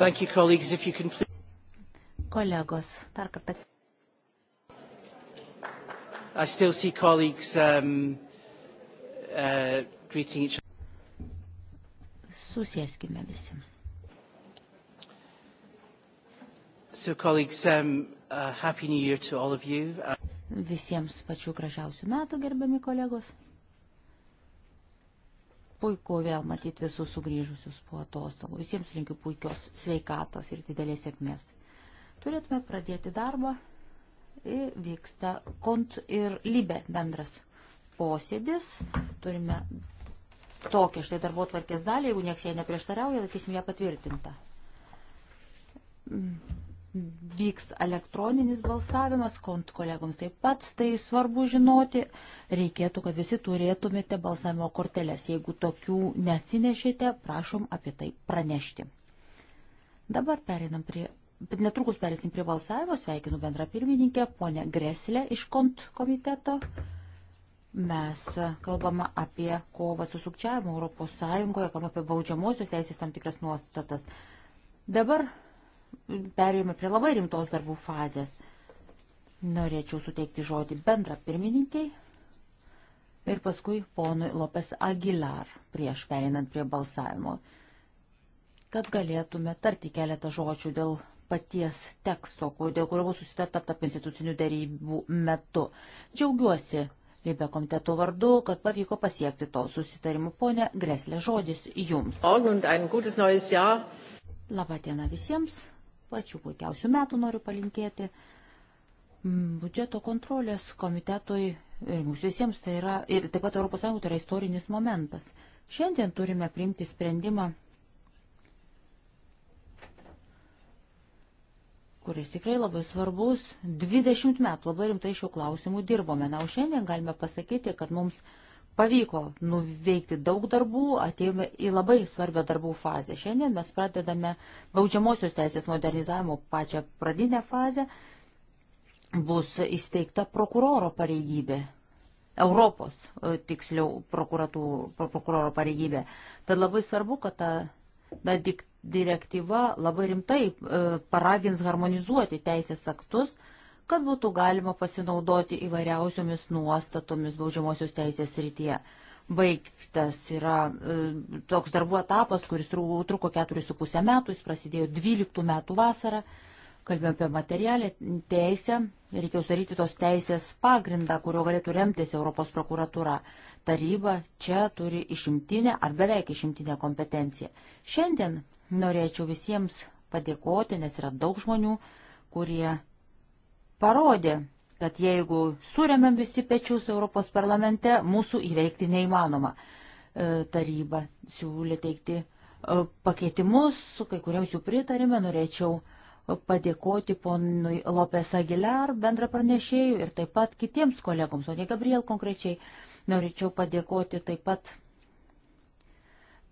Thank you, colleagues, if you can please. Kolegos, dar kartą. I still see colleagues um, uh, greeting each other. Susėskime visi. So, colleagues, um, uh, Happy New Year to all of you. Uh... Visiems pačių gražiausių metų, gerbiami kolegos puiku vėl matyti visus sugrįžusius po atostogų. Visiems linkiu puikios sveikatos ir didelės sėkmės. Turėtume pradėti darbą. Vyksta kont ir libe bendras posėdis. Turime tokią štai darbo tvarkės dalį, jeigu nieks jai neprieštarauja, laikysim ją patvirtintą vyks elektroninis balsavimas, kont kolegoms taip pat, tai svarbu žinoti, reikėtų, kad visi turėtumėte balsavimo korteles. Jeigu tokių neatsinešėte, prašom apie tai pranešti. Dabar perinam prie, netrukus perėsim prie balsavimo, sveikinu bendra pirmininkę, ponę Greslę iš kont komiteto. Mes kalbame apie kovą su sukčiavimu Europos Sąjungoje, kalbame apie baudžiamosios teisės tam tikras nuostatas. Dabar perėjome prie labai rimtos darbų fazės. Norėčiau suteikti žodį bendra pirmininkiai ir paskui ponui Lopes Aguilar prieš pereinant prie balsavimo, kad galėtume tarti keletą žodžių dėl paties teksto, dėl kurio bus susitarta tarp institucinių dėrybų metu. Džiaugiuosi Libe komiteto vardu, kad pavyko pasiekti to susitarimu. Pone Greslė, žodis jums. Labą dieną visiems pačių puikiausių metų noriu palinkėti. Mm, Budžeto kontrolės komitetui ir e, mums visiems tai yra, ir taip pat ES tai yra istorinis momentas. Šiandien turime priimti sprendimą, kuris tikrai labai svarbus. 20 metų labai rimtai šiuo klausimu dirbome. Na, o šiandien galime pasakyti, kad mums Pavyko nuveikti daug darbų, atėjome į labai svarbią darbų fazę. Šiandien mes pradedame baudžiamosios teisės modernizavimo pačią pradinę fazę. Bus įsteigta prokuroro pareigybė. Europos, e, tiksliau, prokuroro pareigybė. Tad labai svarbu, kad ta, ta direktyva labai rimtai e, paragins harmonizuoti teisės aktus, e, kad būtų galima pasinaudoti įvairiausiomis nuostatomis baudžiamosios teisės rytyje. Baigtas yra e, toks darbų etapas, kuris truko 4,5 metų, jis prasidėjo 12 metų vasarą. Kalbėjome apie materialę teisę, reikėjo sudaryti tos teisės pagrindą, kurio galėtų remtis Europos prokuratūra. Taryba čia turi išimtinę ar beveik išimtinę kompetenciją. Šiandien norėčiau visiems padėkoti, nes yra daug žmonių, kurie parodė, kad jeigu suremėm visi pečius Europos parlamente, mūsų įveikti neįmanoma. E, taryba siūlė teikti e, pakeitimus, kai kuriems jų pritarime, norėčiau padėkoti ponui Lopes Aguilar, bendra pranešėjų ir taip pat kitiems kolegoms, o ne Gabriel konkrečiai, norėčiau padėkoti taip pat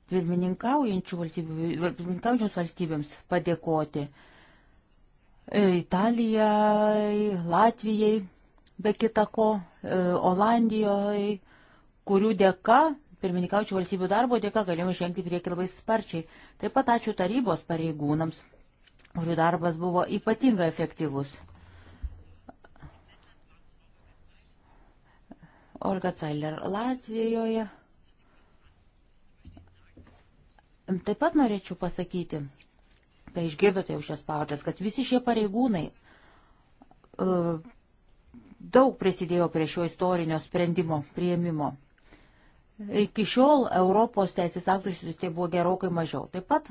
pirmininkaujančių valstybių, pirmininkaujančios valstybėms padėkoti. Uh, E, Italijai, Latvijai, be kitako, e, Olandijoje, kurių dėka, pirmininkaučių valstybių darbo dėka, galėjome žengti priekį labai sparčiai. Taip pat ačiū tarybos pareigūnams, kurių darbas buvo ypatingai efektyvus. Olga Celler Latvijoje. Taip pat norėčiau pasakyti, kai išgirdote jau šias pavardės, kad visi šie pareigūnai uh, daug prisidėjo prie šio istorinio sprendimo prieimimo. Iki šiol Europos teisės aktų tai buvo gerokai mažiau. Taip pat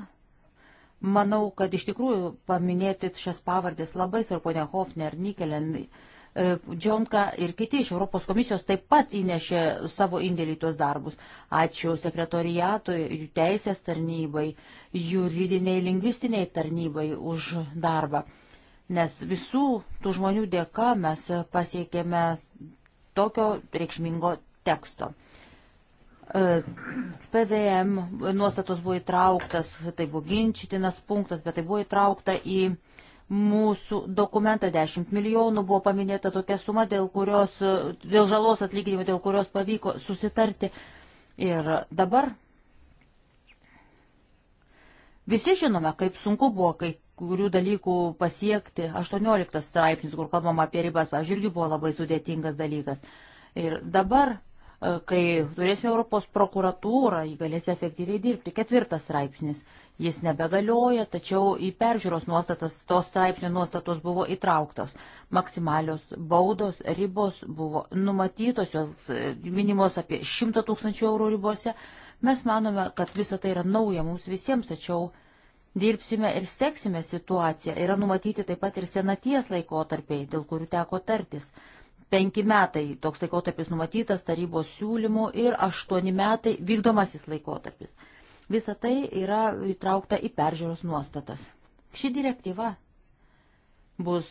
manau, kad iš tikrųjų paminėti šias pavardės labai svarbu, ne Hofner, Nikelen, E, Džonka ir kiti iš Europos komisijos taip pat įnešė savo indėlį į tuos darbus. Ačiū sekretorijatui, jų teisės tarnybai, juridiniai, lingvistiniai tarnybai už darbą. Nes visų tų žmonių dėka mes pasiekėme tokio reikšmingo teksto. E, PVM nuostatos buvo įtrauktas, tai buvo ginčytinas punktas, bet tai buvo įtraukta į mūsų dokumentą 10 milijonų buvo paminėta tokia suma, dėl, kurios, dėl žalos atlyginimo, dėl kurios pavyko susitarti. Ir dabar visi žinome, kaip sunku buvo kai kurių dalykų pasiekti. 18 straipsnis, kur kalbama apie ribas, pavyzdžiui, irgi buvo labai sudėtingas dalykas. Ir dabar E, kai turėsime Europos prokuratūrą, jį galės efektyviai dirbti. Ketvirtas straipsnis. Jis nebegalioja, tačiau į peržiūros nuostatas tos straipsnių nuostatos buvo įtrauktos. Maksimalios baudos, ribos buvo numatytos, jos e, minimos apie 100 tūkstančių eurų ribose. Mes manome, kad visa tai yra nauja mums visiems, tačiau dirbsime ir seksime situaciją. Yra numatyti taip pat ir senaties laikotarpiai, dėl kurių teko tartis penki metai toks laikotarpis numatytas tarybos siūlymu ir aštuoni metai vykdomasis laikotarpis. Visa tai yra įtraukta į peržiūros nuostatas. Ši direktyva bus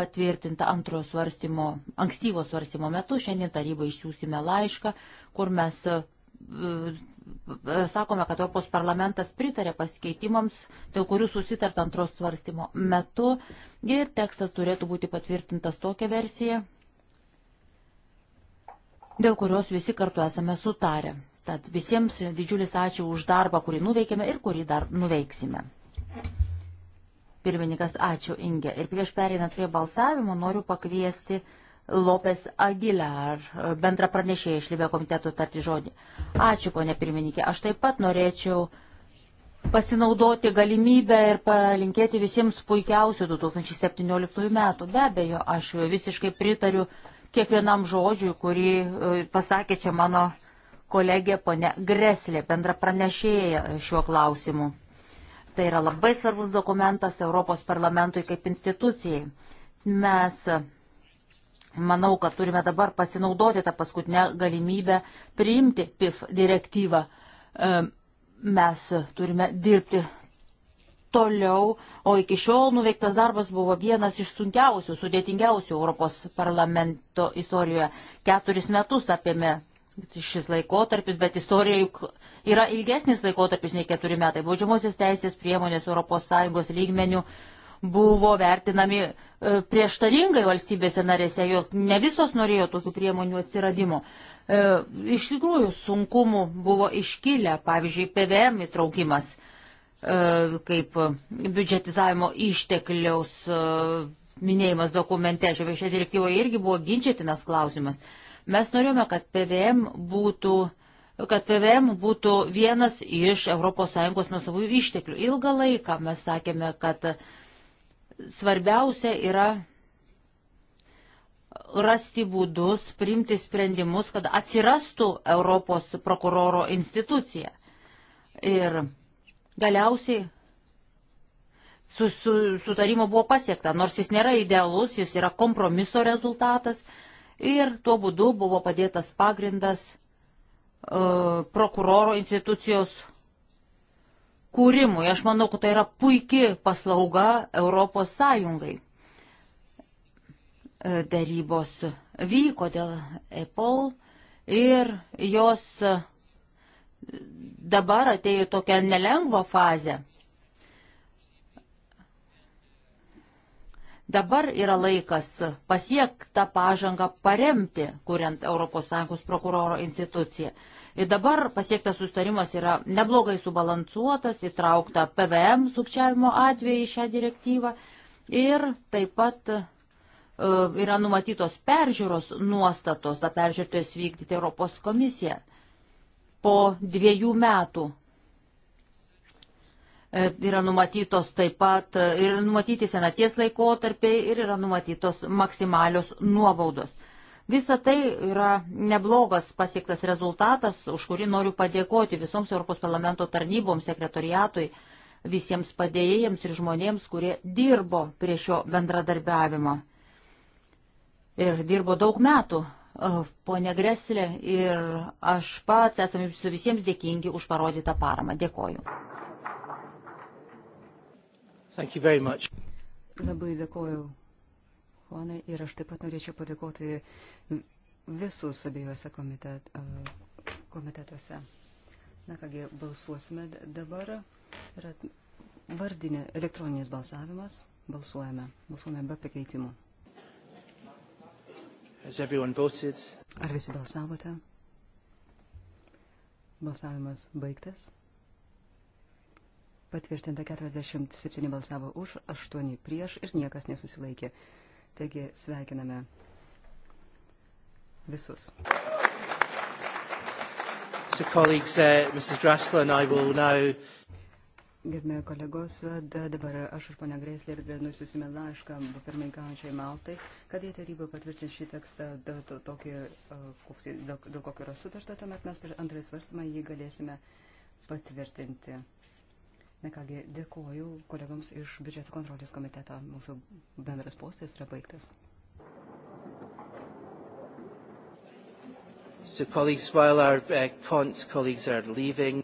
patvirtinta antrojo svarstymo, ankstyvo svarstymo metu. Šiandien tarybai išsiųsime laišką, kur mes E, sakome, kad Europos parlamentas pritarė pasikeitimams, dėl kurių susitart antros svarstymo metu ir tekstas turėtų būti patvirtintas tokia versija, dėl kurios visi kartu esame sutarę. Tad visiems didžiulis ačiū už darbą, kurį nuveikėme ir kurį dar nuveiksime. Pirmininkas, ačiū Inge. Ir prieš pereinant prie balsavimo noriu pakviesti Lopes Aguilar, bendra pranešėja iš Libė komiteto tarti žodį. Ačiū, ponė pirmininkė. Aš taip pat norėčiau pasinaudoti galimybę ir palinkėti visiems puikiausių 2017 metų. Be abejo, aš visiškai pritariu kiekvienam žodžiui, kurį e, pasakė čia mano kolegė ponė Greslė, bendra pranešėja šiuo klausimu. Tai yra labai svarbus dokumentas Europos parlamentui kaip institucijai. Mes Manau, kad turime dabar pasinaudoti tą paskutinę galimybę priimti PIF direktyvą. E, mes turime dirbti toliau, o iki šiol nuveiktas darbas buvo vienas iš sunkiausių, sudėtingiausių Europos parlamento istorijoje. Keturis metus apėmė šis laikotarpis, bet istorija juk yra ilgesnis laikotarpis nei keturi metai. Baudžiamosios teisės priemonės ES lygmenių buvo vertinami e, prieštaringai valstybėse narėse, jog ne visos norėjo tokių priemonių atsiradimo. E, iš tikrųjų, sunkumų buvo iškilę, pavyzdžiui, PVM įtraukimas e, kaip biudžetizavimo ištekliaus minėjimas dokumente, šioje direktyvoje irgi buvo ginčytinas klausimas. Mes norėjome, kad PVM būtų kad PVM būtų vienas iš ES nusavų išteklių. Ilgą laiką mes sakėme, kad Svarbiausia yra rasti būdus, priimti sprendimus, kad atsirastų Europos prokuroro institucija. Ir galiausiai su, su, sutarimo buvo pasiekta, nors jis nėra idealus, jis yra kompromiso rezultatas ir tuo būdu buvo padėtas pagrindas e, prokuroro institucijos kūrimui. Aš manau, kad tai yra puikia paslauga Europos Sąjungai. E, darybos vyko dėl Apple ir jos dabar atėjo tokia nelengva fazė. Dabar yra laikas pasiektą pažangą paremti, kuriant ES prokuroro instituciją. Ir dabar pasiektas sustarimas yra neblogai subalansuotas, įtraukta PVM sukčiavimo atvejai į šią direktyvą ir taip pat e, yra numatytos peržiūros nuostatos, tą peržiūrėtojas vykdyti Europos komisija po dviejų metų. E, yra numatytos taip pat e, ir numatyti senaties laikotarpiai ir yra numatytos maksimalios nuobaudos. Visa tai yra neblogas pasiektas rezultatas, už kurį noriu padėkoti visoms Europos parlamento tarnyboms, sekretoriatui, visiems padėjėjams ir žmonėms, kurie dirbo prie šio bendradarbiavimo. Ir dirbo daug metų. E, Pone Greslė ir aš pats esame visiems dėkingi už parodytą paramą. Dėkoju. Labai dėkoju Juanai, ir aš taip pat norėčiau padėkoti visus abiejose komitet, komitetuose. Na kągi, balsuosime dabar. Yra vardinė elektroninis balsavimas. Balsuojame. Balsuojame be pakeitimų. Ar visi balsavote? Balsavimas baigtas. Patvirtinta 47 balsavo už, 8 prieš ir niekas nesusilaikė. Taigi sveikiname visus. So colleagues, uh, Mrs. Grassland, I will now Gerbėjai kolegos, da, dabar aš ir ponia Greislė nusiusime laišką pirmininkaujančiai Maltai, kad jei taryba patvirtins šį tekstą, da, to, tokį, koks, dėl, dėl kokio yra sutarta, tuomet mes per antrąjį svarstymą jį galėsime patvirtinti. Na kągi, dėkoju kolegoms iš biudžeto kontrolės komiteto. Mūsų bendras postas yra baigtas. So colleagues, while our uh, Kant's colleagues are leaving,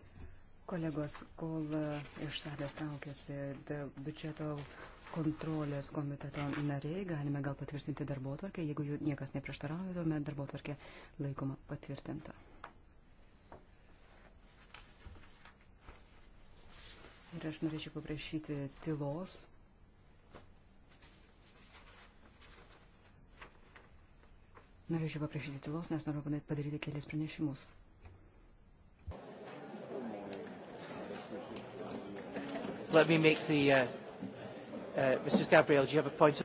kolegos, kol uh, iš salės traukiasi biudžeto kontrolės komiteto nariai, galime gal patvirtinti darbo tvarkę. Jeigu jų niekas neprieštarauja, tuomet darbo tvarkė laikoma patvirtinta. Ir aš norėčiau paprašyti tylos. Norėčiau paprašyti tylos, nes noriu padaryti kelias pranešimus. Let me make the, uh, uh, Mrs. Gabriel, do you have a point?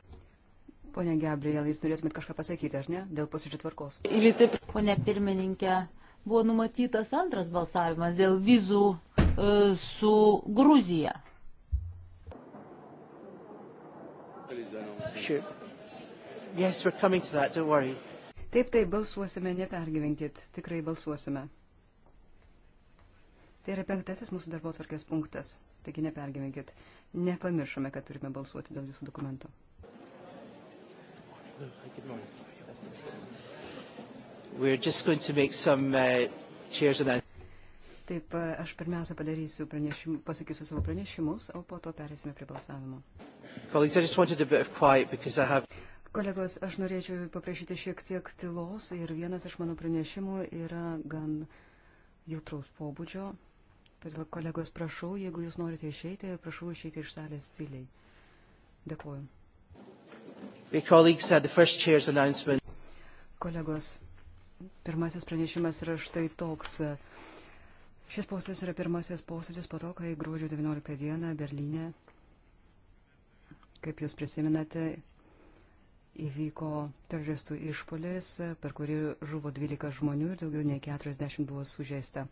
Pone Gabriel, jūs norėtumėt kažką pasakyti, ar ne, dėl posėdžio tvarkos? Pone pirmininkė, buvo numatytas antras balsavimas dėl vizų su Gruzija. Yes, we're coming to that, don't worry. Taip, taip, balsuosime, nepergyvenkit, tikrai balsuosime. Tai yra penktasis mūsų darbo atvarkės punktas, taigi nepergyvenkit. Nepamiršome, kad turime balsuoti dėl jūsų dokumento. We're just going to make some uh, chairs announcements. Taip, aš pirmiausia padarysiu pranešimus, pasakysiu savo pranešimus, o po to perėsime prie balsavimo. Kolegos, aš norėčiau paprašyti šiek tiek tylos ir vienas iš mano pranešimų yra gan jautraus pobūdžio. Todėl, kolegos, prašau, jeigu jūs norite išeiti, prašau išeiti iš salės tyliai. Dėkuoju. Kolegos, pirmasis pranešimas yra štai toks. Uh, Šis postas yra pirmasis postas po to, kai gruodžio 19 dieną Berlyne, kaip jūs prisiminate, įvyko teroristų išpolis, per kurį žuvo 12 žmonių ir daugiau nei 40 buvo sužeista.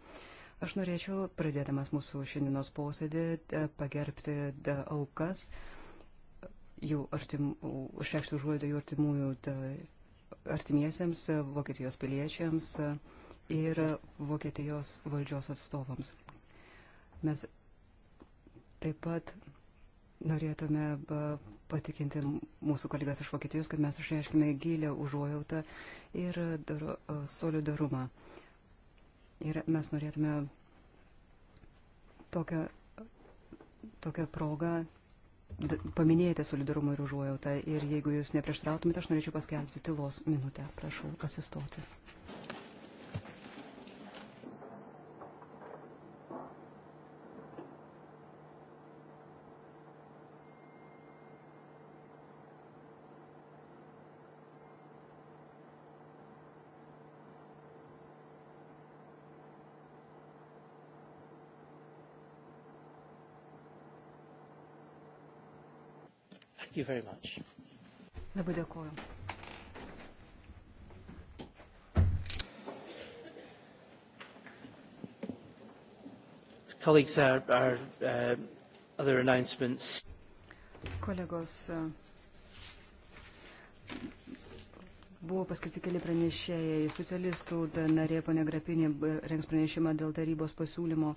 Aš norėčiau, pradėdamas mūsų šiandienos posėdį, e, pagerbti e, aukas, jų artim, išreikšti užuojaudą jų artimųjų e, artimiesiems, Vokietijos piliečiams. A, ir Vokietijos valdžios atstovams. Mes taip pat norėtume patikinti mūsų kolegas iš Vokietijos, kad mes išreiškime gilę užuojautą ir solidarumą. Ir mes norėtume tokią, tokią progą paminėjote solidarumą ir užuojautą ir jeigu jūs neprieštrautumėte, aš norėčiau paskelbti tylos minutę. Prašau pasistoti. Thank you very much. Labai dėkuoju. Colleagues, our, our uh, other announcements. Kolegos, uh, buvo paskirti keli pranešėjai. Socialistų narė ponė Grapinė uh, rengs pranešimą dėl tarybos pasiūlymo,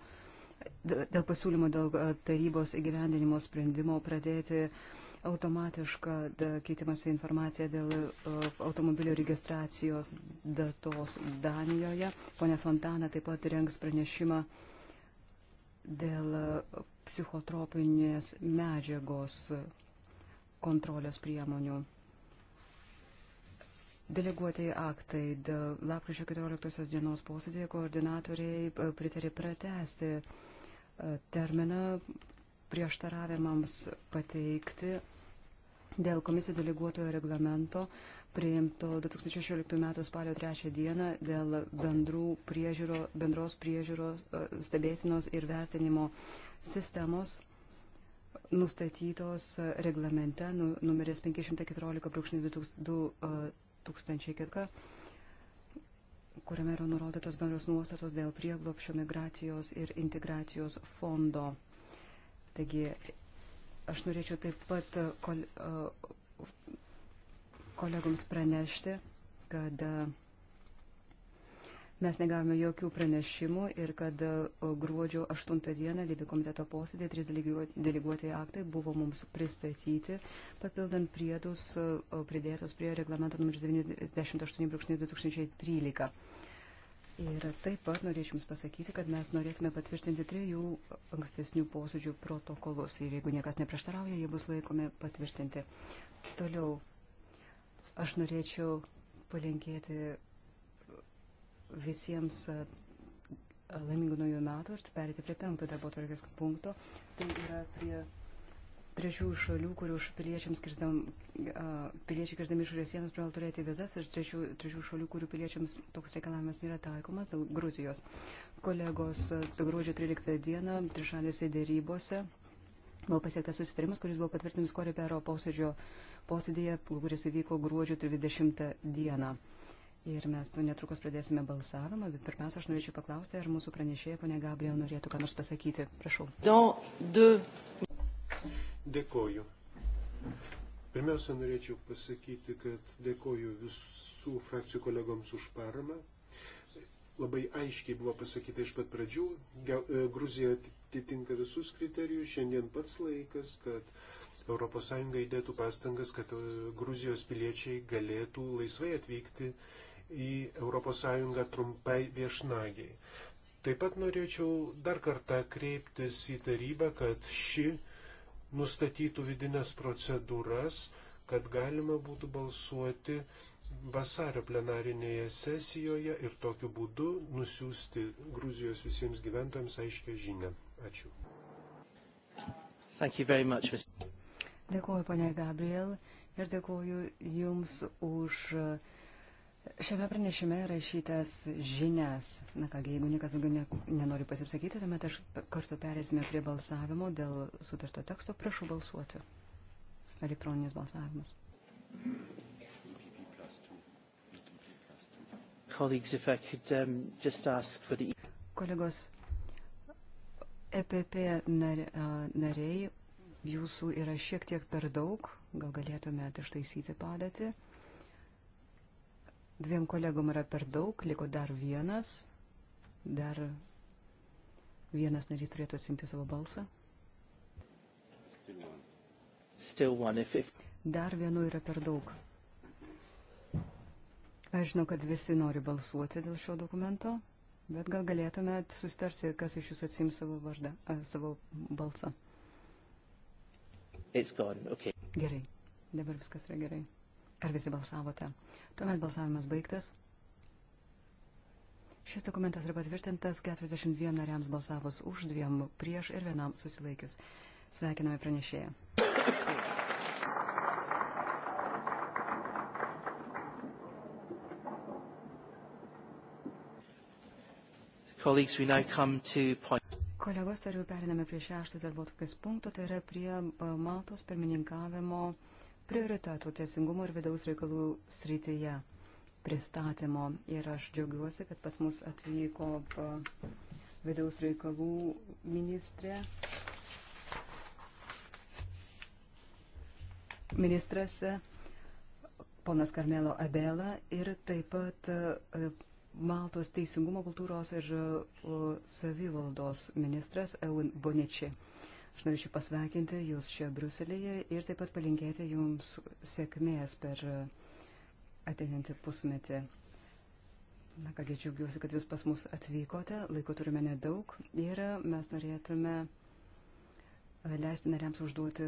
dėl pasiūlymo dėl uh, tarybos įgyvendinimo sprendimo pradėti uh, automatišką keitimąsi informaciją dėl e, automobilio registracijos datos Danijoje. Pone Fontana taip pat rengs pranešimą dėl e, psichotropinės medžiagos kontrolės priemonių. Deleguotieji aktai. Lapkričio 14 dienos posėdėje koordinatoriai e, pritarė pratesti terminą prieštaravimams pateikti dėl komisijų deleguotojo reglamento priimto 2016 m. spalio 3 d. dėl priežiūro, bendros priežiūros e, stebėsinos ir vertinimo sistemos nustatytos e, reglamente nu, numeris 514.2004, e, kuriame yra nurodytos bendros nuostatos dėl prieglopšio migracijos ir integracijos fondo. Taigi aš norėčiau taip pat kol, e, kolegoms pranešti, kad e, mes negavome jokių pranešimų ir kad e, gruodžio 8 dieną Libi komiteto posėdė trys deleguotai aktai buvo mums pristatyti, papildant priedus pridėtos prie reglamento nr. 98.2013. Ir taip pat norėčiau Jums pasakyti, kad mes norėtume patvirtinti trijų ankstesnių posėdžių protokolus. Ir jeigu niekas neprieštarauja, jie bus laikomi patvirtinti. Toliau, aš norėčiau palinkėti visiems laimingų naujų metų ir perėti prie penkto darbo tvarkės punkto. Tai yra prie trečiųjų šalių, kurių piliečiams kirsdam, piliečiai kirsdami išorės sienos privalo turėti vizas ir trečių, trečių šalių, kurių piliečiams toks reikalavimas nėra taikomas, dėl Gruzijos. Kolegos gruodžio 13 dieną trišalėse dėrybose buvo pasiektas susitarimas, kuris buvo patvirtintas Korepero posėdžio posėdėje, kuris įvyko gruodžio 30 dieną. Ir mes tu netrukus pradėsime balsavimą, bet pirmiausia, aš norėčiau paklausti, ar mūsų pranešėja, ponia Gabriel, norėtų ką nors pasakyti. Prašau. Dėkoju. Pirmiausia, norėčiau pasakyti, kad dėkoju visų frakcijų kolegoms už paramą. Labai aiškiai buvo pasakyta iš pat pradžių, e, Gruzija atitinka visus kriterijus, šiandien pats laikas, kad ES įdėtų pastangas, kad e, Gruzijos piliečiai galėtų laisvai atvykti į ES trumpai viešnagiai. Taip pat norėčiau dar kartą kreiptis į tarybą, kad ši nustatytų vidinės procedūras, kad galima būtų balsuoti vasario plenarinėje sesijoje ir tokiu būdu nusiųsti Gruzijos visiems gyventojams aiškę žinę. Ačiū. Much, dėkuoju, ponia Gabriel, ir dėkuoju Jums už uh, Šiame pranešime rašytas žinias. Na kągi, jeigu niekas daugiau ne, nenori pasisakyti, tuomet aš kartu perėsime prie balsavimo dėl sutarto teksto. Prašau balsuoti. Elektroninis balsavimas. Colleagues, if I could um, just ask for the... E- Kolegos, EPP nariai, jūsų yra šiek tiek per daug, gal galėtumėte ištaisyti padėtį. Dviem kolegom yra per daug, liko dar vienas. Dar vienas narys turėtų atsimti savo balsą. Dar vienu yra per daug. Aš žinau, kad visi nori balsuoti dėl šio dokumento, bet gal galėtumėt susitarsi, kas iš jūsų atsims savo, vardą, a, savo balsą. Okay. Gerai, dabar viskas yra gerai. Ar visi balsavote? Tuomet balsavimas baigtas. Šis dokumentas yra patvirtintas 41 nariams balsavus už, dviem prieš ir vienam susilaikius. Sveikiname pranešėją. Kolegos, tariu, periname prie šešto darbo tokiais punktų, tai yra prie e, Maltos pirmininkavimo prioritetų teisingumo ir vidaus reikalų srityje pristatymo. Ir aš džiaugiuosi, kad pas mus atvyko vidaus reikalų ministrė. Ministras ponas Karmelo Abela ir taip pat Maltos teisingumo kultūros ir savivaldos ministras Eun Boničiai. Aš norėčiau pasveikinti Jūs čia Bruselėje ir taip pat palinkėti Jums sėkmės per ateinantį pusmetį. Na kągi, džiaugiuosi, kad Jūs pas mus atvykote, laiko turime nedaug ir mes norėtume leisti nariams užduoti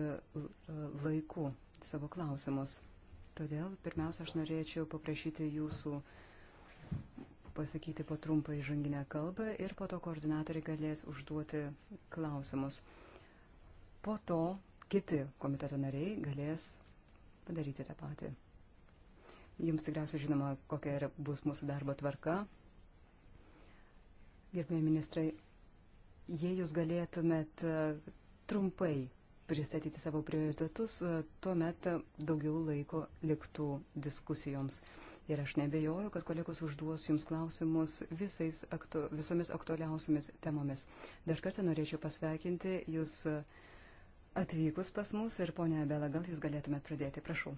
laiku savo klausimus. Todėl pirmiausia, aš norėčiau paprašyti Jūsų pasakyti po trumpą įžanginę kalbą ir po to koordinatoriai galės užduoti klausimus. Po to kiti komiteto nariai galės padaryti tą patį. Jums tikriausiai žinoma, kokia yra, bus mūsų darbo tvarka. Gerbėjai ministrai, jei jūs galėtumėt e, trumpai pristatyti savo prioritetus, e, tuomet daugiau laiko liktų diskusijoms. Ir aš nebejoju, kad kolegos užduos jums klausimus visais aktu, visomis aktualiausiamis temomis. Dar kartą norėčiau pasveikinti jūs. Uh, atvykus pas mus ir ponia Bela, gal jūs galėtumėt pradėti, prašau.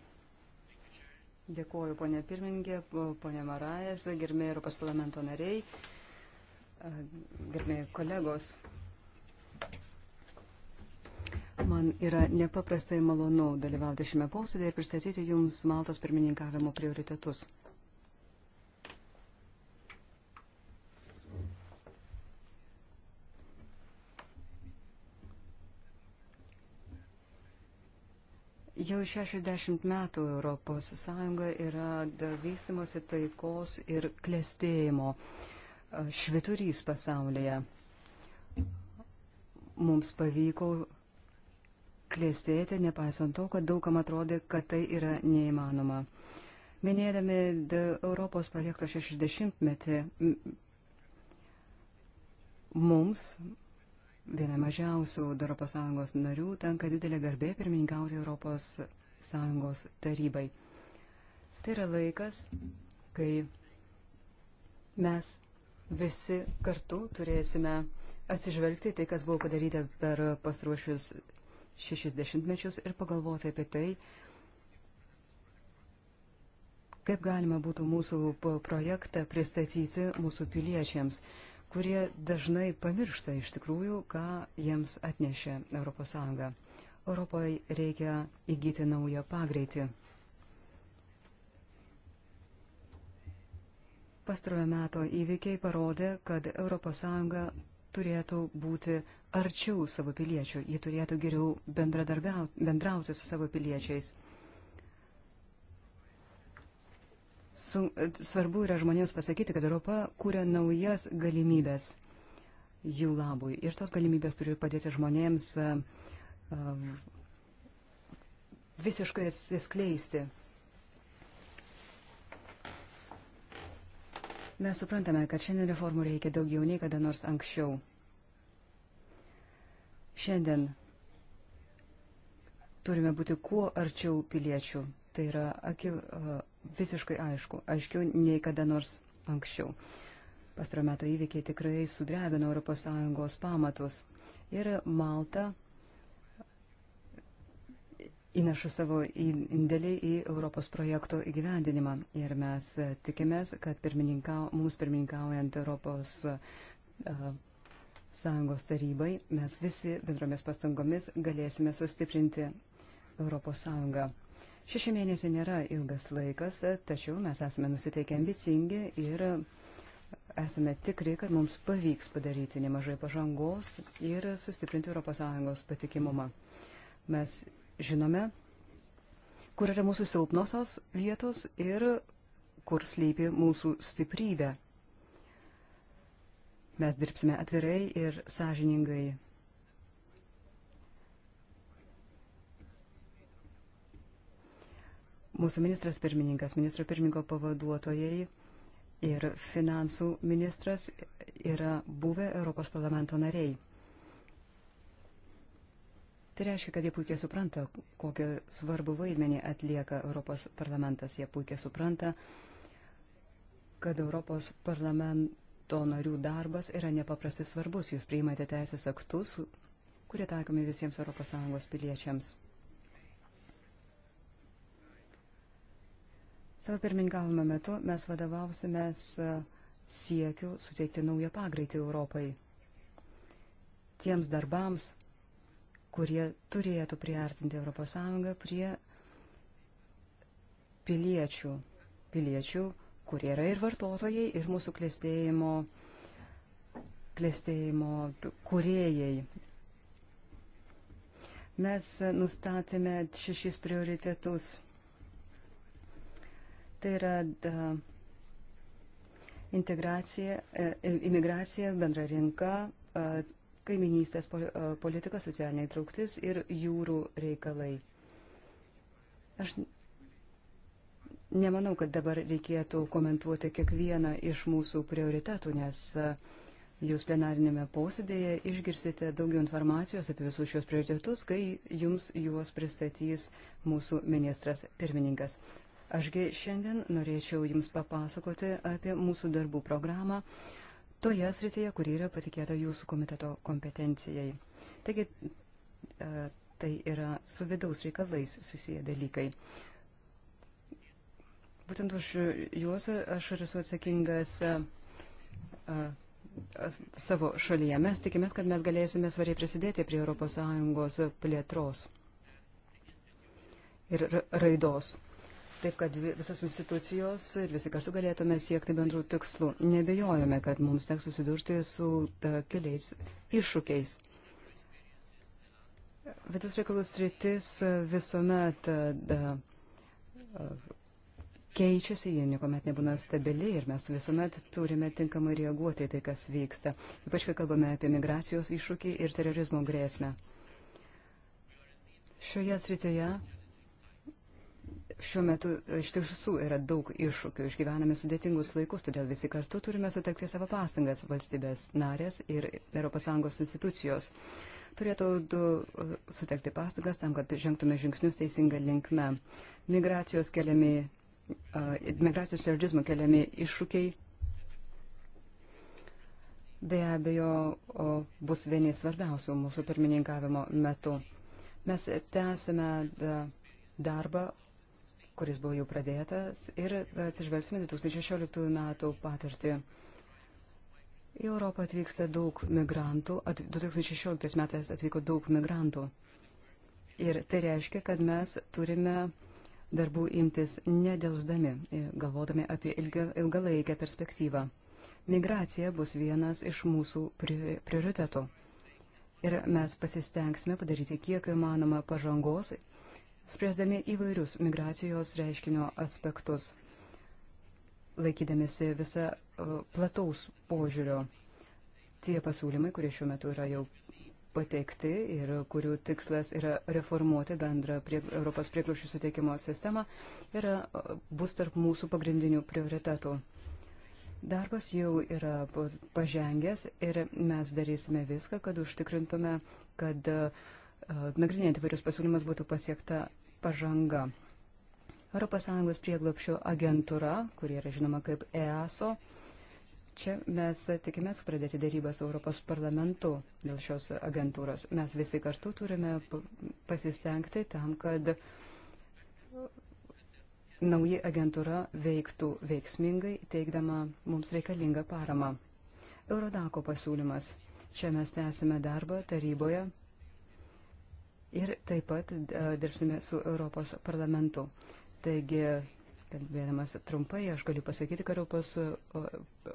Dėkuoju ponia pirmingė, ponia Marajas, gerbėjai Europos parlamento nariai, gerbėjai kolegos. Man yra nepaprastai malonu dalyvauti šiame posėdėje ir pristatyti Jums Maltos pirmininkavimo prioritetus. Jau 60 metų Europos Sąjunga yra vystimosi taikos ir klėstėjimo šviturys pasaulyje. Mums pavyko klėstėti, nepaisant to, kad daugam atrodė, kad tai yra neįmanoma. Minėdami Europos projekto 60-metį, mums viena mažiausių ES narių, tenka didelė garbė pirmininkauti ES tarybai. Tai yra laikas, kai mes visi kartu turėsime atsižvelgti tai, kas buvo padaryta per pastruošius 60 mečius ir pagalvoti apie tai, kaip galima būtų mūsų projektą pristatyti mūsų piliečiams kurie dažnai pamiršta iš tikrųjų, ką jiems atnešė ES. Europoje reikia įgyti naują pagreitį. Pastarojo meto įvykiai parodė, kad ES turėtų būti arčiau savo piliečių, ji turėtų geriau bendrauti su savo piliečiais. svarbu yra žmonėms pasakyti, kad Europa kūrė naujas galimybės jų labui. Ir tos galimybės turi padėti žmonėms visiškai atsiskleisti. Mes suprantame, kad šiandien reformų reikia daugiau nei kada nors anksčiau. Šiandien turime būti kuo arčiau piliečių. Tai yra aki, visiškai aišku, aiškiau nei kada nors anksčiau. Pastaro meto įvykiai tikrai sudrebino ES pamatus ir Malta įneša savo indėlį į Europos projekto įgyvendinimą. Ir mes tikimės, kad pirmininkau, mums pirmininkaujant Europos uh, Sąjungos tarybai mes visi bendromis pastangomis galėsime sustiprinti Europos Sąjungą. Šeši mėnesiai nėra ilgas laikas, tačiau mes esame nusiteikę ambicingi ir esame tikri, kad mums pavyks padaryti nemažai pažangos ir sustiprinti ES patikimumą. Mes žinome, kur yra mūsų silpnosios vietos ir kur slypi mūsų stiprybė. Mes dirbsime atvirai ir sąžiningai mūsų ministras pirmininkas, ministro pirmininko pavaduotojai ir finansų ministras yra buvę Europos parlamento nariai. Tai reiškia, kad jie puikiai supranta, kokią svarbų vaidmenį atlieka Europos parlamentas. Jie puikiai supranta, kad Europos parlamento narių darbas yra nepaprastai svarbus. Jūs priimate teisės aktus, kurie taikomi visiems ES piliečiams. Savo pirmininkavimo metu mes vadovausimės e, siekiu suteikti naują pagreitį Europai. Tiems darbams, kurie turėtų priartinti ES prie piliečių, piliečių, kurie yra ir vartotojai, ir mūsų klėstėjimo, klėstėjimo kuriejai. Mes e, nustatėme šešis prioritetus Tai yra da, integracija, e, e, imigracija, bendra rinka, kaiminystės politika, socialinė įtrauktis ir jūrų reikalai. Aš nemanau, kad dabar reikėtų komentuoti kiekvieną iš mūsų prioritetų, nes jūs plenarinėme posėdėje išgirsite daugiau informacijos apie visus šios prioritetus, kai jums juos pristatys mūsų ministras pirmininkas. Ašgi šiandien norėčiau Jums papasakoti apie mūsų darbų programą toje srityje, kuri yra patikėta Jūsų komiteto kompetencijai. Taigi, e, tai yra su vidaus reikalais susiję dalykai. Būtent už juos aš ir esu atsakingas e, e, savo šalyje. Mes tikimės, kad mes galėsime svariai prisidėti prie ES plėtros ir raidos taip kad visos institucijos ir visi kartu galėtume siekti bendrų tikslų. Nebejojame, kad mums teks susidurti su ta, keliais iššūkiais. Vidaus reikalų sritis visuomet da, keičiasi, jie niekuomet nebūna stabili ir mes visuomet turime tinkamai reaguoti į tai, kas vyksta, ypač kai kalbame apie migracijos iššūkį ir terorizmo grėsmę. Šioje srityje šiuo metu iš tiesų yra daug iššūkių, išgyvename sudėtingus laikus, todėl visi kartu turime sutelkti savo pastangas valstybės narės ir ES institucijos. Turėtų du, sutelkti pastangas tam, kad žengtume žingsnius teisingą linkme. Migracijos keliami, uh, migracijos terorizmo keliami iššūkiai. Be abejo, o, bus vieni svarbiausių mūsų pirmininkavimo metu. Mes tęsime darbą kuris buvo jau pradėtas, ir atsižvelgsime 2016 metų patirtį. Į Europą atvyksta daug migrantų, at, 2016 metais atvyko daug migrantų. Ir tai reiškia, kad mes turime darbų imtis nedelsdami, e, galvodami apie ilga, ilgalaikę perspektyvą. Migracija bus vienas iš mūsų pri, prioritetų. Ir mes pasistengsime padaryti kiek įmanoma pažangos spręsdami įvairius migracijos reiškinio aspektus, laikydamėsi visą e, plataus požiūrio. Tie pasiūlymai, kurie šiuo metu yra jau pateikti ir kurių tikslas yra reformuoti bendrą prie, Europos prieklaušių suteikimo sistemą, yra, e, bus tarp mūsų pagrindinių prioritetų. Darbas jau yra pažengęs ir mes darysime viską, kad užtikrintume, kad uh, E, nagrinėjant įvairius pasiūlymus, būtų pasiekta pažanga. ES prieglopšio agentūra, kuri yra žinoma kaip EASO, čia mes tikimės pradėti dėrybą su Europos parlamentu dėl šios agentūros. Mes visi kartu turime pasistengti tam, kad nauji agentūra veiktų veiksmingai, teikdama mums reikalingą paramą. Eurodako pasiūlymas. Čia mes tęsime darbą taryboje ir taip pat e, dirbsime su Europos parlamentu. Taigi, kalbėdamas trumpai, aš galiu pasakyti, kad, Europos,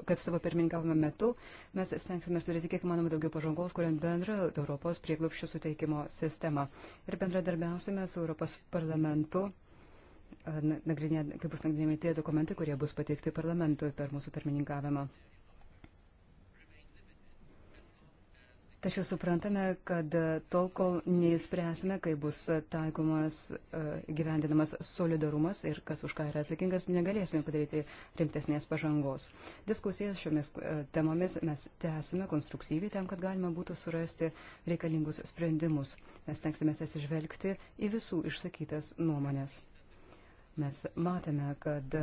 kad savo pirmininkavimo metu mes stengsime turėti kiek manoma daugiau pažangos, kuriant bendrą Europos prieglupščių suteikimo sistemą. Ir bendradarbiausime su Europos parlamentu e, nagrinė, kaip bus nagrinėjami tie dokumentai, kurie bus pateikti parlamentui per mūsų pirmininkavimą. Tačiau suprantame, kad e, tol, kol neįspręsime, kai bus taikomas e, gyvendinamas solidarumas ir kas už ką yra atsakingas, negalėsime padaryti rimtesnės pažangos. Diskusijas šiomis e, temomis mes tęsime konstruktyviai tam, kad galima būtų surasti reikalingus sprendimus. Mes tenksime atsižvelgti į visų išsakytas nuomonės. Mes matėme, kad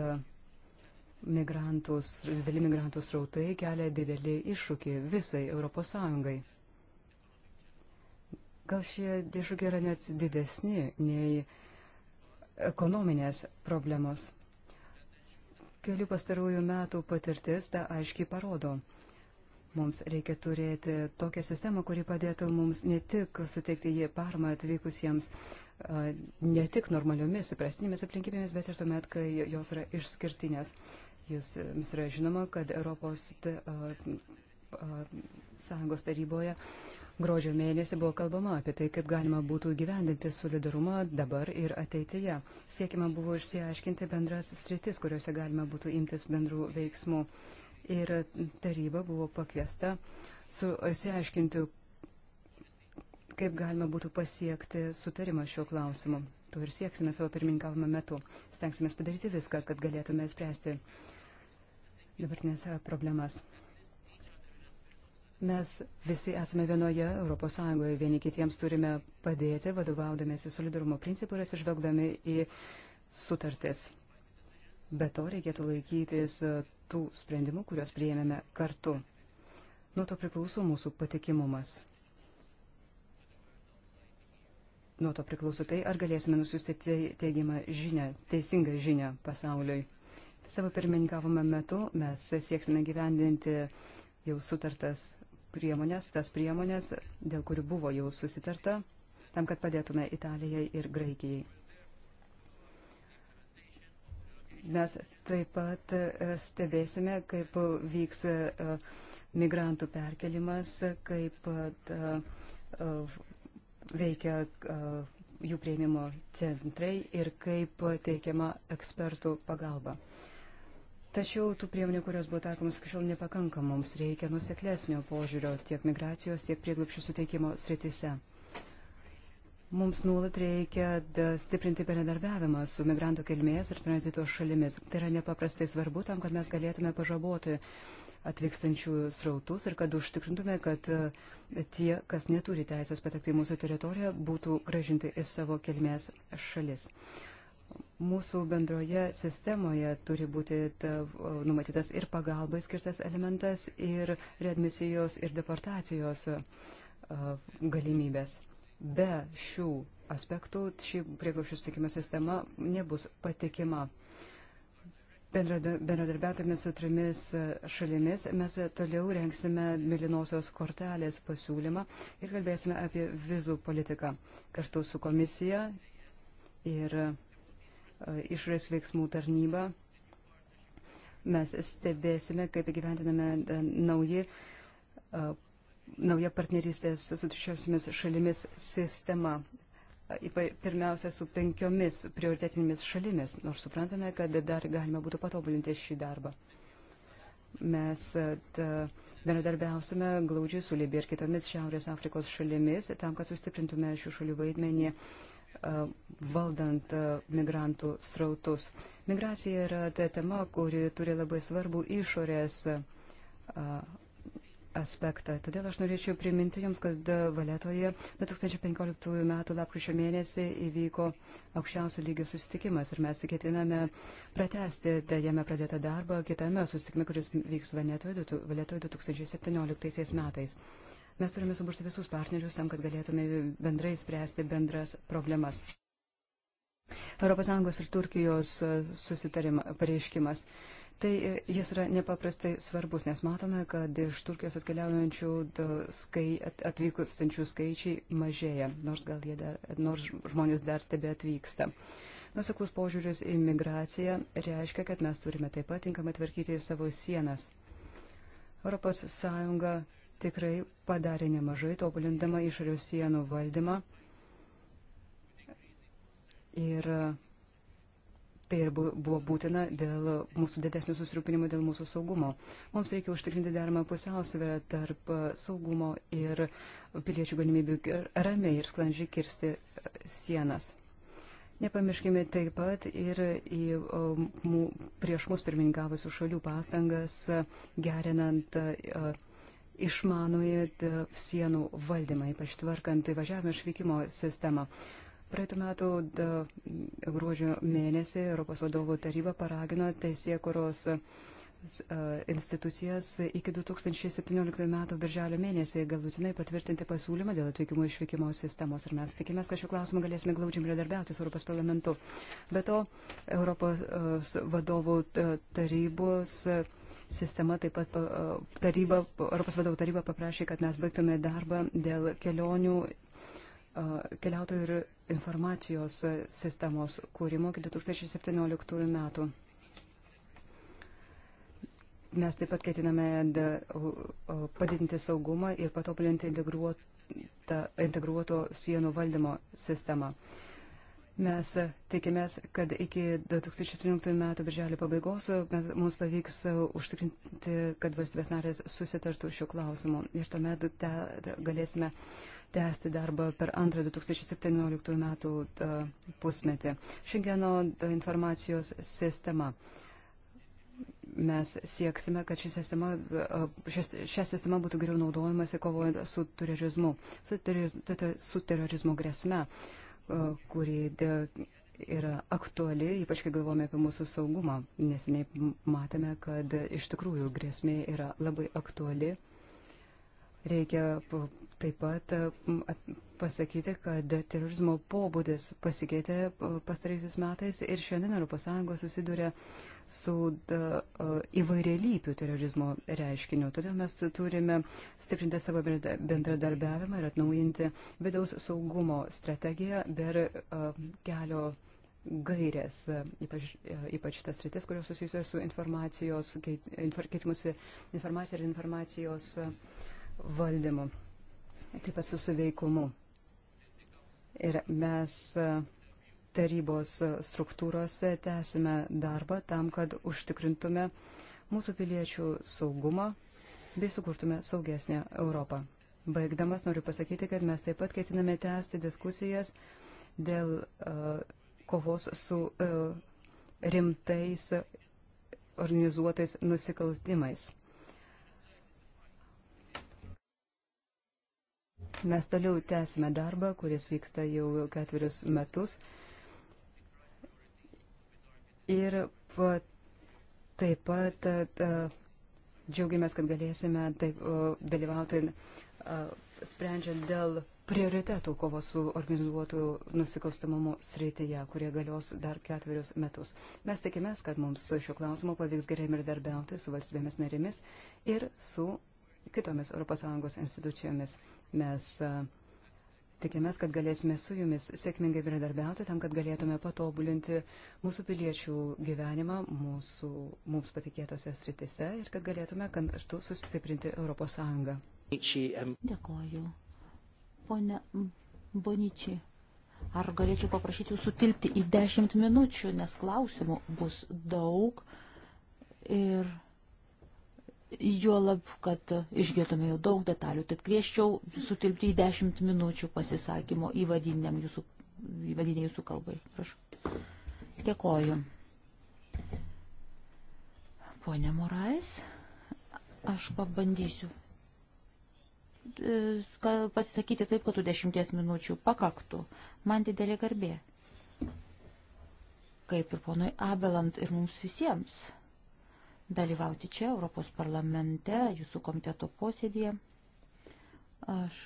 migrantus, dideli migrantų srautai kelia didelį iššūkį visai ES. Gal šie iššūkiai yra net didesni nei ekonominės problemos. Kelių pastarųjų metų patirtis tą aiškiai parodo. Mums reikia turėti tokią sistemą, kuri padėtų mums ne tik suteikti jį parmą atvykusiems ne tik normaliomis įprastinėmis aplinkybėmis, bet ir tuomet, kai jos yra išskirtinės. Jūs yra žinoma, kad Europos Sąjungos taryboje uh, Gruodžio mėnesį buvo kalbama apie tai, kaip galima būtų gyvendinti solidarumą dabar ir ateityje. Siekima buvo išsiaiškinti bendras sritis, kuriuose galima būtų imtis bendrų veiksmų. Ir taryba buvo pakviesta išsiaiškinti, kaip galima būtų pasiekti sutarimą šiuo klausimu. To ir sieksime savo pirmininkavimo metu. Stengsime padaryti viską, kad galėtume spręsti dabartinės problemas. Mes visi esame vienoje Europos Sąjungoje ir vieni kitiems turime padėti, vadovaudamėsi solidarumo principų ir atsižvelgdami į sutartis. Be to reikėtų laikytis tų sprendimų, kuriuos priėmėme kartu. Nuo to priklauso mūsų patikimumas. Nuo to priklauso tai, ar galėsime nusiųsti teigiamą žinę, teisingą žinę pasauliui. Savo pirmininkavome metu mes sieksime gyvendinti jau sutartas priemonės, tas priemonės, dėl kurių buvo jau susitarta, tam, kad padėtume Italijai ir Graikijai. Mes taip pat e, stebėsime, kaip vyks e, migrantų perkelimas, kaip e, veikia jų prieimimo centrai ir kaip teikiama ekspertų pagalba. Tačiau tų priemonių, kurios buvo taikomas iki šiol nepakanka, mums reikia nuseklesnio požiūrio tiek migracijos, tiek prieglupščių suteikimo sritise. Mums nuolat reikia stiprinti bendradarbiavimą su migrantų kilmės ir tranzito šalimis. Tai yra nepaprastai svarbu tam, kad mes galėtume pažaboti atvykstančių srautus ir kad užtikrintume, kad e, tie, kas neturi teisės patekti į mūsų teritoriją, būtų gražinti į savo kilmės šalis mūsų bendroje sistemoje turi būti tav, numatytas ir pagalbai skirtas elementas, ir readmisijos, ir deportacijos galimybės. Be šių aspektų ši prieglaušių sutikimo sistema nebus patikima. Bendradarbiautomis su trimis e, šalimis mes toliau renksime Milinosios kortelės pasiūlymą ir kalbėsime apie vizų politiką kartu su komisija ir išorės veiksmų tarnybą. Mes stebėsime, kaip įgyventiname e, nauji, e, nauja partnerystės su šiosiomis šalimis sistema. Pirmiausia, su penkiomis prioritetinėmis šalimis, nors suprantame, kad dar galima būtų patobulinti šį darbą. Mes e, ta, Bendradarbiausime glaudžiai su Libija ir kitomis Šiaurės Afrikos šalimis tam, kad sustiprintume šių šalių vaidmenį valdant migrantų srautus. Migracija yra ta tema, kuri turi labai svarbų išorės aspektą. Todėl aš norėčiau priminti Jums, kad Valetoje 2015 m. lapkričio mėnesį įvyko aukščiausių lygių susitikimas ir mes ketiname pratesti jame pradėtą darbą kitame susitikime, kuris vyks Valetoje 2017 metais. Mes turime suburti visus partnerius tam, kad galėtume bendrai spręsti bendras problemas. ES ir Turkijos e, pareiškimas. Tai e, jis yra nepaprastai svarbus, nes matome, kad iš Turkijos atkeliaujančių skai, atvykustančių skaičiai mažėja, nors, gal jie dar, nors žmonės dar tebe atvyksta. Nusiklus požiūris į migraciją reiškia, kad mes turime taip pat tinkamai tvarkyti savo sienas. ES tikrai padarė nemažai, tobulindama išorės sienų valdymą. Ir tai ir buvo būtina dėl mūsų didesnio susirūpinimo, dėl mūsų saugumo. Mums reikia užtikrinti deramą pusiausvyrą tarp saugumo ir piliečių galimybių ramiai ir sklandžiai kirsti sienas. Nepamirškime taip pat ir į prieš mus pirmininkavusių šalių pastangas gerinant. Uh, išmanoje e, sienų valdymą, ypač tvarkant įvažiavimo išvykimo sistemą. Praeitų metų gruodžio mėnesį Europos vadovų taryba paragino teisėkuros e, e, institucijas iki 2017 metų birželio mėnesį galutinai patvirtinti pasiūlymą dėl atvykimo išvykimo sistemos. Ir mes tikimės, kad šiuo klausimu galėsime glaudžiai bendradarbiauti su Europos parlamentu. Be to, Europos vadovų tarybos sistema, taip pat taryba, Europos vadovų taryba paprašė, kad mes baigtume darbą dėl kelionių, keliautojų ir informacijos sistemos kūrimo iki 2017 metų. Mes taip pat ketiname padidinti saugumą ir patobulinti integruotą integruoto sienų valdymo sistemą. Uh, Mes tikimės, kad iki 2017 metų birželio pabaigos uh, mes, mums pavyks uh, užtikrinti, kad valstybės narės susitartų šiuo klausimu. Ir tuomet te, te, galėsime tęsti darbą per antrą 2017 metų ta, uh, pusmetį. Šengeno informacijos sistema. Mes sieksime, kad ši sistema, šis, šią sistemą būtų geriau naudojamasi kovojant su terorizmu, su, teriz, su terorizmo grėsme. Uh, kuri yra aktuali, ypač kai galvome apie mūsų saugumą, nes matėme, kad iš tikrųjų grėsmė yra labai aktuali. Reikia taip pat pasakyti, kad terorizmo pobūdis pasikeitė pastaraisiais metais ir šiandien ES susiduria su įvairialypių terorizmo reiškiniu. Todėl mes turime stiprinti savo bendradarbiavimą ir atnaujinti vidaus saugumo strategiją per kelio gairės, ypač, ypač tas rytis, kurios susijusios su informacijos, keit, keitimusi informacija ir informacijos valdymu, taip pat su suveikumu. Ir mes uh, tarybos struktūrose tęsime darbą tam, kad užtikrintume mūsų piliečių saugumą bei sukurtume saugesnę Europą. Baigdamas noriu pasakyti, kad mes taip pat ketiname tęsti diskusijas dėl uh, kovos su uh, rimtais organizuotais nusikaltimais. Mes toliau tęsime darbą, kuris vyksta jau ketverius metus. Ir taip pat džiaugiamės, kad galėsime taip, dalyvauti sprendžiant dėl prioritetų kovos su organizuotų nusikalstamumu srityje, kurie galios dar ketverius metus. Mes tikimės, kad mums šiuo klausimu pavyks gerai ir darbiauti su valstybėmis narėmis ir su kitomis ES institucijomis. Mes uh, Tikimės, kad galėsime su jumis sėkmingai bendradarbiauti tam, kad galėtume patobulinti mūsų piliečių gyvenimą mūsų, mums patikėtose sritise ir kad galėtume kartu sustiprinti Europos Sąjungą. Dėkoju. Pone Boničiai, ar galėčiau paprašyti jūsų tilpti į dešimt minučių, nes klausimų bus daug. Ir Juolab, kad išgirdome jau daug detalių, tad kvieščiau sutilpti į 10 minučių pasisakymo įvadiniam jūsų, įvadiniai jūsų kalbai. Prašau. Dėkoju. Pone Morais, aš pabandysiu e, pasisakyti taip, kad tų dešimties minučių pakaktų. Man didelė garbė. Kaip ir ponui Abelant ir mums visiems dalyvauti čia, Europos parlamente, jūsų komiteto posėdėje. Aš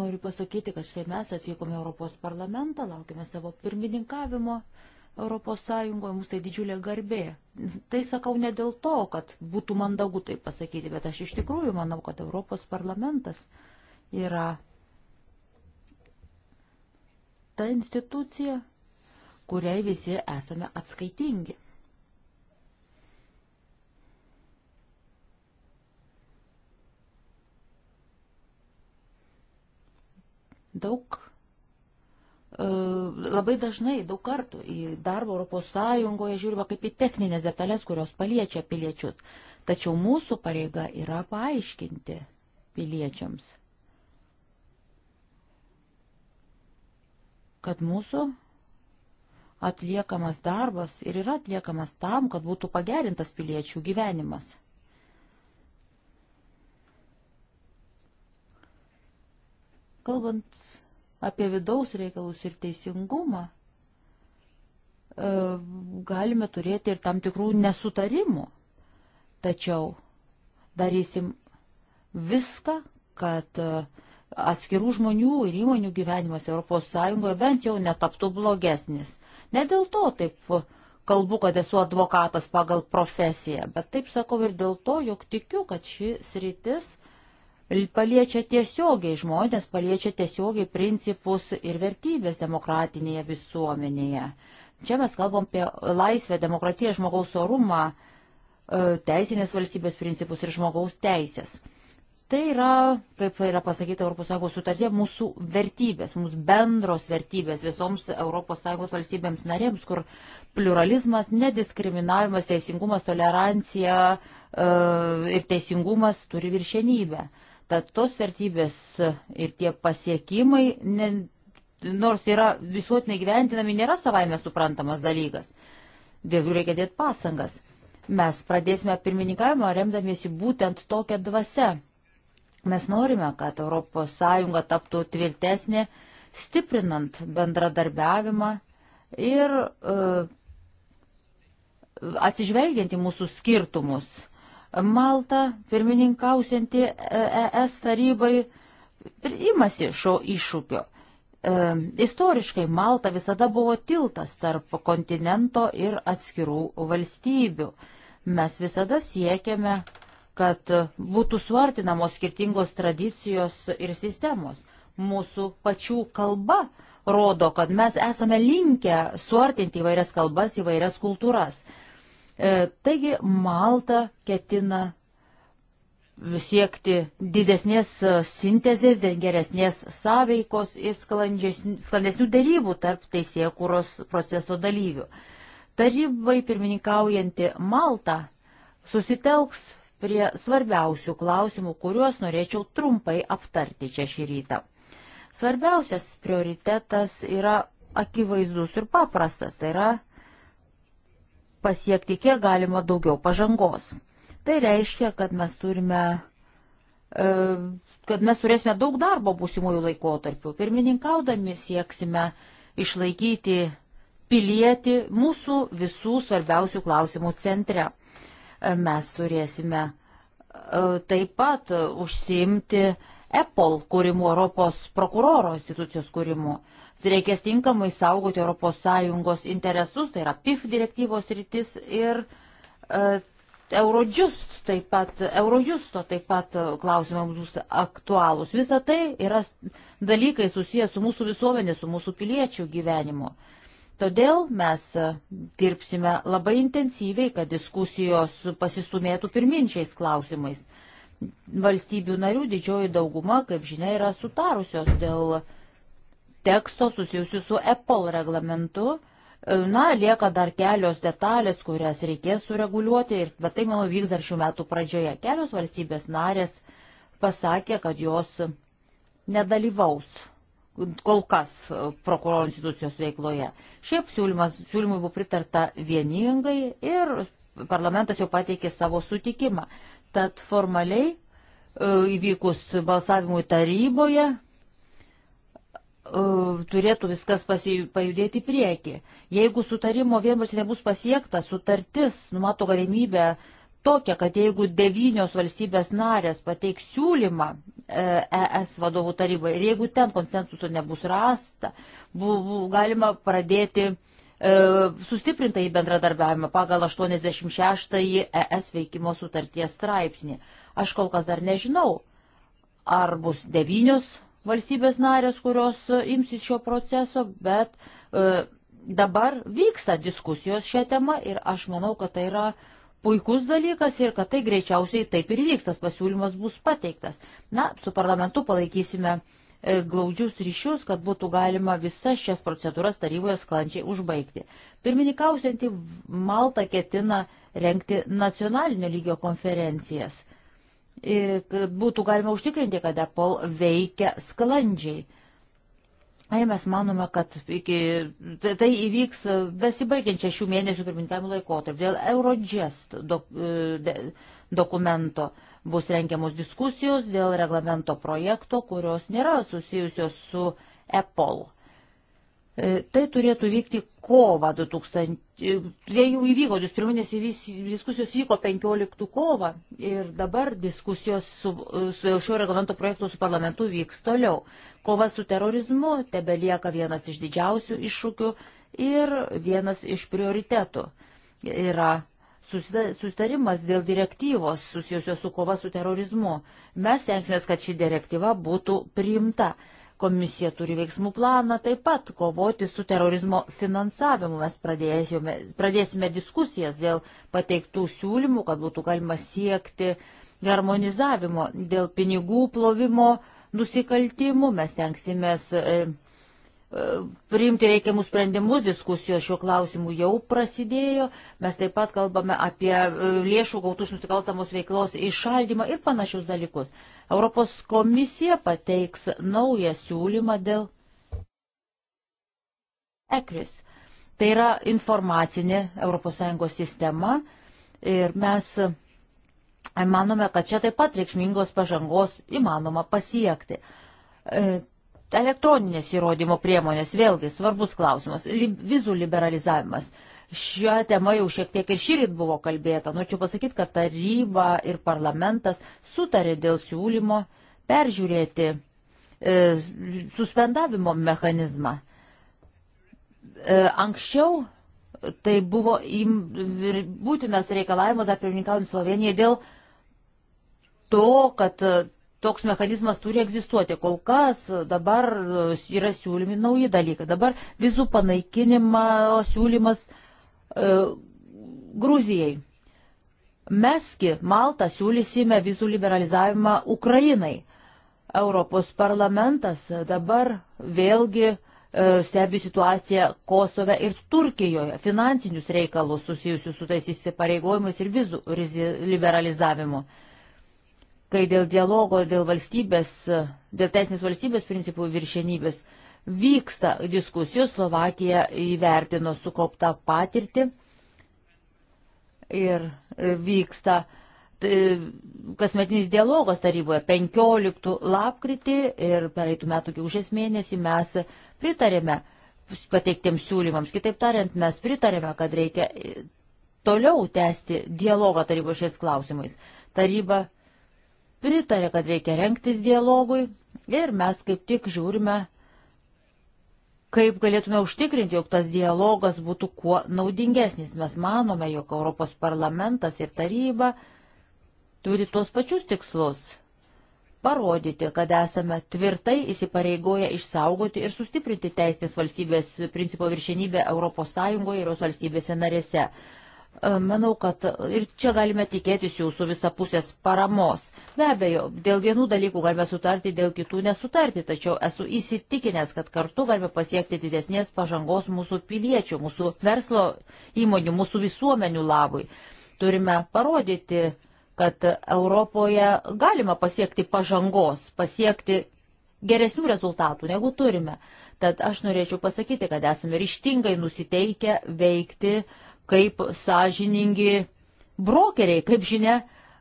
noriu pasakyti, kad štai mes atvykome Europos parlamentą, laukime savo pirmininkavimo Europos Sąjungoje, mums tai didžiulė garbė. Tai sakau ne dėl to, kad būtų mandagu tai pasakyti, bet aš iš tikrųjų manau, kad Europos parlamentas yra ta institucija, kuriai visi esame atskaitingi. Daug, e, labai dažnai, daug kartų į darbą Europos Sąjungoje žiūrima kaip į techninės detalės, kurios paliečia piliečius. Tačiau mūsų pareiga yra paaiškinti piliečiams, kad mūsų atliekamas darbas ir yra atliekamas tam, kad būtų pagerintas piliečių gyvenimas. Kalbant apie vidaus reikalus ir teisingumą, e, galime turėti ir tam tikrų nesutarimų. Tačiau darysim viską, kad e, atskirų žmonių ir įmonių gyvenimas ES bent jau netaptų blogesnis. Ne dėl to taip kalbu, kad esu advokatas pagal profesiją, bet taip sakau ir dėl to, jog tikiu, kad ši sritis paliečia tiesiogiai žmonės, paliečia tiesiogiai principus ir vertybės demokratinėje visuomenėje. Čia mes kalbam apie laisvę, demokratiją, žmogaus orumą, e, teisinės valstybės principus ir žmogaus teisės. Tai yra, kaip yra pasakyta ES sutartie, mūsų vertybės, mūsų bendros vertybės visoms ES valstybėms narėms, kur pluralizmas, nediskriminavimas, teisingumas, tolerancija e, ir teisingumas turi viršenybę. Tad tos vertybės ir tie pasiekimai, ne, nors yra visuotinai gyventinami, nėra savaime suprantamas dalykas. Dėl jų reikia dėti pasangas. Mes pradėsime pirmininkavimą remdamiesi būtent tokią dvasę Mes norime, kad ES taptų tvirtesnė, stiprinant bendradarbiavimą ir uh, atsižvelgiant į mūsų skirtumus. Malta, pirmininkausianti ES e tarybai, imasi šio iššūkio. E, istoriškai Malta visada buvo tiltas tarp kontinento ir atskirų valstybių. Mes visada siekiame, kad būtų suartinamos skirtingos tradicijos ir sistemos. Mūsų pačių kalba rodo, kad mes esame linkę suartinti įvairias kalbas, įvairias kultūras. E, taigi Malta ketina siekti didesnės sintezės, geresnės sąveikos ir sklandesnių dėrybų tarp teisėkūros proceso dalyvių. Tarybai pirmininkaujanti Malta susitelks prie svarbiausių klausimų, kuriuos norėčiau trumpai aptarti čia šį rytą. Svarbiausias prioritetas yra akivaizdus ir paprastas, tai yra pasiekti kiek galima daugiau pažangos. Tai reiškia, kad mes turime e, kad mes turėsime daug darbo būsimųjų laikotarpių. Pirmininkaudami sieksime išlaikyti pilietį mūsų visų svarbiausių klausimų centre mes turėsime e, taip pat užsiimti Apple kūrimu, Europos prokuroro institucijos kūrimu. Reikės tinkamai saugoti ES interesus, tai yra PIF direktyvos rytis ir e, Eurojust, taip pat Eurojusto taip pat klausimai mums aktualūs. Visa tai yra dalykai susijęs su mūsų visuomenė, su mūsų piliečių gyvenimu. Todėl mes e, dirbsime labai intensyviai, kad diskusijos pasistumėtų pirminčiais klausimais. Valstybių narių didžioji dauguma, kaip žinia, yra sutarusios dėl teksto susijusiu su Apple reglamentu. E, na, lieka dar kelios detalės, kurias reikės sureguliuoti, ir, bet tai, manau, vyks dar šių metų pradžioje. Kelios valstybės narės pasakė, kad jos nedalyvaus kol kas e, prokuroro institucijos veikloje. Šiaip siūlymas, siūlymui buvo pritarta vieningai ir parlamentas jau pateikė savo sutikimą. Tad formaliai e, įvykus balsavimui taryboje e, turėtų viskas pasi, pajudėti į priekį. Jeigu sutarimo vienbalsiai nebus pasiekta, sutartis numato galimybę uh, tokia, kad jeigu devynios valstybės narės pateiks siūlymą ES e vadovų tarybai ir jeigu ten konsensuso nebus rasta, bu, bu, galima pradėti e, sustiprintą į bendradarbiavimą pagal 86-ąjį ES veikimo sutarties straipsnį. Aš kol kas dar nežinau, ar bus devynios valstybės narės, kurios imsis šio proceso, bet e, dabar vyksta diskusijos šią temą ir aš manau, kad tai yra e, puikus dalykas ir kad tai greičiausiai taip ir įvyks, tas pasiūlymas bus pateiktas. Na, su parlamentu palaikysime e, glaudžius ryšius, kad būtų galima visas šias procedūras taryboje sklandžiai užbaigti. Pirmininkausianti Malta ketina renkti nacionalinio lygio konferencijas, kad būtų galima užtikrinti, kad Apple veikia sklandžiai. Ir mes manome, kad iki, tai, tai įvyks besibaigiančią šių mėnesių pirmininkavimo laikotarpį. Dėl Eurodžest dok, de, dokumento bus rengiamos diskusijos dėl reglamento projekto, kurios nėra susijusios su EPOL. E, tai turėtų vykti kovą 2000. E, Jie jau įvyko, jūs pirminės diskusijos vyko 15 kovą ir dabar diskusijos su, su šio reglamento projektu su parlamentu vyks toliau. Kova su terorizmu tebe lieka vienas iš didžiausių iššūkių ir vienas iš prioritetų. Yra susitarimas dėl direktyvos susijusios su kova su terorizmu. Mes tenksime, kad ši direktyva būtų priimta. Komisija turi veiksmų planą taip pat kovoti su terorizmo finansavimu. Mes pradėsime, pradėsime diskusijas dėl pateiktų siūlymų, kad būtų galima siekti harmonizavimo dėl pinigų plovimo nusikaltimų. Mes tenksimės e, e, priimti reikiamus sprendimus, diskusijos šiuo klausimu jau prasidėjo. Mes taip pat kalbame apie e, lėšų gautų iš nusikaltamos veiklos išaldymą ir panašius dalykus. Europos komisija pateiks naują siūlymą dėl ECRIS. Tai yra informacinė ES sistema ir mes manome, kad čia taip pat reikšmingos pažangos įmanoma pasiekti. E, elektroninės įrodymo priemonės vėlgi svarbus klausimas. Vizų liberalizavimas. Šią temą jau šiek tiek ir šyrit buvo kalbėta. Norėčiau nu, pasakyti, kad taryba ir parlamentas sutarė dėl siūlymo peržiūrėti e, suspendavimo mechanizmą. E, anksčiau tai buvo im, būtinas reikalavimas apie pirmininkaujant Sloveniją dėl to, kad e, toks mechanizmas turi egzistuoti. Kol kas e, dabar e, yra siūlymi nauji dalykai. Dabar vizų panaikinimo siūlymas E, Gruzijai. Meski Maltą siūlysime vizų liberalizavimą Ukrainai. Europos parlamentas dabar vėlgi e, stebi situaciją Kosove ir Turkijoje, finansinius reikalus susijusius su tais įsipareigojimais ir vizų liberalizavimu. Kai dėl dialogo, dėl valstybės, dėl teisinės valstybės principų viršenybės vyksta diskusijos, Slovakija įvertino sukauptą patirtį ir vyksta kasmetinis dialogas taryboje 15 lapkritį ir pereitų metų kiaužės mėnesį mes pritarėme pateiktiems siūlymams. Kitaip tariant, mes pritarėme, kad reikia toliau tęsti dialogą tarybos šiais klausimais. Taryba pritarė, kad reikia renktis dialogui ir mes kaip tik žiūrime, kaip galėtume užtikrinti, jog tas dialogas būtų kuo naudingesnis. Mes manome, jog Europos parlamentas ir taryba turi tuos pačius tikslus - parodyti, kad esame tvirtai įsipareigoję išsaugoti ir sustiprinti teisės valstybės principo viršenybę ES ir jos valstybėse narėse. Manau, kad e, ir čia galime tikėtis jūsų visapusės paramos. Be abejo, dėl vienų dalykų galime sutarti, dėl kitų nesutarti, tačiau esu įsitikinęs, kad kartu galime pasiekti didesnės pažangos mūsų piliečių, mūsų verslo įmonių, mūsų visuomenių labui. Turime parodyti, kad Europoje galima pasiekti pažangos, pasiekti geresnių rezultatų, negu turime. Tad aš norėčiau pasakyti, kad esame ryštingai nusiteikę veikti uh, kaip sąžiningi brokeriai. Kaip žinia,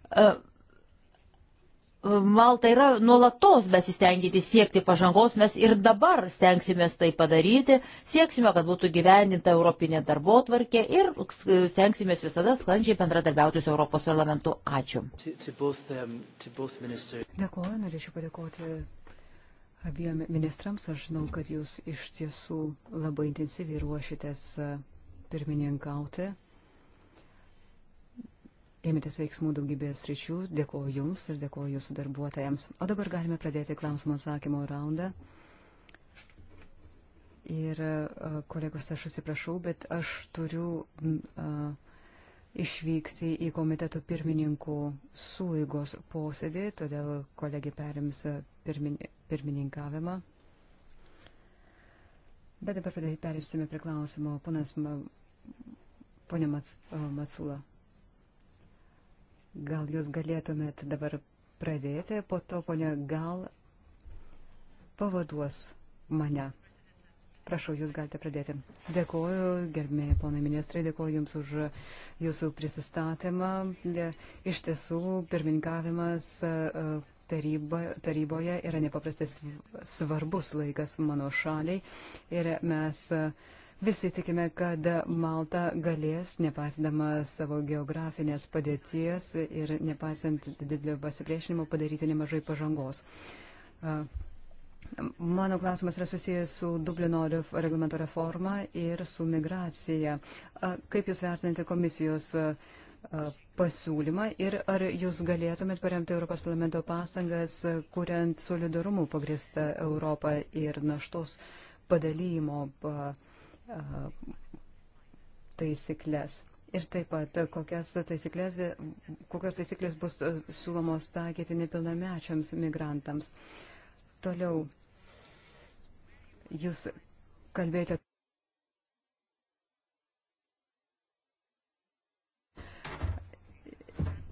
e, Malta yra nuolatos besistenginti siekti pažangos, mes ir dabar stengsimės tai padaryti, sieksime, kad būtų gyvendinta Europinė darbo tvarkė ir stengsimės visada sklandžiai bendradarbiauti su Europos parlamentu. Ačiū. Um, Dėkuoju, norėčiau padėkoti abiem ministrams. Aš žinau, kad jūs iš tiesų labai intensyviai ruošitės pirmininkauti. Ėmėtės veiksmų daugybės ryčių, dėkuoju Jums ir dėkuoju Jūsų darbuotojams. O dabar galime pradėti klausimų atsakymo raundą. Ir kolegos, aš atsiprašau, bet aš turiu uh, išvykti į komitetų pirmininkų suigos posėdį, todėl kolegė perims pirmin, pirmininkavimą. Bet dabar perėsime prie klausimo, ponas, ponė Mats, Matsula. Gal jūs galėtumėt dabar pradėti, po to ponė gal pavaduos mane. Prašau, jūs galite pradėti. Dėkoju, gerbėjai ponai ministrai, dėkoju Jums už Jūsų prisistatymą. Iš tiesų, pirmininkavimas taryba, taryboje yra nepaprastai svarbus laikas mano šaliai ir mes e, visi tikime, kad Malta galės, nepasidama savo geografinės padėties ir nepasant didelio pasipriešinimo, padaryti nemažai pažangos. E, mano klausimas yra susijęs su Dublino reglamento reforma ir su migracija. Kaip Jūs vertinate komisijos pasiūlymą ir ar jūs galėtumėt paremti Europos parlamento pastangas, kuriant solidarumų pagristą Europą ir naštos padalymo taisyklės. Ir taip pat, kokias taisyklės, kokios taisyklės bus siūlomos taikyti nepilnamečiams migrantams. Toliau, jūs kalbėjote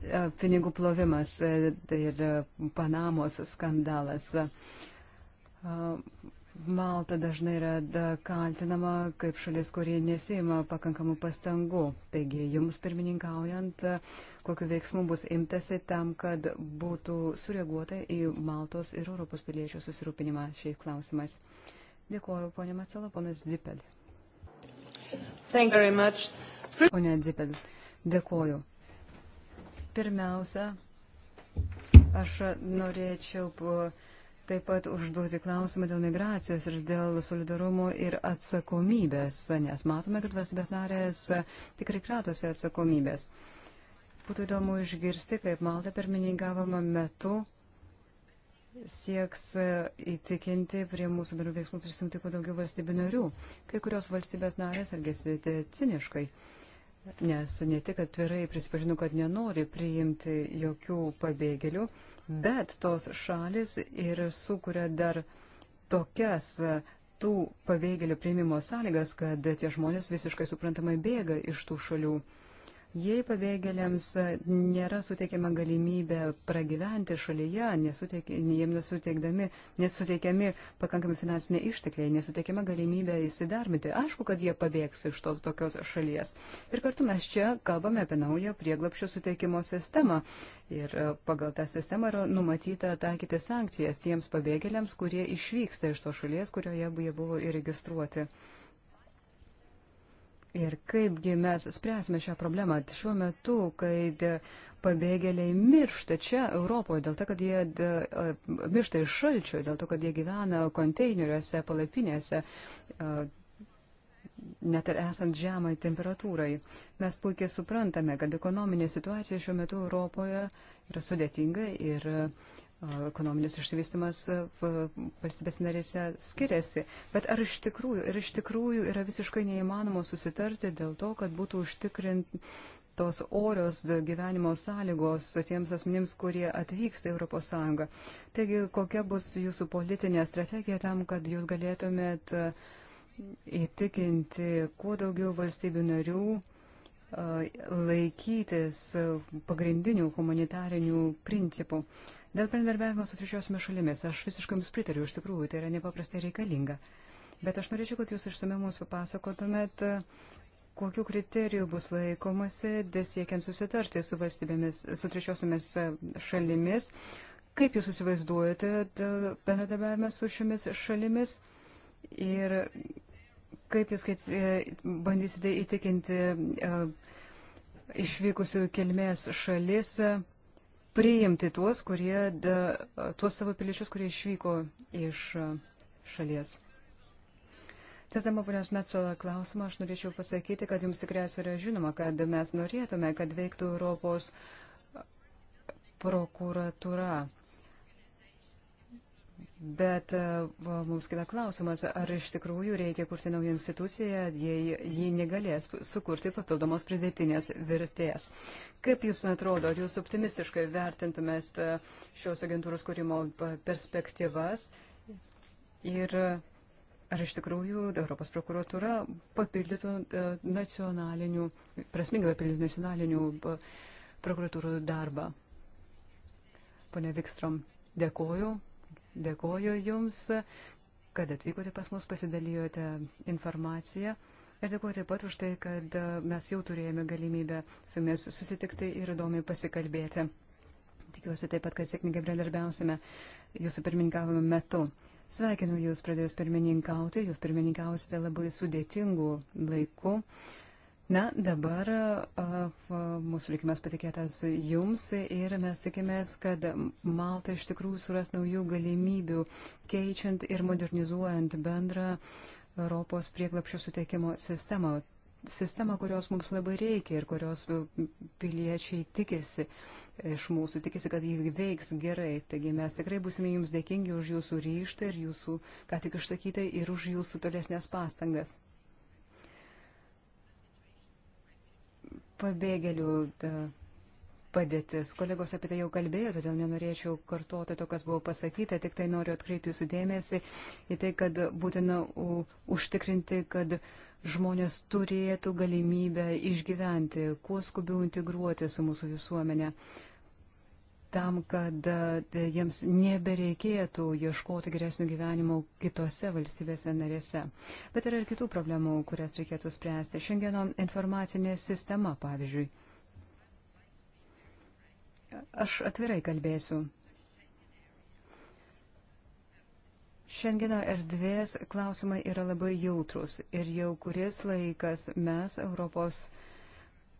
E, pinigų plovimas e, tai ir e, Panamos skandalas. Malta dažnai yra kaltinama kaip šalis, kuri nesima pakankamų pastangų. Taigi, jums pirmininkaujant, kokiu veiksmu bus imtasi tam, kad būtų sureaguota į Maltos ir Europos piliečių susirūpinimą šiais klausimais. Dėkuoju, ponė Macela, ponas Dzipel. Pone Dzipel, dėkuoju. Pirmiausia, aš norėčiau taip pat užduoti klausimą dėl migracijos ir dėl solidarumo ir atsakomybės, nes matome, kad valstybės narės tikrai kratosi atsakomybės. Būtų įdomu išgirsti, kaip Malta pirmininkavimo metu sieks įtikinti prie mūsų bendrų veiksmų prisimti kuo daugiau valstybių narių. Kai kurios valstybės narės elgesi ciniškai. Tai nes ne tik atvirai prisipažino, kad nenori priimti jokių pabėgėlių, bet tos šalis ir sukuria dar tokias tų pabėgėlių priimimo sąlygas, kad tie žmonės visiškai suprantamai bėga iš tų šalių. Jei pabėgėliams e, nėra suteikiama galimybė pragyventi šalyje, nesuteik, jiems nesuteikdami, nesuteikiami pakankami finansiniai ištekliai, nesuteikiama galimybė įsidarbinti, aišku, kad jie pabėgs iš to, tokios šalies. Ir kartu mes čia kalbame apie naują prieglapščių suteikimo sistemą. Ir e, pagal tą sistemą yra numatyta taikyti sankcijas tiems pabėgėliams, kurie išvyksta iš to šalies, kurioje jie buvo įregistruoti. Ir kaipgi mes spręsime šią problemą šiuo metu, kai pabėgėliai miršta čia Europoje dėl to, kad jie miršta iš šalčio, dėl to, kad jie gyvena konteineriuose, palapinėse, net ir esant žemai temperatūrai. Mes puikiai suprantame, kad ekonominė situacija šiuo metu Europoje yra sudėtinga ir ekonominis išsivystimas valstybės narėse skiriasi. Bet ar iš tikrųjų, ir iš tikrųjų yra visiškai neįmanoma susitarti dėl to, kad būtų užtikrintos orios gyvenimo sąlygos tiems asmenims, kurie atvyksta į ES. Taigi, kokia bus jūsų politinė strategija tam, kad jūs galėtumėt įtikinti kuo daugiau valstybių narių laikytis pagrindinių humanitarinių principų. Dėl bendradarbiavimo su trečiosiomis šalimis aš visiškai jums pritariu, iš tikrųjų tai yra nepaprastai reikalinga. Bet aš norėčiau, kad jūs išsame mums papasakotumėt, kokiu kriteriju bus laikomasi, desiekiant susitarti su, su trečiosiomis šalimis, kaip jūs įsivaizduojate bendradarbiavimą su šiomis šalimis ir kaip jūs kaip, e, bandysite įtikinti e, išvykusių kilmės šalis. A, priimti tuos, kurie, da, tuos savo piliečius, kurie išvyko iš šalies. Tesdama ponios Metsola klausimą, aš norėčiau pasakyti, kad jums tikriausiai yra žinoma, kad mes norėtume, kad veiktų Europos prokuratūra. Bet e, mums kila klausimas, ar iš tikrųjų reikia kurti naują instituciją, jei ji negalės sukurti papildomos pridėtinės vertės. Kaip Jūs man atrodo, ar Jūs optimistiškai vertintumėt e, šios agentūros kūrimo e, perspektyvas ir ar iš tikrųjų Europos prokuratūra papildytų nacionalinių, prasmingai papildytų nacionalinių prokuratūrų darbą? Pone Vikstrom, dėkoju. Dėkoju Jums, kad atvykote pas mus, pasidalijote informaciją. Ir dėkoju taip pat už tai, kad e, mes jau turėjome galimybę su jumis susitikti ir įdomiai pasikalbėti. Tikiuosi taip pat, kad sėkmingai bendradarbiausime jūsų pirmininkavimo metu. Sveikinu Jūs pradėjus pirmininkauti, Jūs pirmininkausite labai sudėtingų laikų. Na, dabar uh, mūsų likimas patikėtas jums ir mes tikimės, kad Malta iš tikrųjų suras naujų galimybių, keičiant ir modernizuojant bendrą Europos prieglapšių suteikimo sistemą. Sistema, kurios mums labai reikia ir kurios piliečiai tikisi iš mūsų, tikisi, kad jį veiks gerai. Taigi mes tikrai būsime jums dėkingi už jūsų ryštą ir jūsų, ką tik išsakytą, ir už jūsų tolesnės pastangas. pabėgėlių padėtis. Kolegos apie tai jau kalbėjo, todėl nenorėčiau kartuoti to, kas buvo pasakyta, tik tai noriu atkreipti jūsų dėmesį į tai, kad būtina užtikrinti, kad žmonės turėtų galimybę išgyventi, kuo skubiau integruoti su mūsų visuomenė tam, kad e, jiems nebereikėtų ieškoti geresnių gyvenimų kitose valstybėse narėse. Bet yra ir kitų problemų, kurias reikėtų spręsti. Šiandieno informacinė sistema, pavyzdžiui. Aš atvirai kalbėsiu. Šengeno erdvės klausimai yra labai jautrus ir jau kuris laikas mes Europos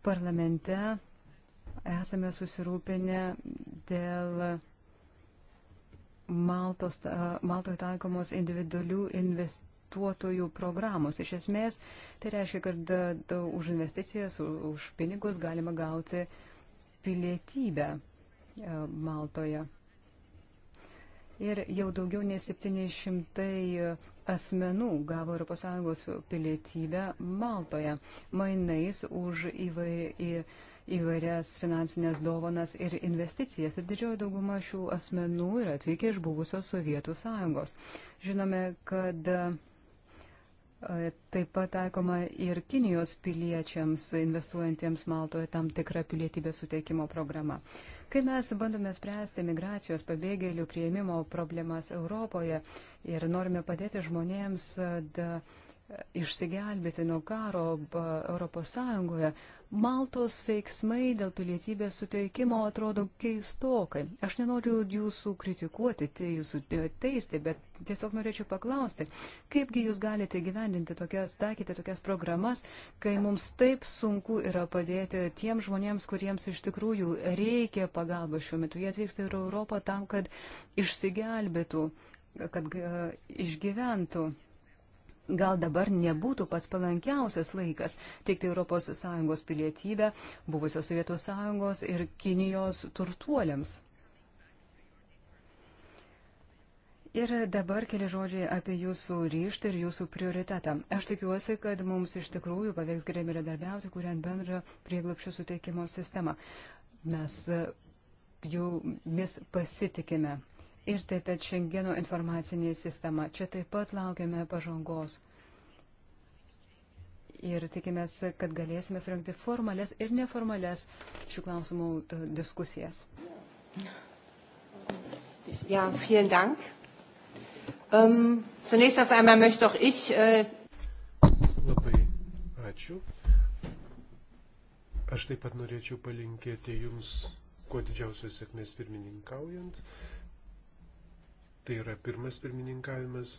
parlamente esame susirūpinę dėl Maltos, Maltoje taikomos individualių investuotojų programos. Iš esmės, tai reiškia, kad už investicijas, už pinigus galima gauti pilietybę e, Maltoje. Ir jau daugiau nei 700 asmenų gavo ES pilietybę Maltoje mainais už įvairių įvairias finansinės dovanas ir investicijas. Ir didžioji dauguma šių asmenų yra atvykę iš buvusios Sovietų sąjungos. Žinome, kad e, taip pat taikoma ir Kinijos piliečiams investuojantiems Maltoje tam tikrą pilietybės suteikimo programą. Kai mes bandome spręsti migracijos pabėgėlių prieimimo problemas Europoje ir norime padėti žmonėms e, da, išsigelbėti nuo karo Europos Sąjungoje, Maltos veiksmai dėl pilietybės suteikimo atrodo keistokai. Aš nenoriu jūsų kritikuoti, tai jūsų e, teisti, bet tiesiog norėčiau paklausti, kaipgi jūs galite gyvendinti tokias, taikyti tokias programas, kai mums taip sunku yra padėti tiem žmonėms, kuriems iš tikrųjų reikia pagalbos šiuo metu. Jie atvyksta į Europą tam, kad išsigelbėtų, kad uh, išgyventų gal dabar nebūtų pats palankiausias laikas teikti ES pilietybę buvusios Sovietų sąjungos ir Kinijos turtuoliams. Ir dabar keli žodžiai apie jūsų ryštą ir jūsų prioritetą. Aš tikiuosi, kad mums iš tikrųjų pavyks gerai bendradarbiauti, kuriant bendrą prieglapščių suteikimo sistemą. Mes e, jau mis pasitikime ir taip pat Šengeno informacinė sistema. Čia taip pat laukiame pažangos. Ir tikimės, kad galėsime surinkti formales ir neformales šių klausimų diskusijas. Ja, vielen Dank. Um, zunächst erst einmal möchte auch ich. Äh Labai ačiū. Aš taip pat norėčiau palinkėti Jums kuo didžiausios sėkmės pirmininkaujant. Uh, Tai yra pirmas pirmininkavimas.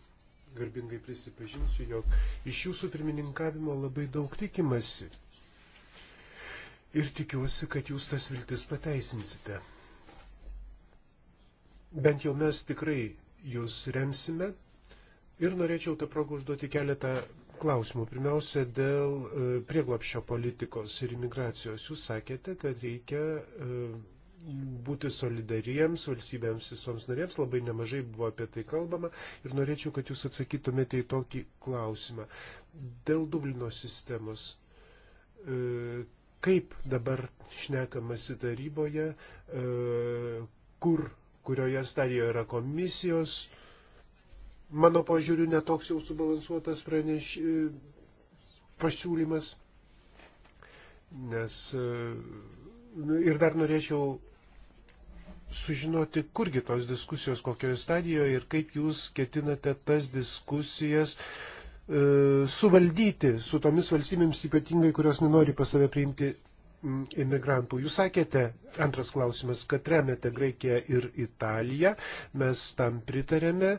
Garbingai prisipažinsiu, jog iš jūsų pirmininkavimo labai daug tikimasi. Ir tikiuosi, kad jūs tas viltis pateisinsite. Bent jau mes tikrai jūs remsime. Ir norėčiau tą progą užduoti keletą klausimų. Pirmiausia, dėl e, prieglapščio politikos ir imigracijos. Jūs sakėte, kad reikia e, būti solidariems valstybėms visoms narėms, labai nemažai buvo apie tai kalbama ir norėčiau, kad jūs atsakytumėte į tokį klausimą. Dėl Dublino sistemos, e, kaip dabar šnekamasi taryboje, e, kur, kurioje stadijoje yra komisijos, mano požiūriu, netoks jau subalansuotas praneš, e, pasiūlymas, nes nu, ir dar norėčiau sužinoti, kurgi tos diskusijos, kokioje stadijoje ir kaip jūs ketinate tas diskusijas e, suvaldyti su tomis valstybėms ypatingai, kurios nenori pas save priimti imigrantų. Jūs sakėte, antras klausimas, kad remiate Graikiją ir Italiją, mes tam pritarėme.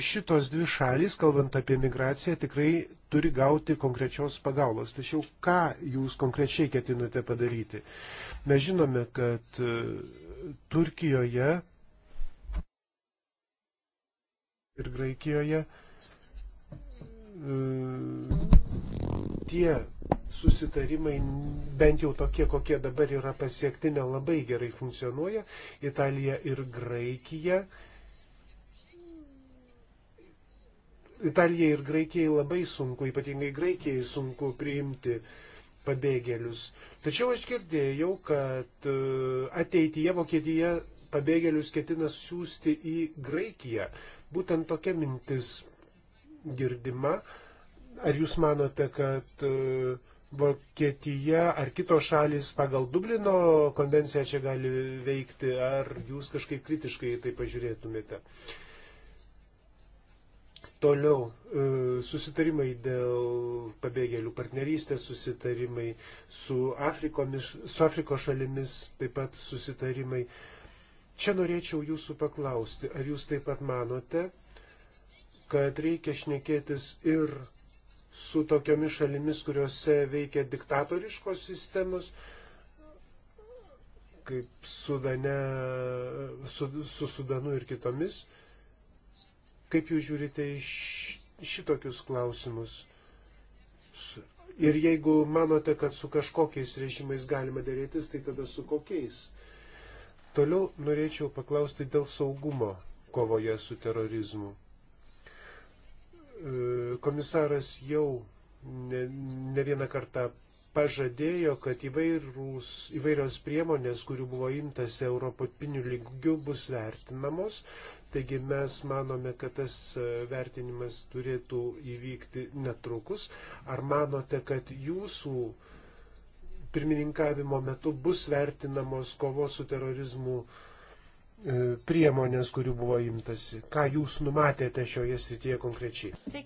Šitos dvi šalys, kalbant apie migraciją, tikrai turi gauti konkrečios pagalbos. Tačiau ką jūs konkrečiai ketinate padaryti? Mes žinome, kad Turkijoje ir Graikijoje e, tie susitarimai, bent jau tokie, kokie dabar yra pasiekti, nelabai gerai funkcionuoja. Italija ir Graikija. Italijai ir Graikijai labai sunku, ypatingai Graikijai sunku priimti pabėgėlius. Tačiau aš girdėjau, kad e, ateityje Vokietija pabėgėlius ketina siūsti į Graikiją. Būtent tokia mintis girdima. Ar jūs manote, kad e, Vokietija ar kitos šalis pagal Dublino konvenciją čia gali veikti, ar jūs kažkaip kritiškai tai pažiūrėtumėte? Uh, Toliau e, susitarimai dėl pabėgėlių partnerystės, susitarimai su, Afrikomis, su Afrikos šalimis, taip pat susitarimai. Čia norėčiau jūsų paklausti, ar jūs taip pat manote, kad reikia šnekėtis ir su tokiomis šalimis, kuriuose veikia diktatoriškos sistemos, kaip Sudane, su, su Sudanu ir kitomis, Kaip jūs žiūrite į šitokius klausimus? Ir jeigu manote, kad su kažkokiais režimais galima dėrėtis, tai tada su kokiais? Toliau norėčiau paklausti dėl saugumo kovoje su terorizmu. E, komisaras jau ne, ne vieną kartą pažadėjo, kad įvairūs, įvairios priemonės, kurių buvo imtas europinių lygių, bus vertinamos. Taigi mes manome, kad tas e, vertinimas turėtų įvykti netrukus. Ar manote, kad jūsų pirmininkavimo metu bus vertinamos kovos su terorizmu e, priemonės, kurių buvo imtasi. Ką jūs numatėte šioje srityje konkrečiai?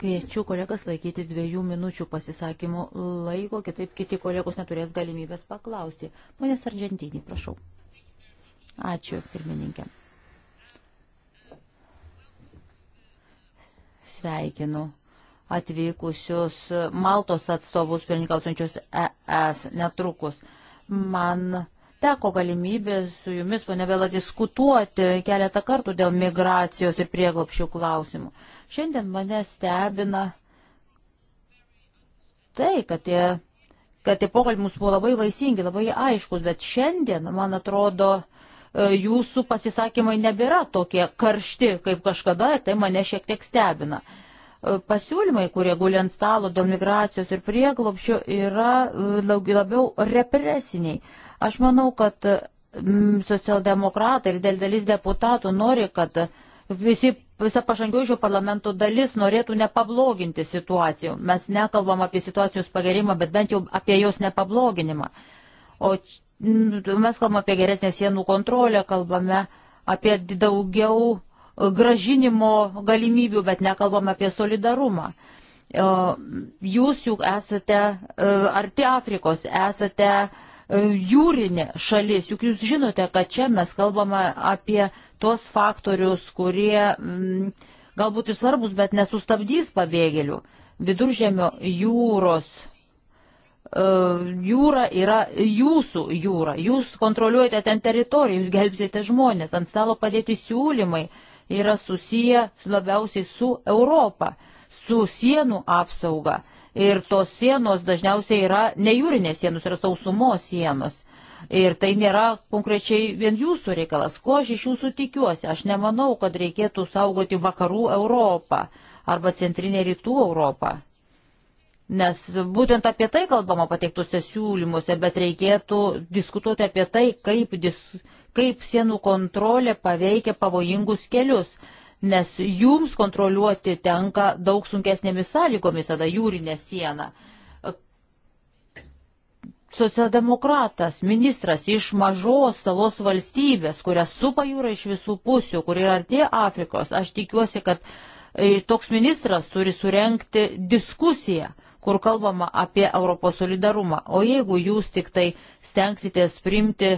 Kviečiu kolegas laikytis dviejų minučių pasisakymų laiko, kitaip kiti kolegos neturės galimybės paklausti. Pone Sargentinį, prašau. Ačiū, pirmininkė. sveikinu atvykusius Maltos atstovus pirmininkausiančius ES netrukus. Man teko galimybė su jumis, ponia Vela, diskutuoti keletą kartų dėl migracijos ir prieglopšių klausimų. Šiandien mane stebina tai, kad tie, kad tie pokalbiai mums buvo labai vaisingi, labai aiškus, bet šiandien, man atrodo, E, jūsų pasisakymai nebėra tokie karšti kaip kažkada, tai mane šiek tiek stebina. E, pasiūlymai, kurie guli ant stalo dėl migracijos ir prieglopščio, yra e, labiau represiniai. Aš manau, kad socialdemokratai ir dėl dalis deputatų nori, kad visi, visa pažangiųjų parlamento dalis norėtų nepabloginti situacijų. Mes nekalbam apie situacijos pagerimą, bet bent jau apie jos nepabloginimą. O mes kalbame apie geresnę sienų kontrolę, kalbame apie daugiau e, gražinimo galimybių, bet nekalbame apie solidarumą. E, jūs juk esate e, arti Afrikos, esate jūrinė šalis, juk jūs žinote, kad čia mes kalbame apie tos faktorius, kurie mm, galbūt ir svarbus, bet nesustabdys pabėgėlių. Viduržėmio jūros E, jūra yra jūsų jūra, jūs kontroliuojate ten teritoriją, jūs gelbstėte žmonės, ant stalo padėti siūlymai yra susiję labiausiai su Europa, su sienų apsauga. Ir tos sienos dažniausiai yra ne jūrinės sienos, yra sausumos sienos. Ir tai nėra konkrečiai vien jūsų reikalas. Ko aš iš jūsų tikiuosi? Aš nemanau, kad reikėtų saugoti vakarų Europą arba centrinę rytų Europą Nes būtent apie tai kalbama pateiktuose siūlymuose, bet reikėtų diskutuoti apie tai, kaip, dis, kaip sienų kontrolė paveikia pavojingus kelius. Nes jums kontroliuoti tenka daug sunkesnėmis sąlygomis tada jūrinė siena. Socialdemokratas, ministras iš mažos salos valstybės, kurią supa jūra iš visų pusių, kur yra arti Afrikos, aš tikiuosi, kad e, toks ministras turi surenkti diskusiją kur kalbama apie Europos solidarumą. O jeigu jūs tik tai stengsitės primti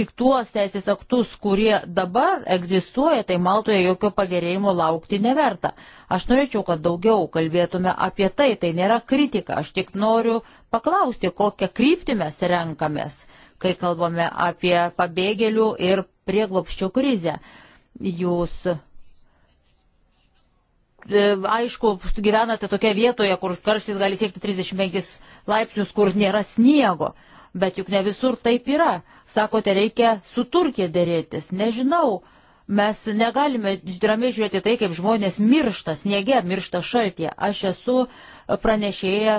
tik tuos teisės aktus, kurie dabar egzistuoja, tai Maltoje jokio pagerėjimo laukti neverta. Aš norėčiau, kad daugiau kalbėtume apie tai, tai nėra kritika, aš tik noriu paklausti, kokią kryptį mes renkamės, kai kalbame apie pabėgėlių ir prieglopščio krizę. Jūs E, aišku, gyvenate tokioje vietoje, kur karštis gali siekti 35 laipsnius, kur nėra sniego, bet juk ne visur taip yra. Sakote, reikia su Turkija dėrėtis. Nežinau, mes negalime ramiai žiūrėti tai, kaip žmonės miršta sniege, miršta šaltie. Aš esu pranešėję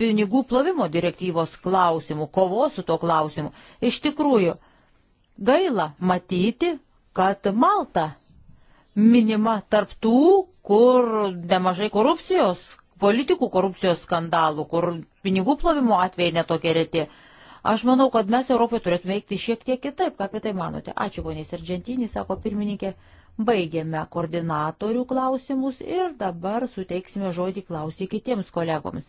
pinigų plovimo direktyvos klausimų, kovos su to klausimu. Iš tikrųjų, gaila matyti, kad Malta minima tarptų, kur nemažai korupcijos, politikų korupcijos skandalų, kur pinigų plovimo atvejai netokie reti. Aš manau, kad mes Europoje turėtume veikti šiek tiek kitaip, ką apie tai manote. Ačiū, ponė Sergentinį, sako pirmininkė. Baigėme koordinatorių klausimus ir dabar suteiksime žodį klausyti kitiems kolegoms.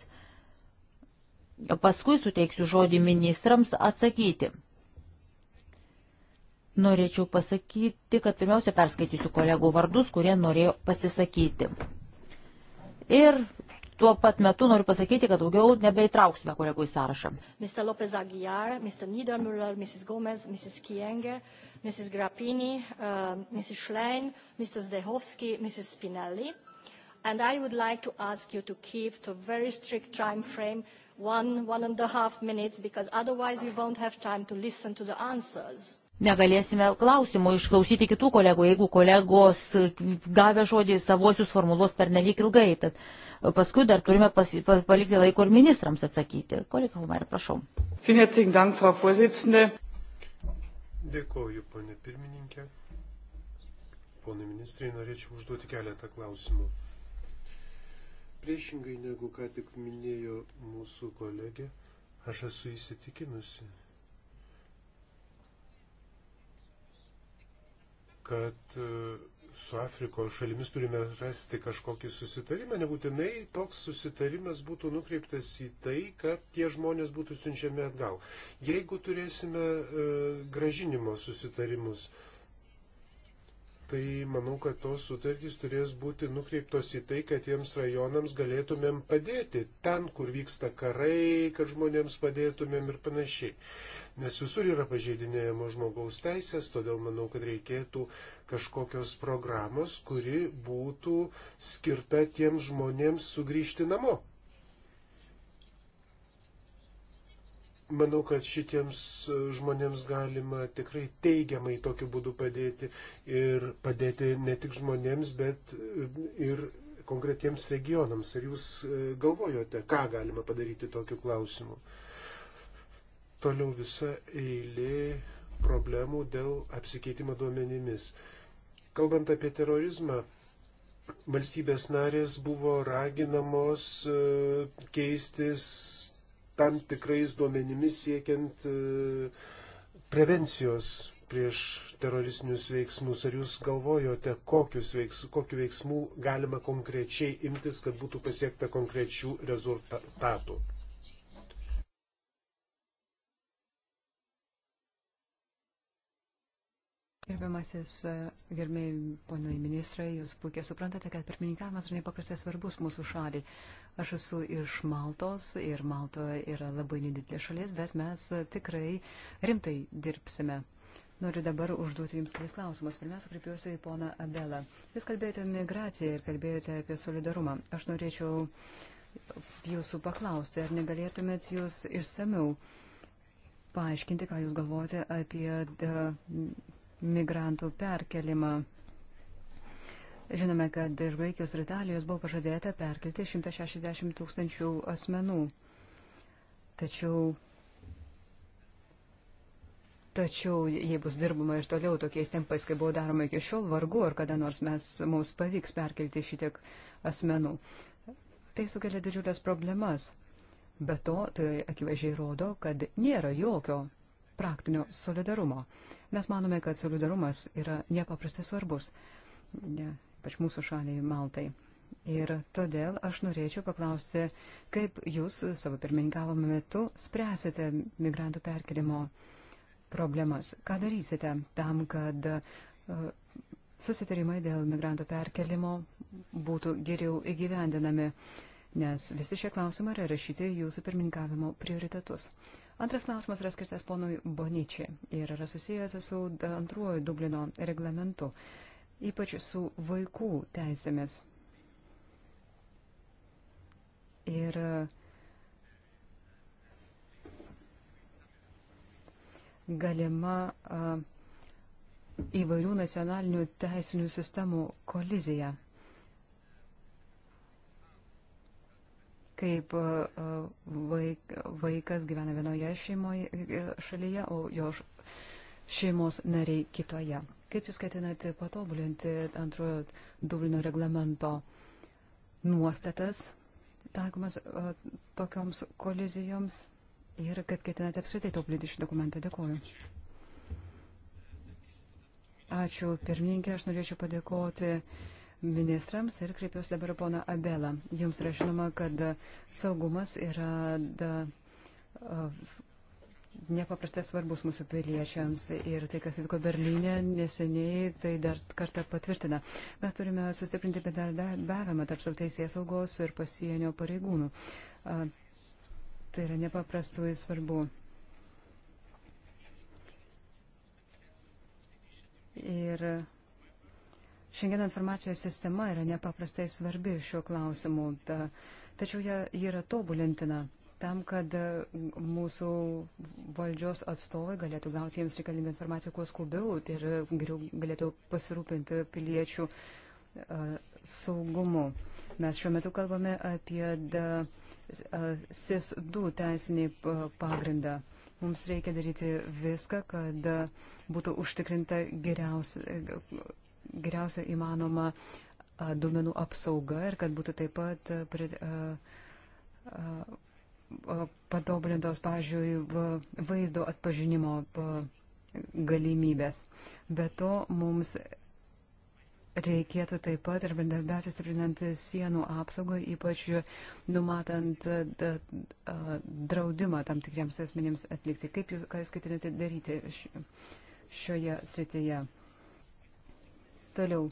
Paskui suteiksiu žodį ministrams atsakyti. Norėčiau pasakyti, kad pirmiausia perskaitysiu kolegų vardus, kurie norėjo pasisakyti. Ir tuo pat metu noriu pasakyti, kad daugiau nebeįtrauksime kolegų į sąrašą. Mr. Lopez Aguiar, Mr. Niedermüller, Mrs. Gomez, Mrs. Kienge, Mrs. Grappini, uh, Mrs. Schlein, Mr. Zdehovski, Mrs. Spinelli. And I would like to ask you to keep to very strict time frame one, one and a half minutes, because otherwise we won't have time to listen to the answers negalėsime klausimų išklausyti kitų kolegų, jeigu kolegos gavę žodį savosius formuluos per nelik ilgai. Tad e, paskui dar turime pasi, pa, palikti laiko ir ministrams atsakyti. Kolega Humar, prašau. Dėkoju, ponė pirmininkė. Ponai ministrai, norėčiau užduoti keletą klausimų. Priešingai negu ką tik minėjo mūsų kolegė, aš esu įsitikinusi, kad e, su Afrikos šalimis turime rasti kažkokį susitarimą, nebūtinai toks susitarimas būtų nukreiptas į tai, kad tie žmonės būtų siunčiami atgal. Jeigu turėsime e, gražinimo susitarimus, e, Tai manau, kad tos sutartys turės būti nukreiptos į tai, kad tiems rajonams galėtumėm padėti ten, kur vyksta karai, kad žmonėms padėtumėm ir panašiai. Nes visur yra pažeidinėjama žmogaus teisės, todėl manau, kad reikėtų kažkokios programos, kuri būtų skirta tiems žmonėms sugrįžti namo. Manau, kad šitiems žmonėms galima tikrai teigiamai tokiu būdu padėti ir padėti ne tik žmonėms, bet ir konkretiems regionams. Ar jūs e, galvojote, ką galima padaryti tokiu klausimu? Toliau visa eilė problemų dėl apsikeitimo duomenimis. Kalbant apie terorizmą, valstybės narės buvo raginamos e, keistis tam tikrais duomenimis siekiant e, prevencijos prieš teroristinius veiksmus. Ar jūs galvojote, kokius veiks, kokiu veiksmu galima konkrečiai imtis, kad būtų pasiekta konkrečių rezultatų? Gerbiamasis, e, gerbėjai ponai ministrai, jūs puikiai suprantate, kad pirmininkavimas yra nepaprastai svarbus mūsų šaliai. Aš esu iš Maltos ir Malto yra labai nedidelė šalis, bet mes tikrai rimtai dirbsime. Noriu dabar užduoti Jums kelis klausimus. Pirmiausia, kreipiuosi į poną Abelą. Jūs kalbėjote migraciją ir kalbėjote apie solidarumą. Aš norėčiau Jūsų paklausti, ar negalėtumėt Jūs išsamiau paaiškinti, ką Jūs galvojate apie e, migrantų perkelimą. Žinome, kad iš Graikijos ir Italijos buvo pažadėta perkelti 160 tūkstančių asmenų. Tačiau, tačiau, jei bus dirbama ir toliau tokiais tempais, kaip buvo daroma iki šiol, vargu ar kada nors mes, mums pavyks perkelti šitiek asmenų. Tai sukelia didžiulės problemas. Be to, tai akivaizdžiai rodo, kad nėra jokio praktinio solidarumo. Mes manome, kad solidarumas yra nepaprastai svarbus, ne, pač mūsų šaliai Maltai. Ir todėl aš norėčiau paklausti, kaip jūs savo pirmininkavimo metu spręsite migrantų perkelimo problemas. Ką darysite tam, kad e, susitarimai dėl migrantų perkelimo būtų geriau įgyvendinami, nes visi šie klausimai yra rašyti jūsų pirmininkavimo prioritetus. Antras klausimas yra skirtas ponui Boničiui ir yra susijęs su antruoju Dublino reglamentu, ypač su vaikų teisėmis. Ir e, galima a, e, įvairių nacionalinių teisinių sistemų kolizija. kaip e, vaikas gyvena vienoje šeimoje, e, šalyje, o jo šeimos nariai kitoje. Kaip Jūs ketinate patobulinti antrojo Dublino reglamento nuostatas taikomas e, tokioms kolizijoms ir kaip ketinate apskritai tobulinti šį dokumentą? Dėkuoju. Ačiū, pirmininkė, aš norėčiau padėkoti uh, ministrams ir kreipiuosi dabar pono Abelą. Jums yra žinoma, kad saugumas yra da, nepaprastai svarbus mūsų piliečiams ir tai, kas vyko Berlyne neseniai, tai dar kartą patvirtina. Mes turime sustiprinti bendradarbiavimą tarp savo teisės saugos ir pasienio pareigūnų. Tai yra nepaprastai svarbu. Ir Šengeno informacijos sistema yra nepaprastai svarbi šiuo klausimu, ta, tačiau ji yra tobulintina tam, kad e, mūsų valdžios atstovai galėtų gauti jiems reikalingą informaciją kuo skubiau ir geriau galėtų pasirūpinti piliečių e, saugumu. Mes šiuo metu kalbame apie e, SIS-2 teisinį pagrindą. Mums reikia daryti viską, kad būtų užtikrinta geriausia geriausia įmanoma duomenų apsauga ir kad būtų taip pat patobulintos, pažiūrėjau, vaizdo atpažinimo galimybės. Be to mums reikėtų taip pat ir bendarbiauti stiprinant sienų apsaugą, ypač numatant draudimą tam tikriems asmenims atlikti. Kaip jūs, ką jūs ketinate daryti šioje srityje? Toliau.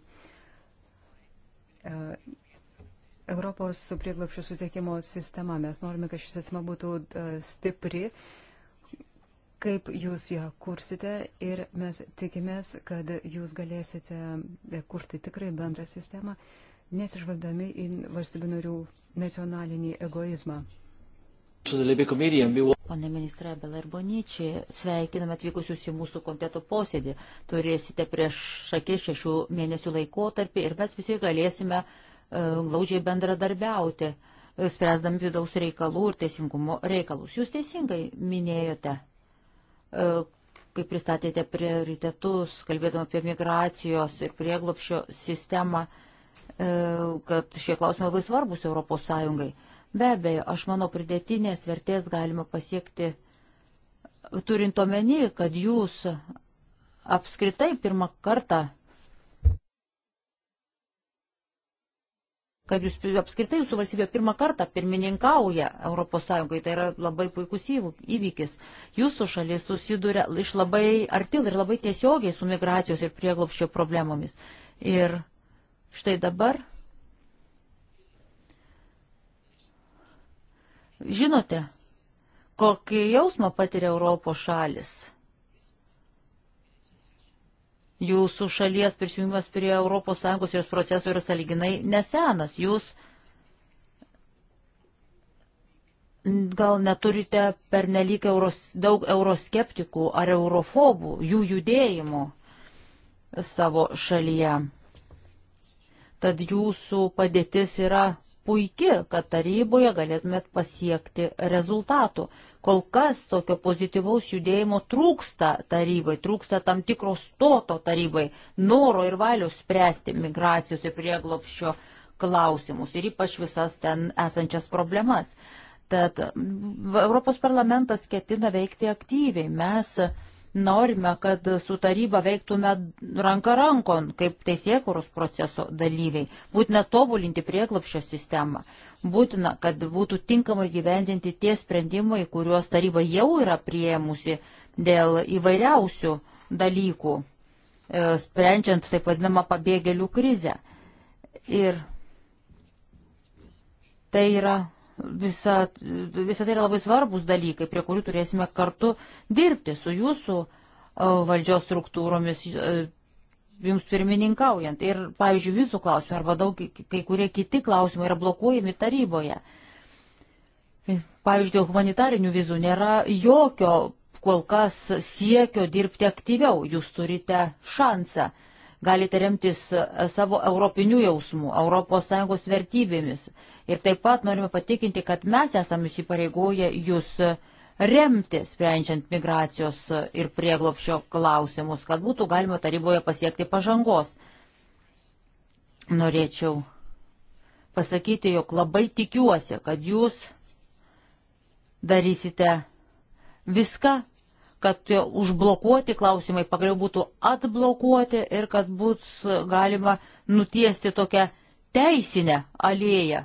E, Europos prieglapščių suteikimo sistema. Mes norime, kad ši sistema būtų e, stipri, kaip jūs ją kursite ir mes tikimės, kad jūs galėsite e, kurti tikrai bendrą sistemą, nesižvaldami į valstybių narių nacionalinį egoizmą. Pone ministra Belarboničiai, sveikiname atvykusius į mūsų komiteto posėdį. Turėsite prieš šakės šešių mėnesių laikotarpį ir mes visi galėsime e, glaudžiai uh, bendradarbiauti, e, spręsdami vidaus reikalų ir teisingumo reikalus. Jūs teisingai minėjote, uh, kai pristatėte prioritetus, kalbėdama apie migracijos ir prieglopšio sistemą, uh, kad šie klausimai labai svarbus Europos Sąjungai. Be abejo, aš manau, pridėtinės vertės galima pasiekti, turint omeny, kad jūs apskritai pirmą kartą, kad jūs apskritai jūsų valstybė pirmą kartą pirmininkauja ES, tai yra labai puikus įvykis. Jūsų šalis susiduria iš labai artil ir labai tiesiogiai su migracijos ir prieglopščio problemomis. Ir štai dabar Žinote, kokį jausmą patiria Europos šalis? Jūsų šalies prisijungimas prie ES ir jos procesų yra saliginai nesenas. Jūs gal neturite pernelyg euros, daug euroskeptikų ar eurofobų, jų judėjimų savo šalyje. Tad jūsų padėtis yra puikia, kad taryboje galėtumėt pasiekti rezultatų. Kol kas tokio pozityvaus judėjimo trūksta tarybai, trūksta tam tikros stoto tarybai, noro ir valios spręsti migracijos ir prieglopščio klausimus ir ypač visas ten esančias problemas. Tad mm, Europos parlamentas ketina veikti aktyviai. Mes norime, kad su taryba veiktume ranka rankon, kaip teisėkurus proceso dalyviai. Būtina tobulinti prieglapščio sistemą. Būtina, kad būtų tinkamai gyvendinti tie sprendimai, kuriuos taryba jau yra prieimusi dėl įvairiausių dalykų, e, sprendžiant taip vadinamą pabėgėlių krizę. Ir tai yra visa, visa tai yra labai svarbus dalykai, prie kurių turėsime kartu dirbti su jūsų valdžios struktūromis, jums pirmininkaujant. Ir, pavyzdžiui, visų klausimų arba daug, kai kurie kiti klausimai yra blokuojami taryboje. Pavyzdžiui, dėl humanitarinių vizų nėra jokio kol kas siekio dirbti aktyviau. Jūs turite šansą galite remtis e, savo europinių jausmų, ES vertybėmis. Ir taip pat norime patikinti, kad mes esame įsipareigoję jūs remti, sprendžiant migracijos ir prieglopšio klausimus, kad būtų galima taryboje pasiekti pažangos. Norėčiau pasakyti, jog labai tikiuosi, kad jūs darysite viską, kad užblokuoti klausimai pagaliau būtų atblokuoti ir kad bus galima nutiesti tokią teisinę alėją,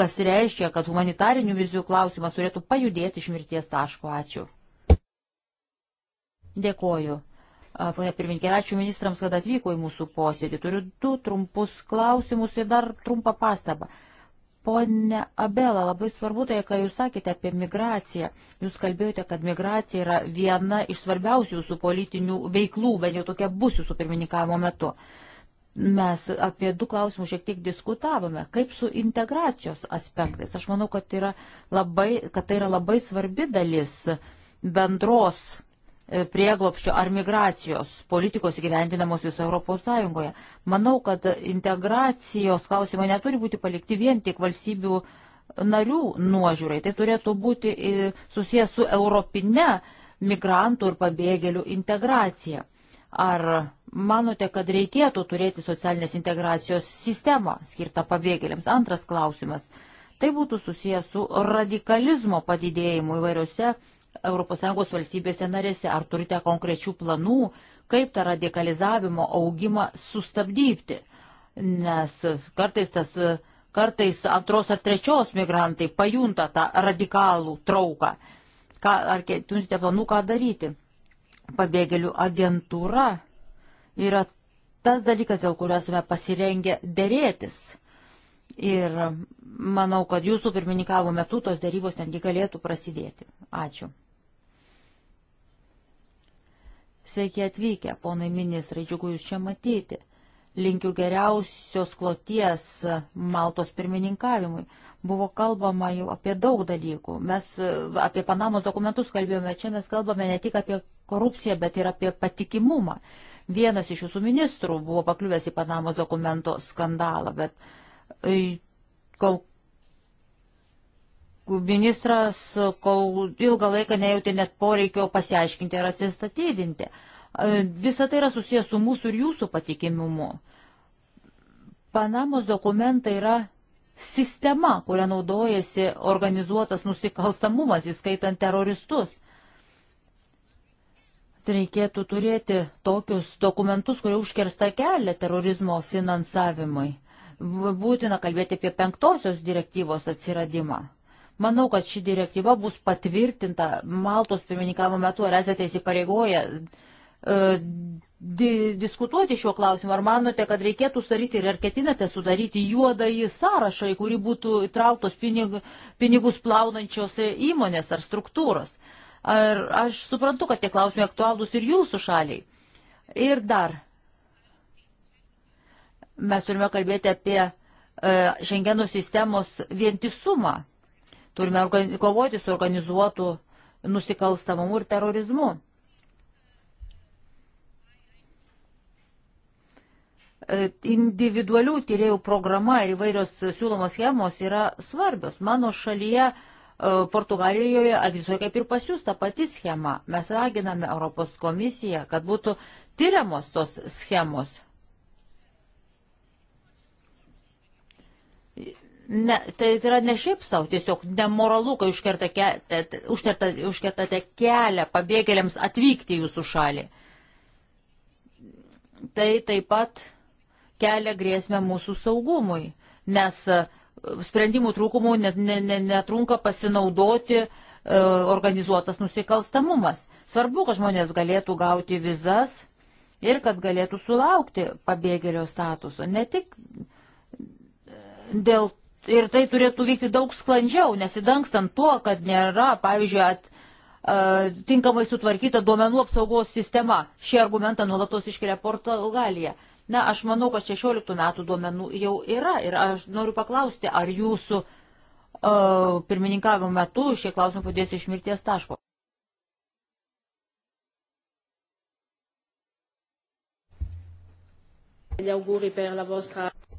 kas reiškia, kad humanitarinių vizijų klausimas turėtų pajudėti iš mirties taško. Ačiū. Dėkoju. Pane pirmininkė, ačiū ministrams, kad atvyko į mūsų posėdį. Turiu du trumpus klausimus ir dar trumpą pastabą. Pone Abela, labai svarbu tai, ką Jūs sakėte apie migraciją. Jūs kalbėjote, kad migracija yra viena iš svarbiausių Jūsų politinių veiklų, bent jau tokia bus Jūsų pirmininkavimo metu. Mes apie du klausimus šiek tiek diskutavome. Kaip su integracijos aspektais? Aš manau, kad, yra labai, kad tai yra labai svarbi dalis bendros E, prieglopščio ar migracijos politikos įgyvendinamos viso ES. Manau, kad integracijos klausimai neturi būti palikti vien tik valstybių narių nuožiūrai. Tai turėtų būti e, susijęs su europinė migrantų ir pabėgėlių integracija. Ar manote, kad reikėtų turėti socialinės integracijos sistemą skirtą pabėgėliams? Antras klausimas. Tai būtų susijęs su radikalizmo padidėjimu įvairiose ES valstybėse narėse? Ar turite konkrečių planų, kaip tą radikalizavimo augimą sustabdyti? Nes kartais tas kartais antros ar trečios migrantai pajunta tą radikalų trauką. Ką, ar turite planų, ką daryti? Pabėgėlių agentūra yra tas dalykas, dėl kurio esame pasirengę dėrėtis. Ir manau, kad jūsų pirmininkavo metu tos dėrybos netgi galėtų prasidėti. Ačiū. Sveiki atvykę, ponai ministrai, džiugu jūs čia matyti. Linkiu geriausios kloties Maltos pirmininkavimui. Buvo kalbama jau apie daug dalykų. Mes e, apie Panamos dokumentus kalbėjome, čia mes kalbame ne tik apie korupciją, bet ir apie patikimumą. Vienas iš jūsų ministrų buvo pakliuvęs į Panamos dokumento skandalą, bet e, kol ministras ilgą laiką nejautė net poreikio pasiaiškinti ar atsistatydinti. E, visa tai yra susijęs su mūsų ir jūsų patikimimu. Panamos dokumentai yra sistema, kurią naudojasi organizuotas nusikalstamumas, įskaitant teroristus. Reikėtų turėti tokius dokumentus, kurie užkersta kelią terorizmo finansavimui. Būtina kalbėti apie penktosios direktyvos atsiradimą. Manau, kad ši direktyva bus patvirtinta Maltos pirmininkavimo metu. Ar esate įsipareigoję e, di, diskutuoti šiuo klausimu? Ar manote, kad reikėtų sudaryti ir ar ketinate sudaryti juodąjį sąrašą, į kurį būtų įtrauktos pinig, pinigus plaunančios įmonės ar struktūros? Ar aš suprantu, kad tie klausimai aktualūs ir jūsų šaliai. Ir dar. Mes turime kalbėti apie e, Šengeno sistemos vientisumą Turime kovoti su organizuotu nusikalstamumu ir terorizmu. E, individualių tyriejų programa ir įvairios siūlomos schemos yra svarbios. Mano šalyje e, Portugalijoje egzistuoja kaip ir pas jūs ta pati schema. Mes raginame Europos komisiją, kad būtų tyriamos tos schemos. Ne, tai, tai yra ne šiaip savo, tiesiog nemoralu, kai užkerta ke, užkerta, užkertate kelią pabėgėliams atvykti į jūsų šalį. Tai taip pat kelia grėsmę mūsų saugumui, nes e, sprendimų trūkumų net, net, net, netrunka pasinaudoti e, organizuotas nusikalstamumas. Svarbu, kad žmonės galėtų gauti vizas ir kad galėtų sulaukti pabėgėlio statuso. Ne tik e, dėl ir tai turėtų vykti daug sklandžiau, nesidangstant tuo, kad nėra, pavyzdžiui, at, a, e, tinkamai sutvarkyta duomenų apsaugos sistema. Šį argumentą nuolatos iškelia Portugalija. Na, aš manau, kad 16 metų duomenų jau yra ir aš noriu paklausti, ar jūsų uh, pirmininkavimo metu šie klausimai padės iš mirties taško.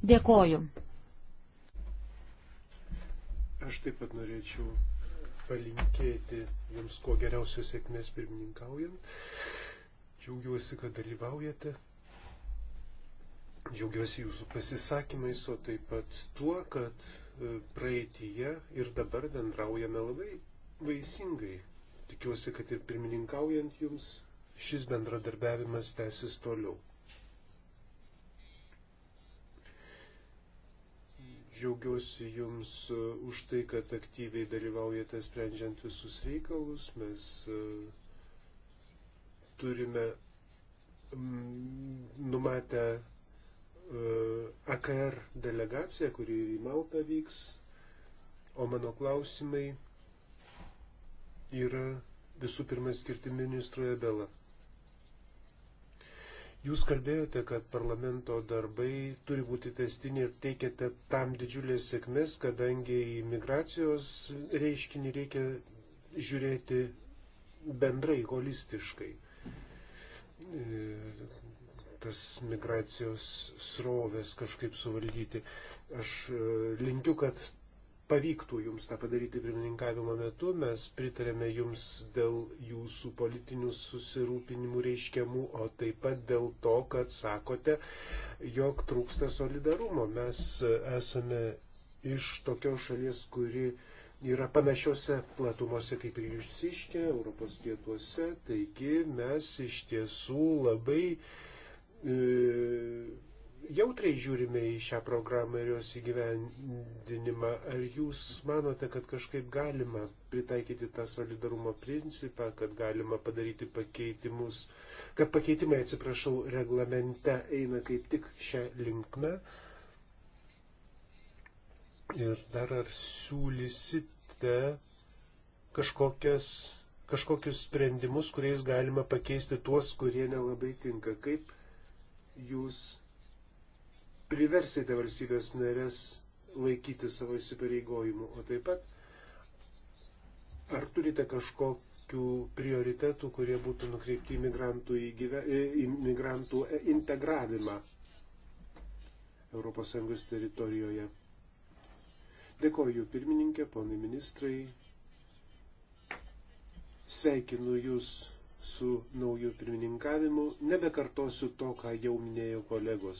Dėkoju. Aš taip pat norėčiau palinkėti Jums kuo geriausios sėkmės pirmininkaujant. Džiaugiuosi, kad dalyvaujate. Džiaugiuosi Jūsų pasisakymais, o taip pat tuo, kad e, praeitįje ir dabar bendraujame labai vaisingai. Tikiuosi, kad ir pirmininkaujant Jums šis bendradarbiavimas tęsis toliau. Džiaugiuosi Jums uh, už tai, kad aktyviai dalyvaujate sprendžiant visus reikalus. Mes uh, turime mm, numatę uh, AKR delegaciją, kuri į Maltą vyks. O mano klausimai yra visų pirma skirti ministrui Abela. Jūs kalbėjote, kad parlamento darbai turi būti testiniai ir teikiate tam didžiulės sėkmės, kadangi į migracijos reiškinį reikia žiūrėti bendrai, holistiškai. E, tas migracijos srovės kažkaip suvaldyti. Aš e, linkiu, kad pavyktų jums tą padaryti pirmininkavimo metu. Mes pritarėme jums dėl jūsų politinių susirūpinimų reiškiamų, o taip pat dėl to, kad sakote, jog trūksta solidarumo. Mes esame iš tokios šalies, kuri yra panašiose platumose kaip ir jūs iškė, Europos pietuose, taigi mes iš tiesų labai e, jautriai žiūrime į šią programą ir jos įgyvendinimą. Ar jūs manote, kad kažkaip galima pritaikyti tą solidarumo principą, kad galima padaryti pakeitimus, kad pakeitimai, atsiprašau, reglamente eina kaip tik šią linkmę? Ir dar ar siūlysite kažkokias kažkokius sprendimus, kuriais galima pakeisti tuos, kurie nelabai tinka. Kaip jūs priversite valstybės narės laikyti savo įsipareigojimų, o taip pat ar turite kažkokių prioritetų, kurie būtų nukreipti į migrantų, į gyve, į migrantų integravimą ES teritorijoje. Dėkoju pirmininkė, ponai ministrai, sveikinu Jūs su nauju pirmininkavimu, nebekartosiu to, ką jau minėjo kolegos.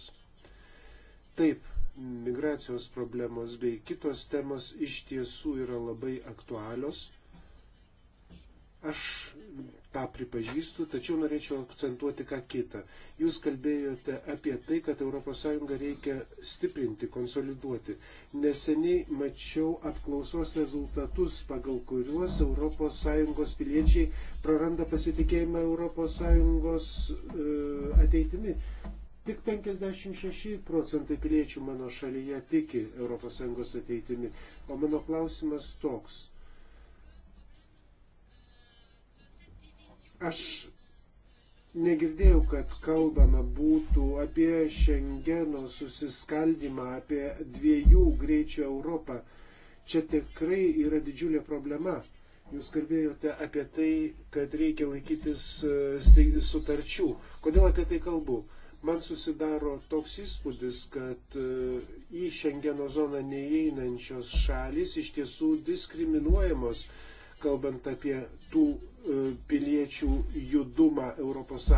Taip, migracijos problemos bei kitos temos iš tiesų yra labai aktualios. Aš tą pripažįstu, tačiau norėčiau akcentuoti ką kitą. Jūs kalbėjote apie tai, kad ES reikia stiprinti, konsoliduoti. Neseniai mačiau apklausos rezultatus, pagal kuriuos ES piliečiai praranda pasitikėjimą ES e, ateitimi. Tik 56 procentai piliečių mano šalyje tiki ES ateitimi. O mano klausimas toks. Aš negirdėjau, kad kalbama būtų apie Šengeno susiskaldimą, apie dviejų greičių Europą. Čia tikrai yra didžiulė problema. Jūs kalbėjote apie tai, kad reikia laikytis e, sutarčių. Kodėl apie tai kalbu? Man susidaro toks įspūdis, kad e, į Šengeno zoną neįeinančios šalis iš tiesų diskriminuojamos, kalbant apie tų e, piliečių judumą ES.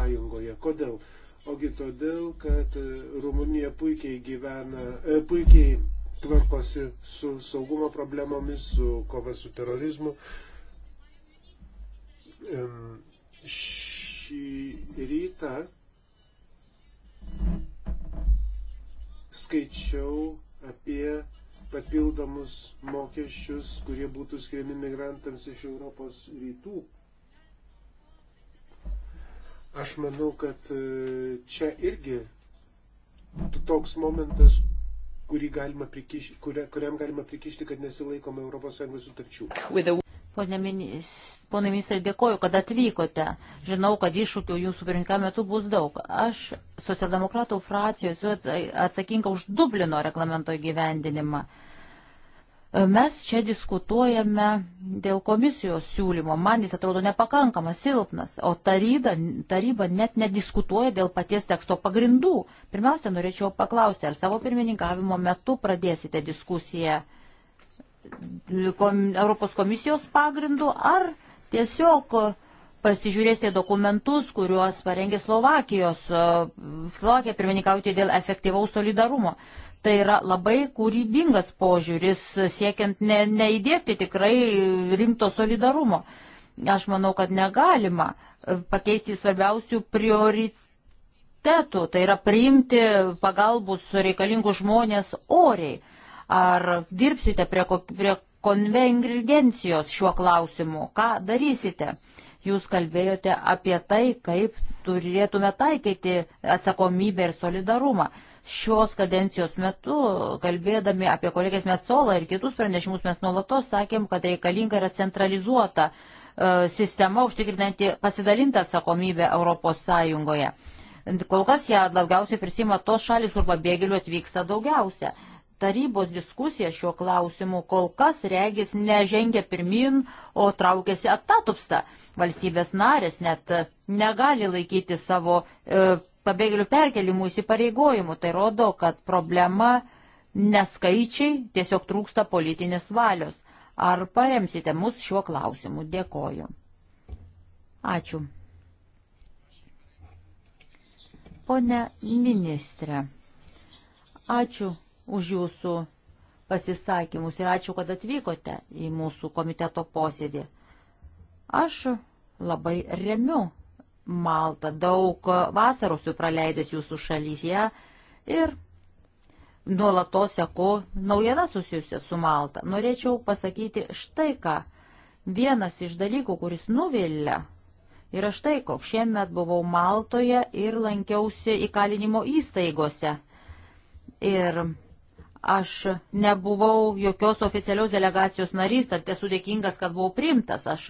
Kodėl? Ogi todėl, kad e, Rumunija puikiai gyvena, puikiai tvarkosi su saugumo problemomis, su kova su terorizmu. Šį rytą skaičiau apie papildomus mokesčius, kurie būtų skiriami migrantams iš Europos rytų. Aš manau, kad e, čia irgi toks momentas, galima prikišti, kuriam galima prikišti, kad nesilaikoma ES sutarčių. Pone ministrė, dėkoju, kad atvykote. Žinau, kad iššūkių jūsų pirmininką metu bus daug. Aš socialdemokratų frakcijos atsakinga už Dublino reglamento įgyvendinimą. Mes čia diskutuojame dėl komisijos siūlymo. Man jis atrodo nepakankamas, silpnas, o taryba, taryba net nediskutuoja dėl paties teksto pagrindų. Pirmiausia, norėčiau paklausti, ar savo pirmininkavimo metu pradėsite diskusiją Europos komisijos pagrindu, ar tiesiog pasižiūrėsite dokumentus, kuriuos parengė Slovakijos, e, Slovakija pirmininkauti dėl efektyvaus solidarumo. Tai yra labai kūrybingas požiūris, siekiant ne, neįdėkti tikrai rimto solidarumo. Aš manau, kad negalima e, pakeisti svarbiausių prioritetų, tai yra priimti pagalbus reikalingus žmonės oriai. Ar dirbsite prie, prie konvergencijos šiuo klausimu? Ką darysite? Jūs kalbėjote apie tai, kaip turėtume taikyti atsakomybę ir solidarumą. Šios kadencijos metu, kalbėdami apie kolegės Metsolą ir kitus pranešimus, mes nuolatos sakėm, kad reikalinga yra centralizuota e, sistema užtikrinanti pasidalintą atsakomybę Europos Sąjungoje. Kol kas ją daugiausiai prisima tos šalis, kur pabėgėlių atvyksta daugiausia tarybos diskusija šiuo klausimu kol kas regis nežengia pirmin, o traukiasi attatupsta. Valstybės narės net e, negali laikyti savo e, pabėgėlių perkelimų įsipareigojimų. Tai rodo, kad problema neskaičiai, tiesiog trūksta politinės valios. Ar paremsite mus šiuo klausimu? Dėkoju. Ačiū. Pone ministre, ačiū už jūsų pasisakymus ir ačiū, kad atvykote į mūsų komiteto posėdį. Aš labai remiu Maltą, daug vasaros jau praleidęs jūsų šalyje ir nuolatos seko naujieną susijusią su Malta. Norėčiau pasakyti štai ką. Vienas iš dalykų, kuris nuvilia, yra štai koks. Šiemet buvau Maltoje ir lankiausi įkalinimo įstaigose. Ir Aš nebuvau jokios oficialios delegacijos narys, tad esu dėkingas, kad buvau priimtas. Aš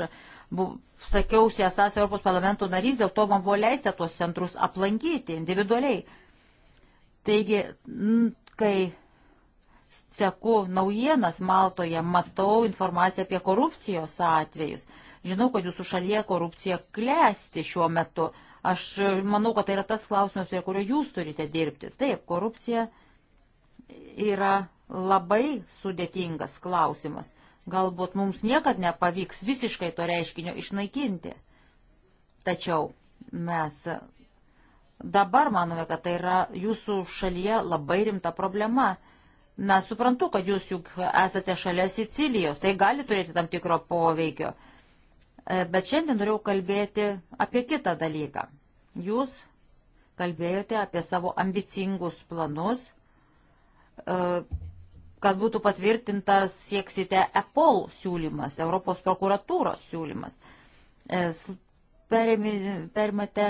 buv, sakiausi esas Europos parlamento narys, dėl to man buvo leista tuos centrus aplankyti individualiai. Taigi, kai seku naujienas Maltoje, matau informaciją apie korupcijos atvejus. Žinau, kad jūsų šalyje korupcija klesti šiuo metu. Aš manau, kad tai yra tas klausimas, prie kurio jūs turite dirbti. Taip, korupcija yra labai sudėtingas klausimas. Galbūt mums niekad nepavyks visiškai to reiškinio išnaikinti. Tačiau mes dabar manome, kad tai yra jūsų šalyje labai rimta problema. Na, suprantu, kad jūs juk esate šalia Sicilijos, tai gali turėti tam tikro poveikio. E, bet šiandien norėjau kalbėti apie kitą dalyką. Jūs kalbėjote apie savo ambicingus planus E, kad būtų patvirtintas sieksite EPOL siūlymas, Europos prokuratūros siūlymas. E, Perimate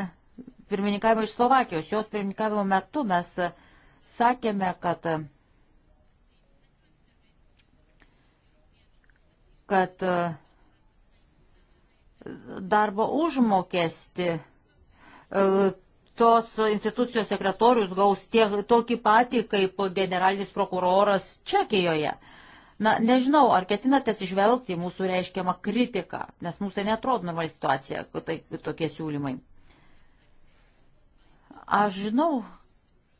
pirmininkavimą iš Slovakijos. Jos pirmininkavimo metu mes sakėme, kad, kad e, darbo užmokesti tos institucijos sekretorius gaus tiek, tokį patį kaip generalinis prokuroras Čekijoje. Na, nežinau, ar ketinate atsižvelgti į mūsų reiškiamą kritiką, nes mums tai netrodo normali situacija, tai, tokie siūlymai. Aš žinau,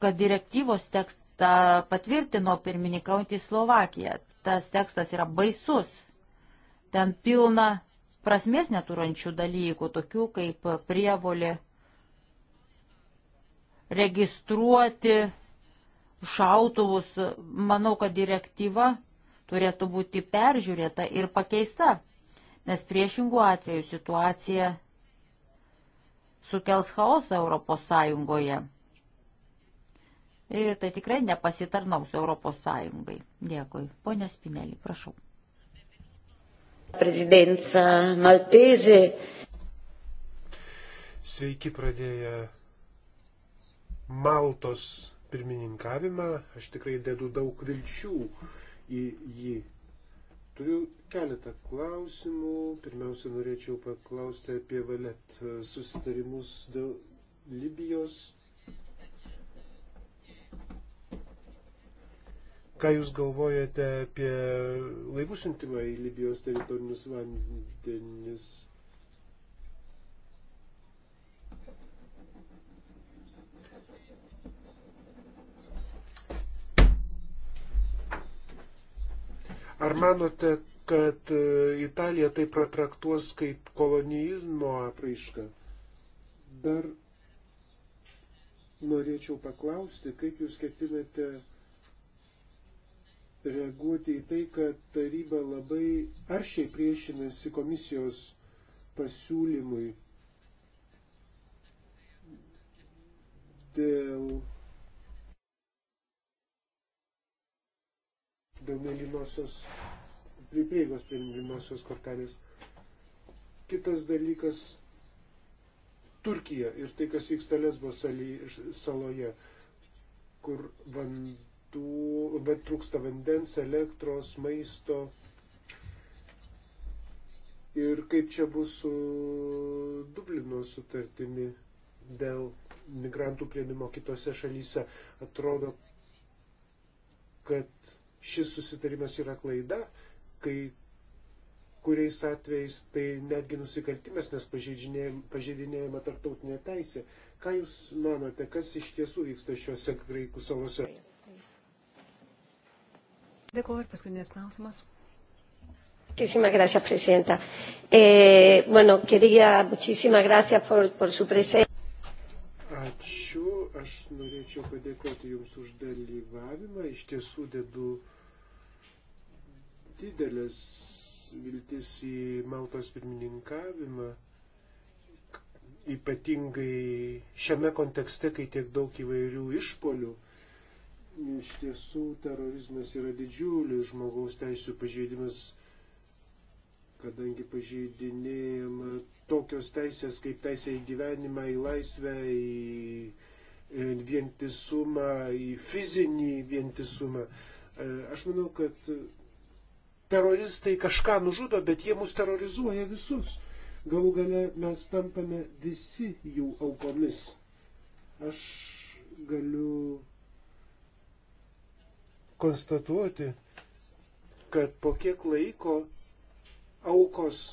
kad direktyvos tekstą patvirtino pirmininkaujantį Slovakiją. Tas tekstas yra baisus. Ten pilna prasmės neturančių dalykų, tokių kaip prievolė registruoti šautuvus. Manau, kad direktyva turėtų būti peržiūrėta ir pakeista, nes priešingų atveju situacija sukels chaosą Europos Sąjungoje. Ir tai tikrai nepasitarnaus Europos Sąjungai. Dėkui. Pone Spinelį, prašau. Prezidenca Maltezė. Sveiki pradėję Maltos pirmininkavimą. Aš tikrai dedu daug vilčių į jį. Turiu keletą klausimų. Pirmiausia, norėčiau paklausti apie valet susitarimus dėl Libijos. Ką Jūs galvojate apie laivų siuntimą į Libijos teritorinius vandenis? Ar manote, kad e, Italija tai pratraktuos kaip kolonijizmo apraišką? Dar norėčiau paklausti, kaip jūs ketinate reaguoti į tai, kad taryba labai aršiai priešinasi komisijos pasiūlymui dėl dėl mėlynosios, prieigos prie mėlynosios kortelės. Kitas dalykas - Turkija ir tai, kas vyksta Lesbo saloje, kur vandų, bet trūksta vandens, elektros, maisto. Ir kaip čia bus su Dublino sutartimi dėl migrantų prieimimo kitose šalyse. Atrodo, kad šis susitarimas yra klaida, kai kuriais atvejais tai netgi nusikaltimas, nes pažeidinėjama tarptautinė teisė. Ką Jūs manote, kas iš tiesų vyksta šiuose graikų salose? Dėkuoju ir paskutinis klausimas. Muchísimas gracias, Presidenta. Eh, bueno, quería, muchísimas gracias por, por su presencia. Ačiū aš norėčiau padėkoti Jums už dalyvavimą. Iš tiesų dedu didelės viltis į Maltos pirmininkavimą, ypatingai šiame kontekste, kai tiek daug įvairių išpolių. Iš tiesų terorizmas yra didžiulis žmogaus teisų pažeidimas, kadangi pažeidinėjama tokios teisės kaip teisė į gyvenimą, į laisvę, į vientisumą, į fizinį vientisumą. E, aš manau, kad teroristai kažką nužudo, bet jie mus terrorizuoja visus. Galų gale mes tampame visi jų aukomis. Aš galiu konstatuoti, kad po kiek laiko aukos,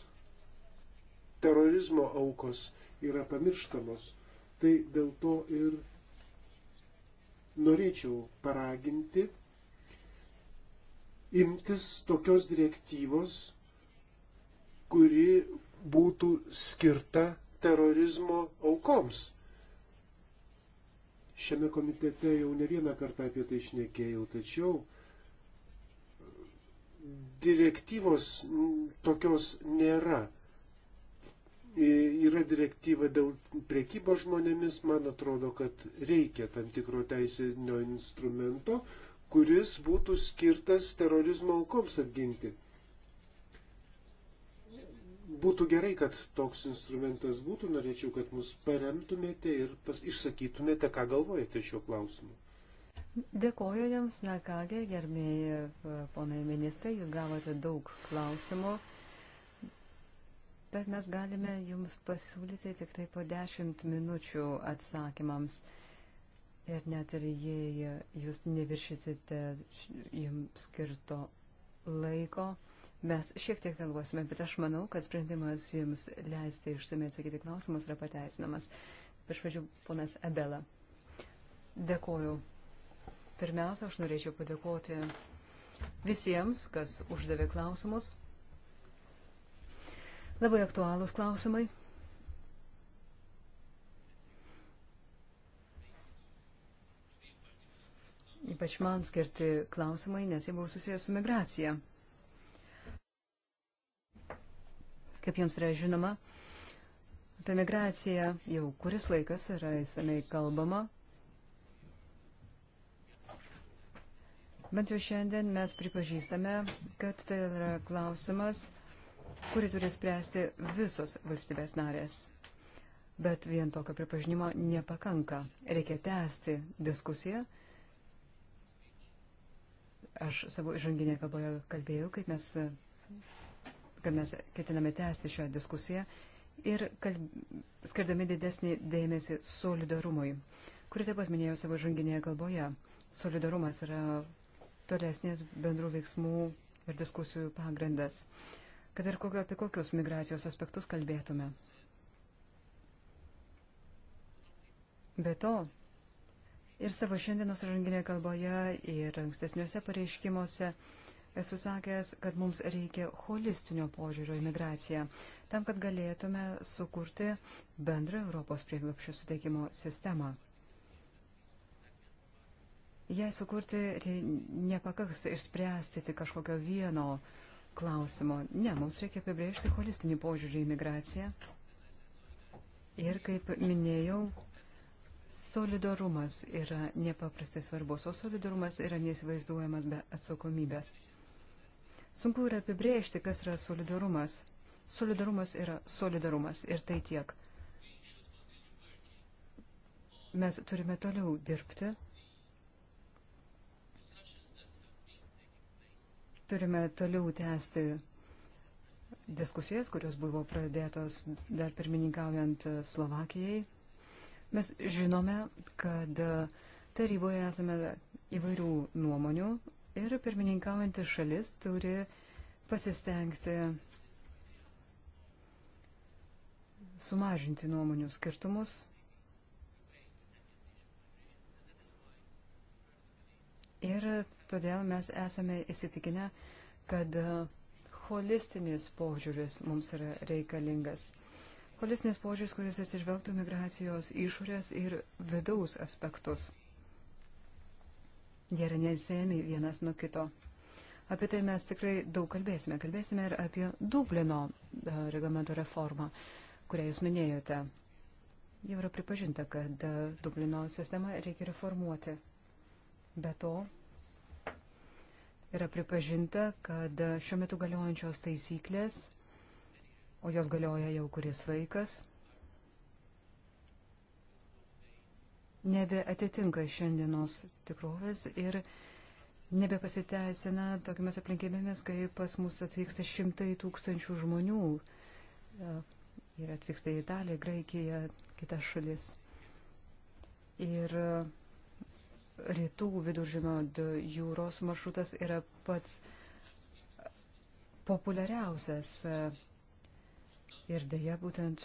terorizmo aukos yra pamirštamos. Tai dėl to ir norėčiau paraginti imtis tokios direktyvos, kuri būtų skirta terorizmo aukoms. Šiame komitete jau ne vieną kartą apie tai išnekėjau, tačiau direktyvos tokios nėra. Yra direktyva dėl priekybos žmonėmis, man atrodo, kad reikia tam tikro teisinio instrumento, kuris būtų skirtas terorizmo aukoms apginti. Būtų gerai, kad toks instrumentas būtų, norėčiau, kad mus paremtumėte ir pas, išsakytumėte, ką galvojate šiuo klausimu. Dėkoju Jums, na kągi, gerbėjai ponai ministrai, Jūs gavote daug klausimų bet mes galime jums pasiūlyti tik tai po dešimt minučių atsakymams. Ir net ir jei jūs neviršysite jums skirto laiko, mes šiek tiek vėluosime, bet aš manau, kad sprendimas jums leisti išsamei atsakyti klausimus yra pateisinamas. Iš pradžių, ponas Abela. Dėkoju. Pirmiausia, aš norėčiau padėkoti visiems, kas uždavė klausimus. Labai aktualūs klausimai. Ypač man skirti klausimai, nes jie buvo susijęs su migracija. Kaip jums yra žinoma, apie migraciją jau kuris laikas yra įsamei kalbama. Bent jau šiandien mes pripažįstame, kad tai yra klausimas, kurį turi spręsti visos valstybės narės. Bet vien tokio pripažinimo nepakanka. Reikia tęsti diskusiją. Aš savo žanginėje kalboje kalbėjau, kaip mes, kad mes ketiname tęsti šią diskusiją ir kalb, skirdami didesnį dėmesį solidarumui, kurį taip pat minėjau savo žanginėje kalboje. Solidarumas yra tolesnės bendrų veiksmų ir diskusijų pagrindas. Uh, kad ir kokio, apie kokius migracijos aspektus kalbėtume. Be to, ir savo šiandienos ranginėje kalboje, ir ankstesniuose pareiškimuose esu sakęs, kad mums reikia holistinio požiūrio į migraciją, tam, kad galėtume sukurti bendrą Europos prieglapščio suteikimo sistemą. Jei sukurti tai nepakaks išspręsti tik kažkokio vieno uh, klausimo. Ne, mums reikia apibrėžti holistinį požiūrį į migraciją. Ir kaip minėjau, solidarumas yra nepaprastai svarbus, o solidarumas yra neįsivaizduojamas be atsakomybės. Sunku yra apibrėžti, kas yra solidarumas. Solidarumas yra solidarumas ir tai tiek. Mes turime toliau dirbti Turime toliau tęsti diskusijas, kurios buvo pradėtos dar pirmininkaujant Slovakijai. Mes žinome, kad taryboje esame įvairių nuomonių ir pirmininkaujantis šalis turi pasistengti sumažinti nuomonių skirtumus. Ir Todėl mes esame įsitikinę, kad e, holistinis požiūris mums yra reikalingas. Holistinis požiūris, kuris atsižvelgtų migracijos išorės ir vidaus aspektus. Jie yra nesėjami vienas nuo kito. Apie tai mes tikrai daug kalbėsime. Kalbėsime ir apie Dublino e, reglamento reformą, kurią jūs minėjote. Jau yra pripažinta, kad e, Dublino sistemą reikia reformuoti. Be to, yra pripažinta, kad šiuo metu galiojančios taisyklės, o jos galioja jau kuris laikas, nebeatitinka šiandienos tikrovės ir nebepasiteisina tokiamis aplinkybėmis, kai pas mus atvyksta šimtai tūkstančių žmonių e, ir atvyksta į Italiją, Graikiją, kitas šalis. Ir rytų viduržymio jūros maršrutas yra pats populiariausias. Ir dėja, būtent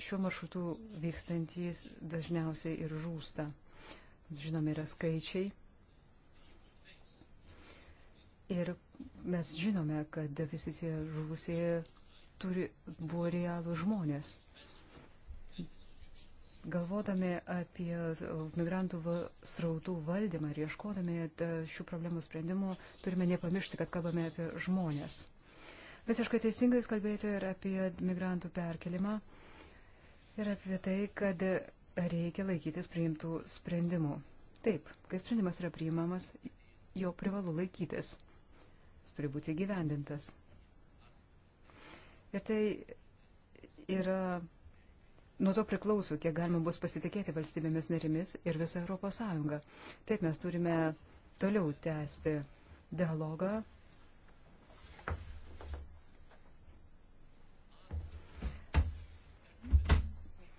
šiuo maršrutu vykstantys dažniausiai ir žūsta. Žinome, yra skaičiai. Ir mes žinome, kad visi tie žuvusieji turi, buvo realų žmonės. Galvodami apie migrantų srautų valdymą ir ieškodami e, šių problemų sprendimų, turime nepamiršti, kad kalbame apie žmonės. Visiškai teisingai jūs kalbėjote ir apie migrantų perkelimą ir apie tai, kad reikia laikytis priimtų sprendimų. Taip, kai sprendimas yra priimamas, jo privalu laikytis. Jis turi būti gyvendintas. Ir tai yra Nuo to priklauso, kiek galima bus pasitikėti valstybėmis narimis ir visą Europos Sąjungą. Taip mes turime toliau tęsti dialogą.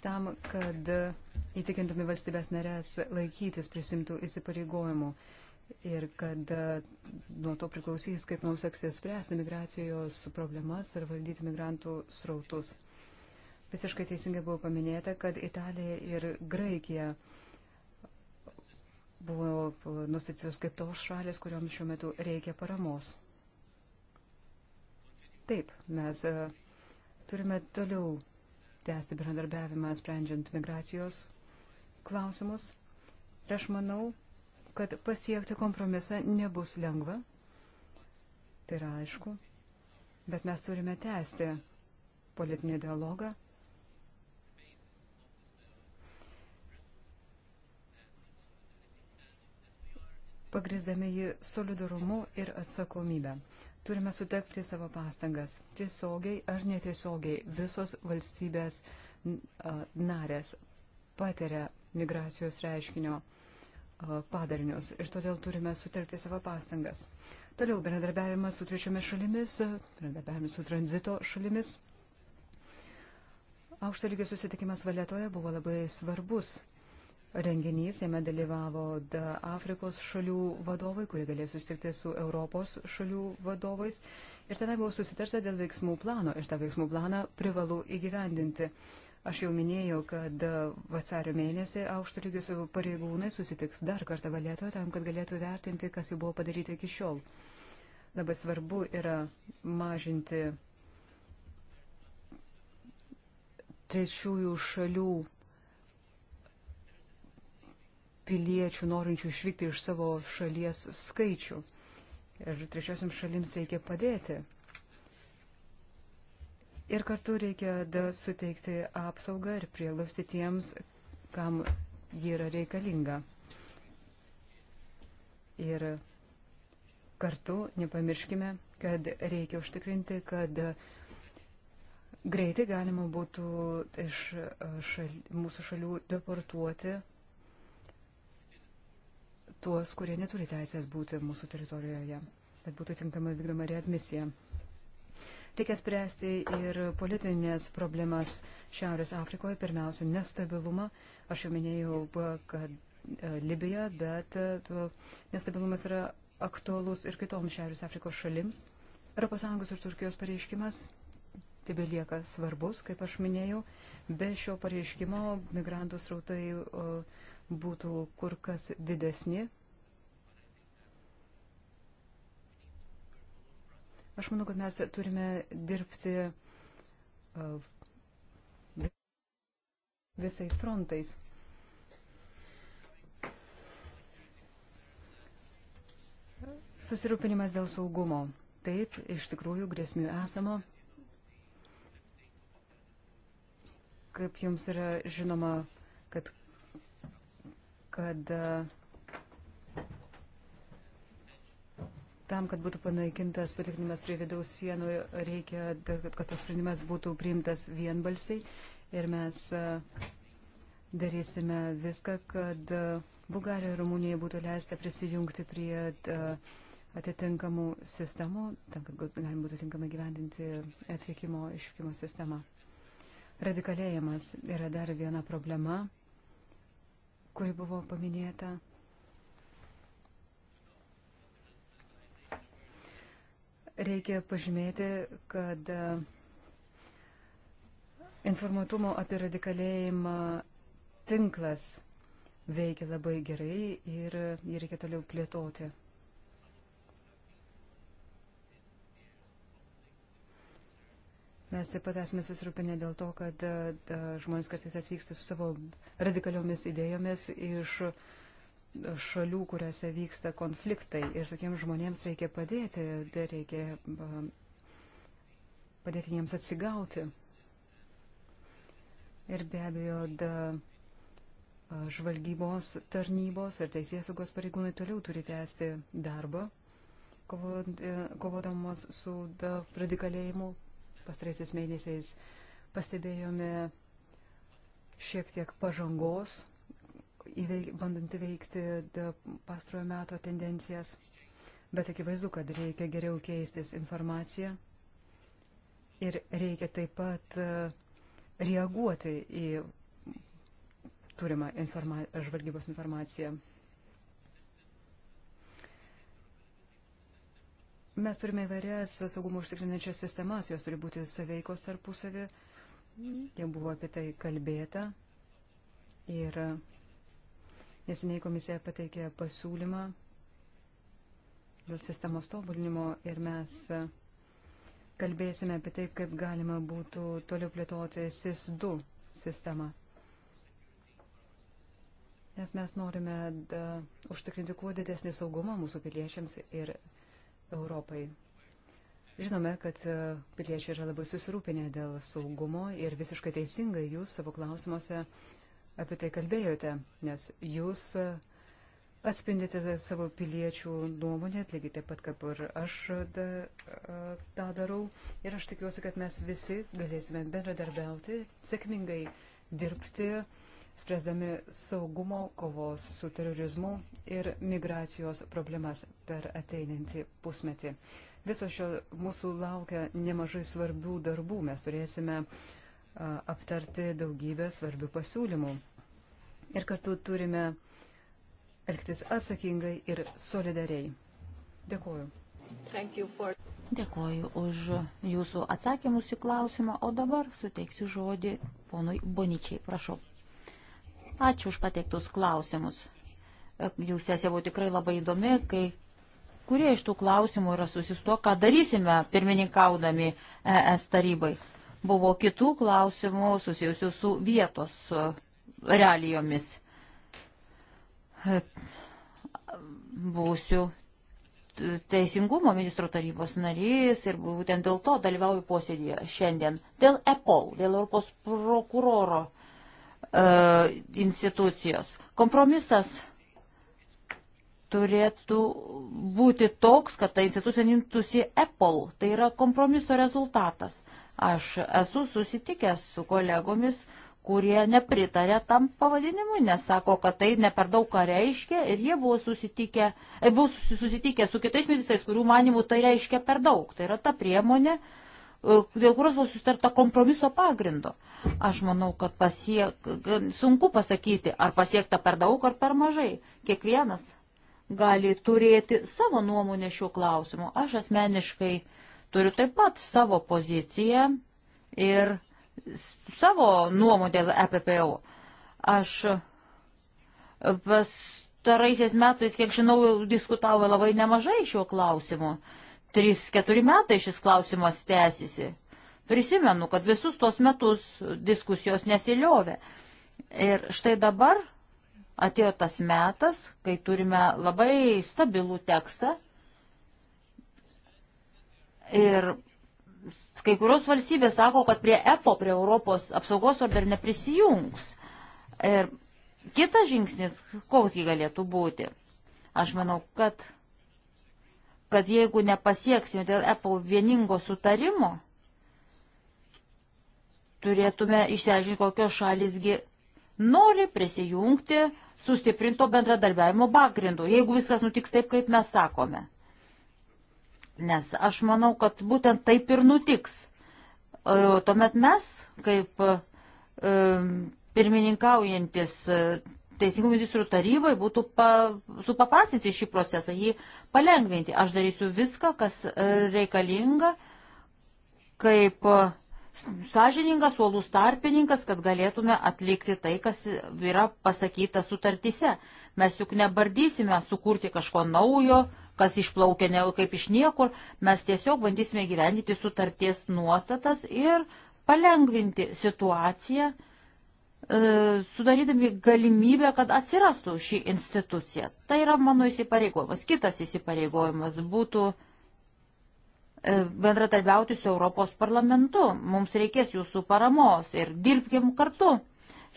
Tam, kad įtikintume valstybės narės laikytis prisimtų įsipareigojimų ir kad nuo to priklausys, kaip mums seksis spręsti migracijos problemas ir valdyti migrantų srautus. Visiškai teisingai buvo paminėta, kad Italija ir Graikija buvo nustatytos kaip tos šalis, kuriuoms šiuo metu reikia paramos. Taip, mes e, turime toliau tęsti bendradarbiavimą sprendžiant migracijos klausimus. Ir aš manau, kad pasiekti kompromisą nebus lengva. Tai yra aišku. Bet mes turime tęsti politinį dialogą pagrisdami jį solidarumu ir atsakomybę. Turime sutekti savo pastangas. Tiesiogiai ar netiesiogiai visos valstybės narės patiria migracijos reiškinio padarinius ir todėl turime sutelkti savo pastangas. Toliau bendradarbiavimas su trečiomis šalimis, bendradarbiavimas su tranzito šalimis. Aukšto lygio susitikimas Valetoje buvo labai svarbus renginys, jame dalyvavo Afrikos šalių vadovai, kurie galės susitikti su Europos šalių vadovais. Ir tenai buvo susitarta dėl veiksmų plano ir tą veiksmų planą privalu įgyvendinti. Aš jau minėjau, kad vasario mėnesį aukšto lygio su pareigūnai susitiks dar kartą galėtų tam, kad galėtų vertinti, kas jau buvo padaryta iki šiol. Labai svarbu yra mažinti trečiųjų šalių piliečių norinčių išvykti iš savo šalies skaičių. Ir trečiosiam šalims reikia padėti. Ir kartu reikia da, suteikti apsaugą ir prieglausti tiems, kam ji yra reikalinga. Ir kartu nepamirškime, kad reikia užtikrinti, kad greitai galima būtų iš šal, mūsų šalių deportuoti tuos, kurie neturi teisės būti mūsų teritorijoje, kad būtų tinkama vykdoma readmisija. Reikia spręsti ir politinės problemas Šiaurės Afrikoje, pirmiausia, nestabilumą. Aš jau minėjau, kad e, Libija, bet e, nestabilumas yra aktuolus ir kitoms Šiaurės Afrikos šalims. ES ir Turkijos pareiškimas tebe lieka svarbus, kaip aš minėjau. Be šio pareiškimo migrantų srautai būtų kur kas didesni. Aš manau, kad mes turime dirbti uh, visais frontais. Susirūpinimas dėl saugumo. Taip, iš tikrųjų, grėsmių esamo. Kaip jums yra žinoma, kad kad e, tam, kad būtų panaikintas patikrinimas prie vidaus sienų, reikia, kad tos sprendimas būtų priimtas vienbalsiai ir mes e, darysime viską, kad e, Bulgarijoje ir Rumunijoje būtų leista prisijungti prie atitinkamų sistemų, tam, kad galima būtų tinkamai gyvendinti atvykimo išvykimo sistemą. Radikalėjimas yra dar viena problema kuri buvo paminėta. Reikia pažymėti, kad e, informuotumo apie radikalėjimą tinklas veikia labai gerai ir jį reikia toliau plėtoti. Mes taip pat esame susirūpinę dėl to, kad e, žmonės kartais atvyksta su savo radikaliomis idėjomis iš e, šalių, kuriuose vyksta konfliktai. Ir tokiems žmonėms reikia padėti, reikia padėti jiems atsigauti. Ir be abejo, da, žvalgybos tarnybos ir teisėsaugos pareigūnai toliau turi tęsti darbą, e, kovodamos su da, radikalėjimu pastaraisiais mėnesiais pastebėjome šiek tiek pažangos, įveik, bandant įveikti pastarojo meto tendencijas, bet akivaizdu, kad reikia geriau keistis informaciją ir reikia taip pat e, reaguoti į turimą informa žvalgybos informaciją. Mes turime įvairias saugumo užtikrinančias sistemas, jos turi būti saveikos tarpusavį. Jau buvo apie tai kalbėta. Ir neseniai komisija pateikė pasiūlymą dėl sistemos tobulinimo ir mes kalbėsime apie tai, kaip galima būtų toliau plėtoti SIS-2 sistemą. Nes mes norime da, užtikrinti kuo didesnį saugumą mūsų piliečiams ir piliečiams Europai. Žinome, kad e, piliečiai yra labai susirūpinę dėl saugumo ir visiškai teisingai jūs savo klausimuose apie tai kalbėjote, nes jūs e, atspindite savo piliečių nuomonę, lygiai taip pat kaip ir aš e, da, tą darau. Ir aš tikiuosi, kad mes visi galėsime bendradarbiauti, sėkmingai dirbti spręsdami saugumo, kovos su terorizmu ir migracijos problemas per ateinantį pusmetį. Viso šio mūsų laukia nemažai svarbių darbų. Mes turėsime aptarti daugybę svarbių pasiūlymų. Ir kartu turime elgtis atsakingai ir solidariai. Dėkuoju. For... Dėkuoju už jūsų atsakymus į klausimą, o dabar suteiksiu žodį ponui Boničiai. Prašau. Ačiū už pateiktus klausimus. E, Jų sesija buvo tikrai labai įdomi, kai kurie iš tų klausimų yra susis to, ką darysime pirmininkaudami ES tarybai. Buvo kitų klausimų susijusių su vietos e, realijomis e, būsiu teisingumo ministro tarybos narys ir būtent dėl to dalyvauju posėdėje šiandien. Dėl EPOL, dėl Europos prokuroro E, institucijos. Kompromisas turėtų būti toks, kad ta institucija nintųsi Apple. Tai yra kompromiso rezultatas. Aš esu susitikęs su kolegomis, kurie nepritarė tam pavadinimui, nes sako, kad tai ne per daug ką reiškia ir jie buvo susitikę, e, buvo susitikę su kitais medicais, kurių manimų tai reiškia per daug. Tai yra ta priemonė, uh, dėl kurios buvo sustarta kompromiso pagrindo. Aš manau, kad pasiek, sunku pasakyti, ar pasiekta per daug ar per mažai. Kiekvienas gali turėti savo nuomonę šiuo klausimu. Aš asmeniškai turiu taip pat savo poziciją ir savo nuomonę dėl EPPO. Aš pastaraisiais metais, kiek žinau, diskutavo labai nemažai šiuo klausimu. 3-4 metai šis klausimas tęsiasi. Prisimenu, kad visus tos metus diskusijos nesiliovė. Ir štai dabar atėjo tas metas, kai turime labai stabilų tekstą. Ir kai kurios valstybės sako, kad prie EPO, prie Europos apsaugos order neprisijungs. Ir kitas žingsnis, koksgi galėtų būti. Aš manau, kad kad jeigu nepasieksime dėl Apple vieningo sutarimo, turėtume išsiaiškinti, kokios šalisgi nori prisijungti sustiprinto bendradarbiavimo pagrindu, jeigu viskas nutiks taip, kaip mes sakome. Nes aš manau, kad būtent taip ir nutiks. E, tuomet mes, kaip e, pirmininkaujantis Teisingumo ministrų tarybai būtų pa, supaprastinti šį procesą, jį palengvinti. Aš darysiu viską, kas reikalinga, kaip sąžiningas, uolus tarpininkas, kad galėtume atlikti tai, kas yra pasakyta sutartise. Mes juk nebardysime sukurti kažko naujo, kas išplaukia ne kaip iš niekur, mes tiesiog bandysime gyvendyti sutarties nuostatas ir palengvinti situaciją E, sudarydami galimybę, kad atsirastų šį instituciją. Tai yra mano įsipareigojimas. Kitas įsipareigojimas būtų e, bendratarbiauti su Europos parlamentu. Mums reikės jūsų paramos ir dirbkim kartu.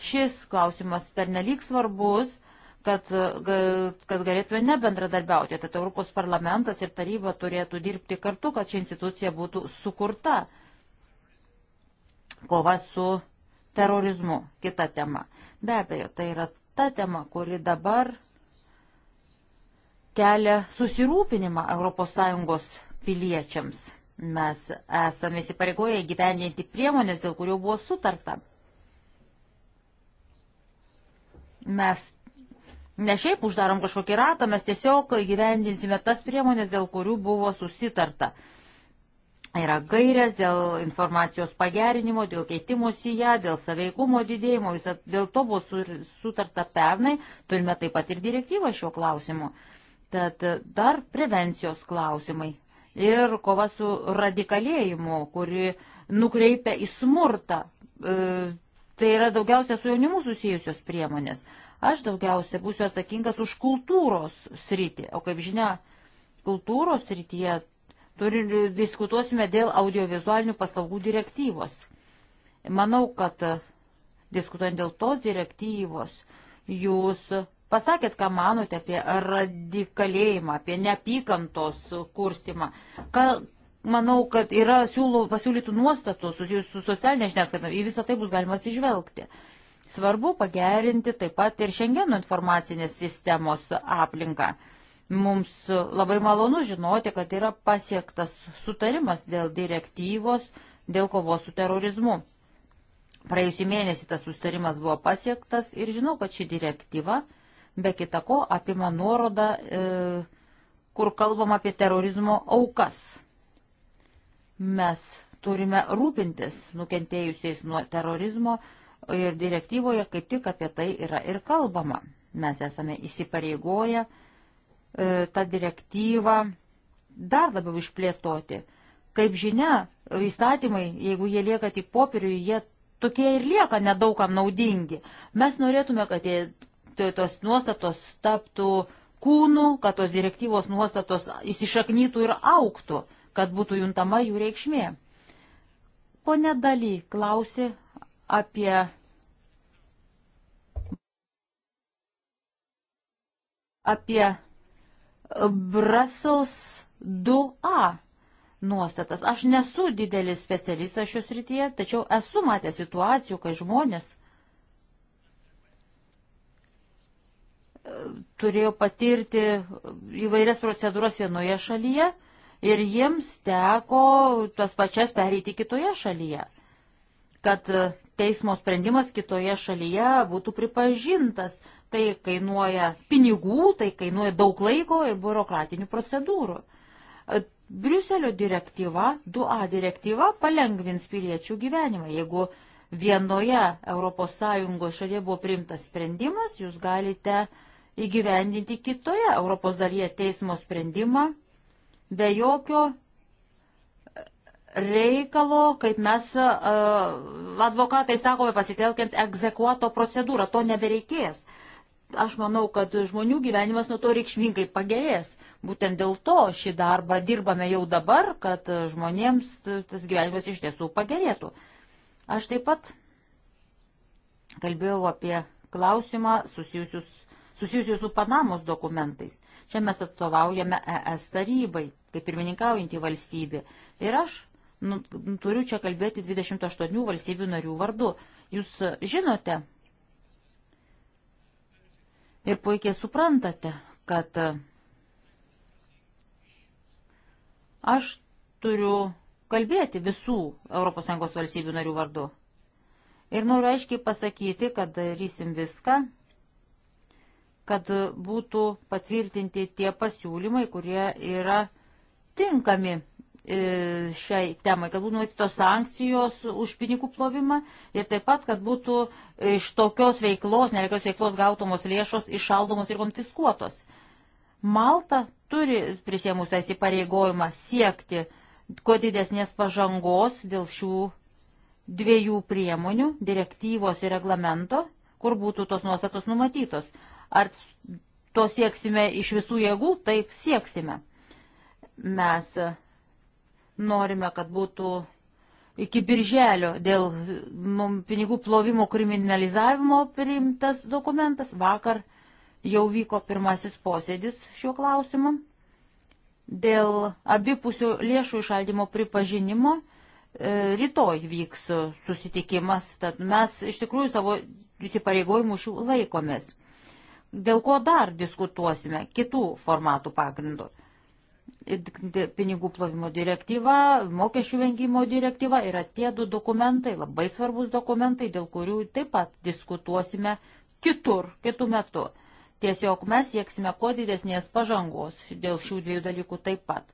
Šis klausimas pernelyg svarbus, kad, kad galėtume nebendradarbiauti. Tad Europos parlamentas ir taryba turėtų dirbti kartu, kad ši institucija būtų sukurta. Kova su terorizmu. Kita tema. Be abejo, tai yra ta tema, kuri dabar kelia susirūpinimą ES piliečiams. Mes esame įsipareigoję gyvendinti priemonės, dėl kurių buvo sutarta. Mes ne šiaip uždarom kažkokį ratą, mes tiesiog gyvendinsime tas priemonės, dėl kurių buvo susitarta. Yra gairės dėl informacijos pagerinimo, dėl keitimus į ją, dėl saveikumo didėjimo, visą, dėl to buvo sutarta pernai, turime taip pat ir direktyvą šiuo klausimu. Tad dar prevencijos klausimai ir kova su radikalėjimu, kuri nukreipia į smurtą. E, tai yra daugiausia su jaunimu susijusios priemonės. Aš daugiausia būsiu atsakingas už kultūros sritį, o kaip žinia, kultūros srityje Turi, diskutuosime dėl audiovizualinių paslaugų direktyvos. Manau, kad e, diskutuojant dėl tos direktyvos, jūs pasakėt, ką manote apie radikalėjimą, apie neapykantos kurstimą. Ką, manau, kad yra siūlų, pasiūlytų nuostatų susijusių su socialinė žiniasklaida, į visą tai bus galima atsižvelgti. Svarbu pagerinti taip pat ir šiandieno informacinės sistemos aplinką. Mums labai malonu žinoti, kad yra pasiektas sutarimas dėl direktyvos, dėl kovos su terorizmu. Praėjusį mėnesį tas sustarimas buvo pasiektas ir žinau, kad ši direktyva be kita ko apima nuorodą, e, kur kalbam apie terorizmo aukas. Mes turime rūpintis nukentėjusiais nuo terorizmo ir direktyvoje kaip tik apie tai yra ir kalbama. Mes esame įsipareigoję E, tą direktyvą dar labiau išplėtoti. Kaip žinia, įstatymai, jeigu jie lieka tik popieriui, jie tokie ir lieka nedaugam naudingi. Mes norėtume, kad jie, tai, tos nuostatos taptų kūnų, kad tos direktyvos nuostatos įsišaknytų ir auktų, kad būtų juntama jų reikšmė. Pone Daly klausė apie. apie Brussels 2A nuostatas. Aš nesu didelis specialistas šios rytyje, tačiau esu matęs situacijų, kai žmonės e, turėjo patirti įvairias procedūras vienoje šalyje ir jiems teko tas pačias pereiti kitoje šalyje, kad teismo sprendimas kitoje šalyje būtų pripažintas tai kainuoja pinigų, tai kainuoja daug laiko ir biurokratinių procedūrų. E, Briuselio direktyva, 2A direktyva palengvins piliečių gyvenimą. Jeigu vienoje ES šalyje buvo priimtas sprendimas, jūs galite įgyvendinti kitoje Europos dalyje teismo sprendimą be jokio reikalo, kaip mes uh, advokatai sakome, pasitelkiant egzekuoto procedūrą. To nebereikės aš manau, kad žmonių gyvenimas nuo to reikšmingai pagerės. Būtent dėl to šį darbą dirbame jau dabar, kad žmonėms tas gyvenimas iš tiesų pagerėtų. Aš taip pat kalbėjau apie klausimą susijusius, susijusius su Panamos dokumentais. Čia mes atstovaujame ES tarybai, kaip pirmininkaujantį valstybį. Ir aš nu, turiu čia kalbėti 28 valstybių narių vardu. Jūs žinote, Ir puikiai suprantate, kad aš turiu kalbėti visų ES valstybių narių vardu. Ir noriu aiškiai pasakyti, kad darysim viską, kad būtų patvirtinti tie pasiūlymai, kurie yra tinkami E, šiai temai, kad būtų numatytos sankcijos už pinigų plovimą ir taip pat, kad būtų iš tokios veiklos, nereikios veiklos gautomos lėšos išaldomos ir konfiskuotos. Malta turi prisėmus tą įsipareigojimą siekti kuo didesnės pažangos dėl šių dviejų priemonių - direktyvos ir reglamento, kur būtų tos nuostatos numatytos. Ar to sieksime iš visų jėgų? Taip sieksime. Mes Norime, kad būtų iki birželio dėl mm, pinigų plovimo kriminalizavimo priimtas dokumentas. Vakar jau vyko pirmasis posėdis šiuo klausimu. Dėl abipusių lėšų išaldimo pripažinimo e, rytoj vyks susitikimas, tad mes iš tikrųjų savo įsipareigojimų šių laikomės. Dėl ko dar diskutuosime kitų formatų pagrindu pinigų plovimo direktyva, mokesčių vengimo direktyva yra tie du dokumentai, labai svarbus dokumentai, dėl kurių taip pat diskutuosime kitur, kitų metų. Tiesiog mes sieksime kuo didesnės pažangos dėl šių dviejų dalykų taip pat.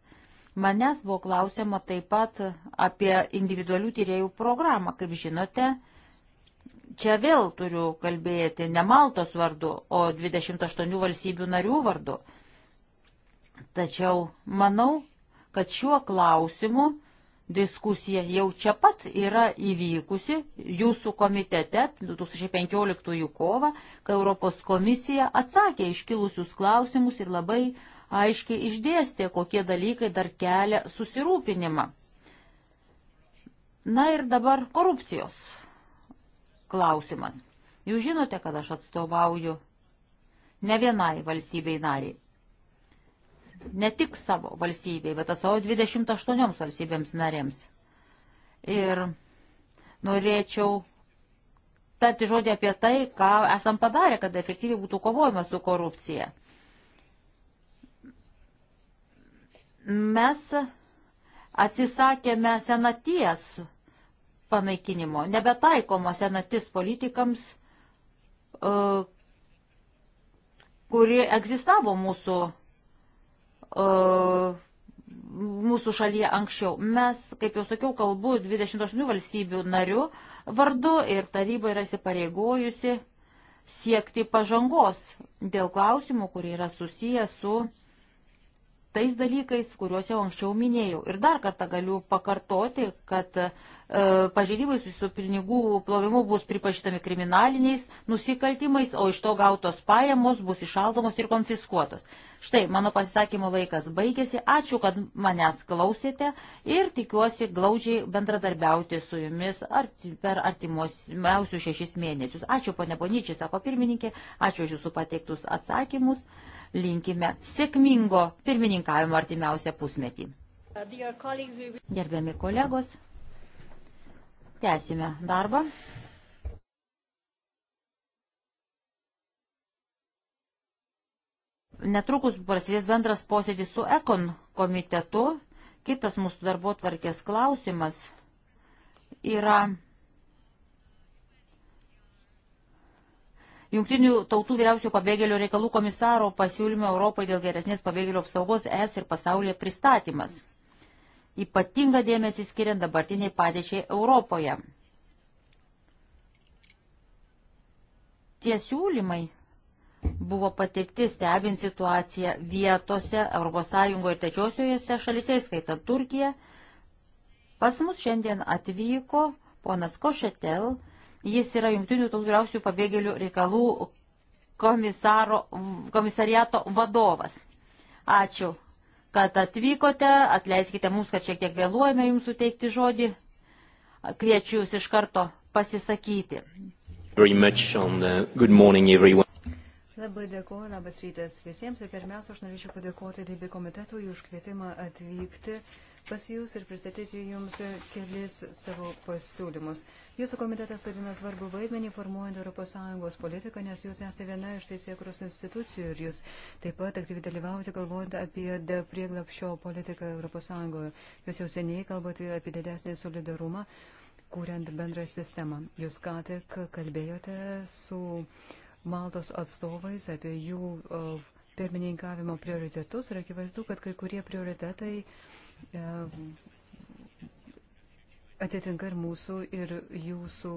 Manęs buvo klausima taip pat apie individualių tyriejų programą. Kaip žinote, čia vėl turiu kalbėti ne Maltos vardu, o 28 valstybių narių vardu. Tačiau manau, kad šiuo klausimu diskusija jau čia pat yra įvykusi jūsų komitete 2015 kovą, kai Europos komisija atsakė iškilusius klausimus ir labai aiškiai išdėstė, kokie dalykai dar kelia susirūpinimą. Na ir dabar korupcijos klausimas. Jūs žinote, kad aš atstovauju ne vienai valstybei nariai ne tik savo valstybei, bet savo 28 valstybėms narėms. Ir norėčiau tarti žodį apie tai, ką esam padarę, kad efektyviai būtų kovojama su korupcija. Mes atsisakėme senaties panaikinimo, nebetaikoma senatis politikams, e, kuri egzistavo mūsų E, mūsų šalyje anksčiau. Mes, kaip jau sakiau, kalbu 28 valstybių narių vardu ir taryba yra įsipareigojusi siekti pažangos dėl klausimų, kurie yra susiję su tais dalykais, kuriuos jau anksčiau minėjau. Ir dar kartą galiu pakartoti, kad e, pažeidimai su pinigų plovimu bus pripažįstami kriminaliniais nusikaltimais, o iš to gautos pajamos bus išaldomos ir konfiskuotos. Štai, mano pasisakymo laikas baigėsi. Ačiū, kad manęs klausėte ir tikiuosi glaudžiai bendradarbiauti su jumis arti, per artimiausius šešis mėnesius. Ačiū, ponė Ponyčiai, sako pirmininkė, ačiū už jūsų pateiktus atsakymus. Linkime sėkmingo pirmininkavimo artimiausią pusmetį. Gerbiami kolegos, tęsime darbą. Netrukus prasidės bendras posėdis su Ekon komitetu. Kitas mūsų darbo tvarkės klausimas yra Jungtinių tautų vyriausiojo pabėgėlių reikalų komisaro pasiūlymo Europai dėl geresnės pabėgėlių apsaugos es ir pasaulyje pristatymas. Ypatinga dėmesį skiriant dabartiniai padėčiai Europoje. Tie siūlymai buvo pateikti stebint situaciją vietose ES ir trečiosiuose šalise, įskaitant Turkiją. Pas mus šiandien atvyko ponas Košetel, jis yra Junktinių tautų vyriausių pabėgėlių reikalų komisaro, komisariato vadovas. Ačiū, kad atvykote, atleiskite mums, kad šiek tiek vėluojame jums suteikti žodį. Kviečiu jūs iš karto pasisakyti. Very much on the uh, good morning everyone. Labai dėkuoju, labas rytas visiems ir pirmiausia, aš norėčiau padėkoti Rybė komitetui už kvietimą atvykti pas Jūs ir pristatyti Jums kelis savo pasiūlymus. Jūsų komitetas vaidina svarbu vaidmenį formuojant ES politiką, nes Jūs esate viena iš teisėkuros institucijų ir Jūs taip pat aktyviai dalyvaujate galvojant apie prieglapšio politiką ES. Jūs jau seniai kalbate apie didesnį solidarumą, kuriant bendrą sistemą. Jūs ką tik kalbėjote su Maltos atstovais apie jų pirmininkavimo prioritetus ir akivaizdu, kad kai kurie prioritetai e, atitinka ir mūsų, ir jūsų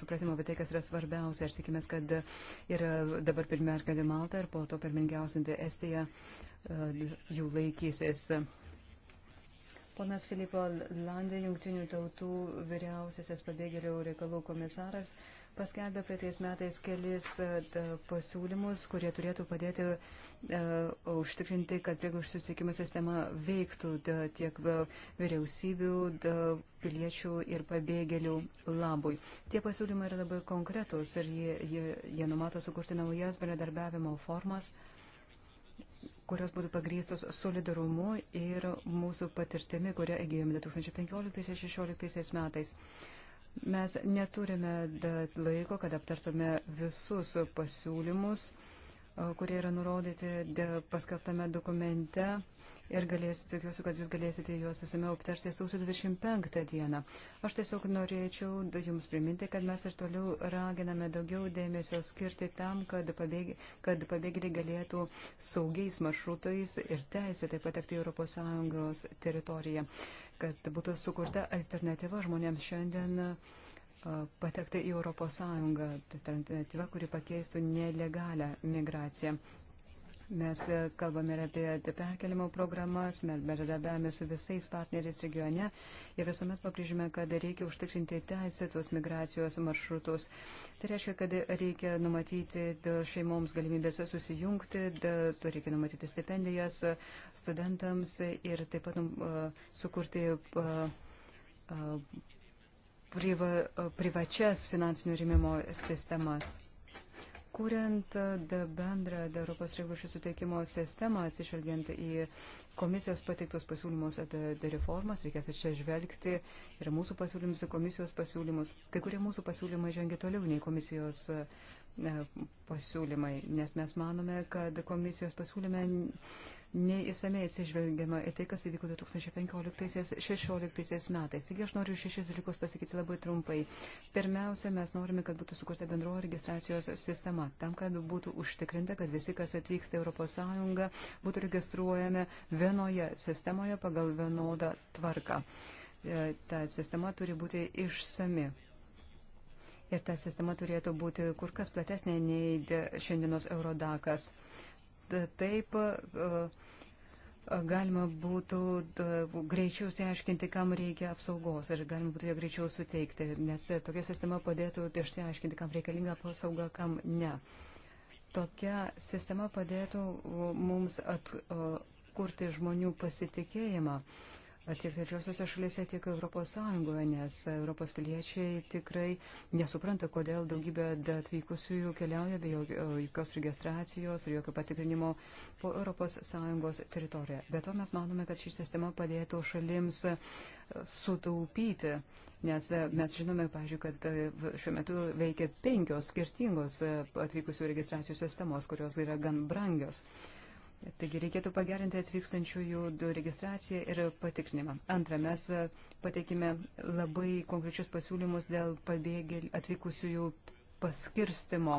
supratimą apie tai, kas yra svarbiausia. Ir tikimės, kad ir dabar pirmiausia Malta ir po to pirmingiausianti Estija e, jų laikysis. Ponas Filipo Landė, jungtinių tautų vyriausiasis pabėgėlių reikalų komisaras, paskelbė praeitais metais kelis e, pasiūlymus, kurie turėtų padėti uh, užtikrinti, kad prieglobščių susiekimo sistema veiktų da, tiek e, vyriausybių, da, piliečių ir pabėgėlių labui. Tie pasiūlymai yra labai konkretūs ir jie, jie, jie numato sukurti naujas bendradarbiavimo formas. Uh, kurios būtų pagrįstos solidarumu ir mūsų patirtimi, kurią įgyjome 2015-2016 metais. Mes neturime laiko, kad aptartume visus pasiūlymus, kurie yra nurodyti paskelbtame dokumente ir galės, tikiuosi, kad jūs galėsite juos susimeu aptarti sausio 25 dieną. Aš tiesiog norėčiau jums priminti, kad mes ir toliau raginame daugiau dėmesio skirti tam, kad, pabėg, kad pabėgėliai galėtų saugiais maršrutais ir teisėtai patekti ES teritoriją, kad būtų sukurta alternatyva žmonėms šiandien patekti į Europos Sąjungą, alternatyva, kuri pakeistų nelegalią migraciją. Mes e, kalbame ir apie, apie perkelimo programas, mes bendradarbiavame su visais partneriais regione ir visuomet pabrėžime, kad reikia užtikrinti teisėtos migracijos maršrutus. Tai reiškia, kad reikia numatyti šeimoms galimybės susijungti, da, reikia numatyti stipendijas studentams ir taip pat uh, sukurti. Uh, uh, priva, privačias finansinio rėmimo sistemas kuriant bendrą Europos reglųšių suteikimo sistemą, atsižvelgiant į komisijos pateiktos pasiūlymus apie reformas, reikės čia žvelgti ir mūsų pasiūlymus, ir komisijos pasiūlymus. Kai kurie mūsų pasiūlymai žengia toliau nei komisijos e, pasiūlymai, nes mes manome, kad komisijos pasiūlyme neįsamei atsižvelgiama į tai, kas įvyko 2015-2016 metais. Taigi aš noriu šešis dalykus pasakyti labai trumpai. Pirmiausia, mes norime, kad būtų sukurta bendroji registracijos sistema, tam, kad būtų užtikrinta, kad visi, kas atvyksta Europos Sąjungą, būtų registruojami vienoje sistemoje pagal vienodą tvarką. E, ta sistema turi būti išsami. Ir ta sistema turėtų būti kur kas platesnė nei šiandienos Eurodakas taip e, galima būtų e, greičiau išsiaiškinti, kam reikia apsaugos ir galima būtų ją greičiau suteikti, nes tokia sistema padėtų išsiaiškinti, kam reikalinga apsauga, kam ne. Tokia sistema padėtų mums atkurti žmonių pasitikėjimą. Uh, tiek trečiosiuose šalyse, tiek Europos Sąjungoje, nes Europos piliečiai tikrai nesupranta, kodėl daugybė atvykusiųjų keliauja be jokios registracijos ir jokio patikrinimo po Europos Sąjungos teritoriją. Be to mes manome, kad ši sistema padėtų šalims sutaupyti. Nes mes žinome, pažiūrėjau, kad e, šiuo metu veikia penkios skirtingos e, atvykusių registracijų sistemos, kurios yra gan brangios. Uh, Taigi reikėtų pagerinti atvykstančiųjų registraciją ir patikrinimą. Antra, mes e, pateikime labai konkrečius pasiūlymus dėl pabėgėlių atvykusiųjų paskirstimo,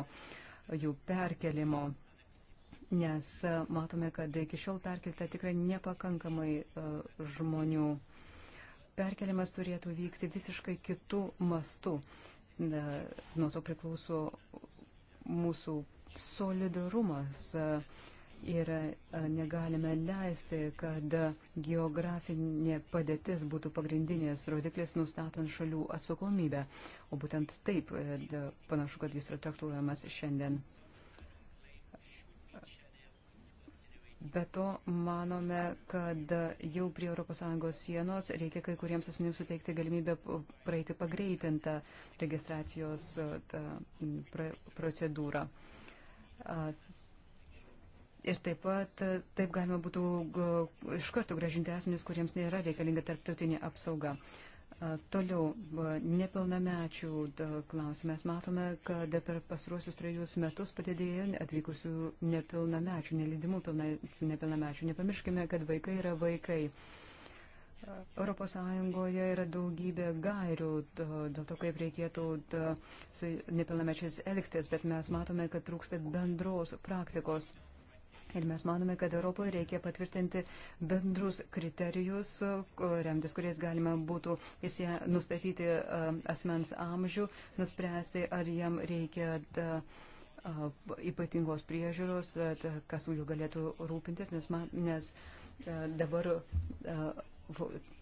jų perkelimo, nes e, matome, kad iki šiol perkelta tikrai nepakankamai e, žmonių. Perkelimas turėtų vykti visiškai kitų mastų. Nuo to priklauso mūsų solidarumas. Uh, Ir negalime leisti, kad geografinė padėtis būtų pagrindinės rodiklis nustatant šalių atsakomybę. O būtent taip e, panašu, kad jis yra traktuojamas šiandien. Be to, manome, kad jau prie ES sienos reikia kai kuriems asmenims suteikti galimybę praeiti pagreitintą registracijos ta, pra, procedūrą. Ir taip pat e, taip galima būtų iš karto gražinti asmenys, kuriems nėra reikalinga tarptautinė apsauga. E, toliau, e, nepilnamečių klausimą. Mes matome, kad per pastaruosius trejus metus padidėjo atvykusių nepilnamečių, nelydimų pilna, nepilnamečių. Nepamirškime, kad vaikai yra vaikai. Europos Sąjungoje yra daugybė gairių dėl to, kaip reikėtų su nepilnamečiais elgtis, bet mes matome, kad trūksta bendros praktikos. Ir mes manome, kad Europoje reikia patvirtinti bendrus kriterijus, remtis kuriais galima būtų nustatyti asmens amžių, nuspręsti, ar jam reikia da, ypatingos priežiūros, da, kas jų galėtų rūpintis, nes, man, nes da, dabar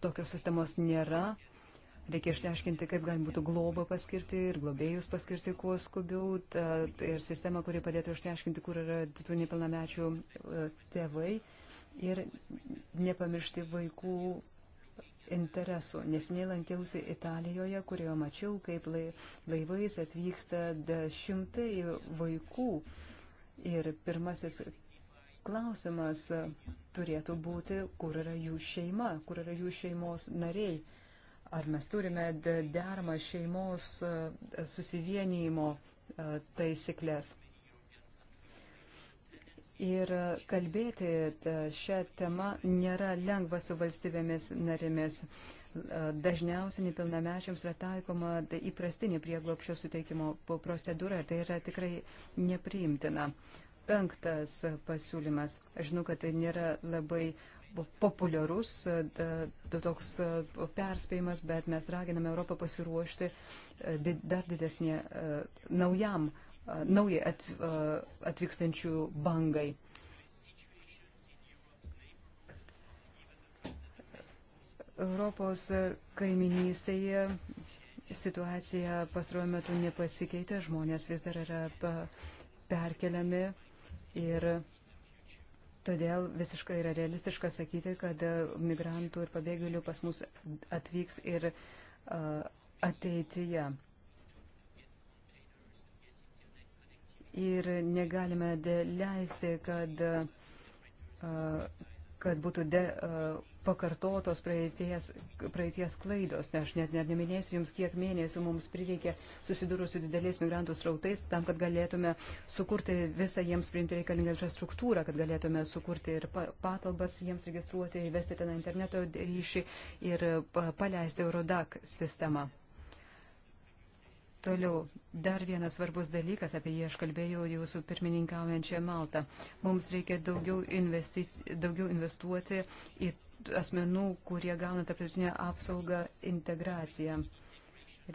tokios sistemos nėra. Reikia išsiaiškinti, kaip galima būtų globą paskirti ir globėjus paskirti kuo skubiau. Ta, ta, ir sistema, kuri padėtų išsiaiškinti, kur yra tų nepilnamečių e, tėvai. Ir nepamiršti vaikų interesų. Nesiniai lankiausi Italijoje, kurioje mačiau, kaip laivais atvyksta šimtai vaikų. Ir pirmasis klausimas turėtų būti, kur yra jų šeima, kur yra jų šeimos nariai. Ar mes turime deramą šeimos e, susivienijimo e, taisyklės? Ir kalbėti e, šią temą nėra lengva su valstybėmis narėmis. Dažniausiai nepilnamečiams yra taikoma įprastinė prieglopščio suteikimo procedūra. Tai yra tikrai nepriimtina. Penktas pasiūlymas. Žinau, kad tai nėra labai populiarus e, toks e, perspėjimas, bet mes raginame Europą pasiruošti e, dar didesnė naujam, naujai atvykstančių bangai. Europos kaiminystėje situacija pastaruoju metu nepasikeitė, žmonės vis dar yra perkeliami ir Todėl visiškai yra realistiška sakyti, kad e, migrantų ir pabėgėlių pas mus atvyks ir e, ateityje. Ir negalime leisti, kad e, kad būtų de, uh, pakartotos praeities, praeities klaidos. Ne, aš net, net neminėsiu Jums, kiek mėnesių mums prireikė susidūrus su dideliais migrantų srautais, tam, kad galėtume sukurti visą jiems priimti reikalingą infrastruktūrą, kad galėtume sukurti ir patalbas jiems registruoti, įvesti ten interneto ryšį ir paleisti Eurodac sistemą. Toliau, dar vienas svarbus dalykas, apie jį aš kalbėjau jūsų pirmininkaujančią Maltą. Mums reikia daugiau, investic, daugiau investuoti į asmenų, kurie gauna tarptautinę apsaugą integraciją.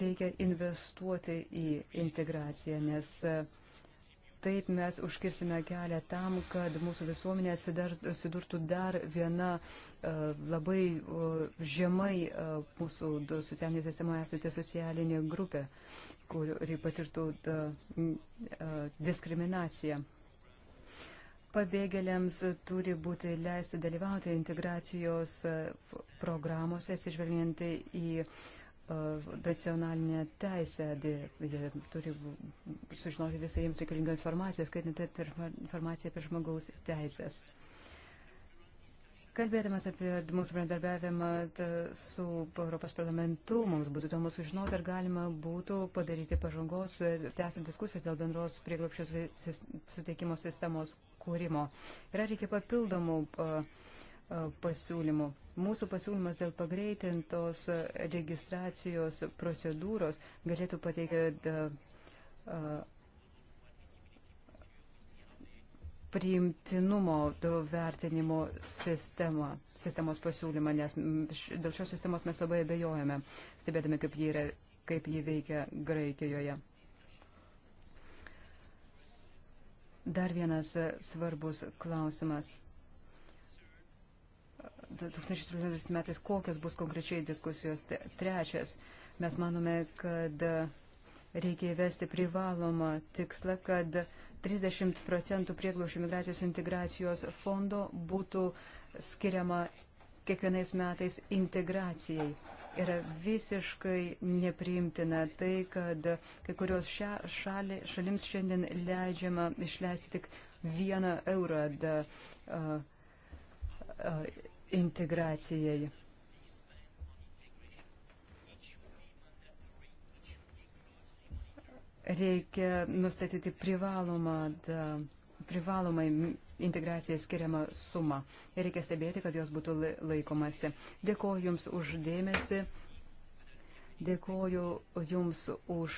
Reikia investuoti į integraciją, nes e, taip mes užkirsime kelią tam, kad mūsų visuomenė atsidurtų dar viena e, labai žemai e, mūsų socialinėje sistemoje esanti socialinė grupė kuri patirtų diskriminaciją. Pabėgėliams turi būti leisti dalyvauti integracijos programuose, atsižvelgiant į nacionalinę teisę, jie turi sužinoti visą jiems reikalingą informaciją, skaitant informaciją apie žmogaus teisės. Kalbėdamas apie mūsų bendradarbiavimą su Europos parlamentu, mums būtų įdomu sužinoti, ar galima būtų padaryti pažangos, e, tęsiant diskusijas dėl bendros prieglopščio suteikimo sistemos kūrimo. Yra reikia papildomų e, e, pasiūlymų. Mūsų pasiūlymas dėl pagreitintos registracijos procedūros galėtų pateikti priimtinumo vertinimo sistemą, sistemos pasiūlymą, nes dėl šios sistemos mes labai abejojame, stebėdami, kaip jį, yra, kaip jį veikia Graikijoje. Dar vienas svarbus klausimas. 2017 metais kokios bus konkrečiai diskusijos? Trečias, mes manome, kad reikia įvesti privalomą tikslą, kad uh, 30 procentų prieglaušių migracijos integracijos fondo būtų skiriama kiekvienais metais integracijai. Yra visiškai nepriimtina tai, kad kai kurios šia, šali, šalims šiandien leidžiama išleisti tik vieną eurą da, uh, uh, integracijai. Reikia nustatyti privalomą, da, privalomai integracijai skiriamą sumą. Ir reikia stebėti, kad jos būtų laikomasi. Dėkoju Jums uždėmesi. Dėkoju Jums už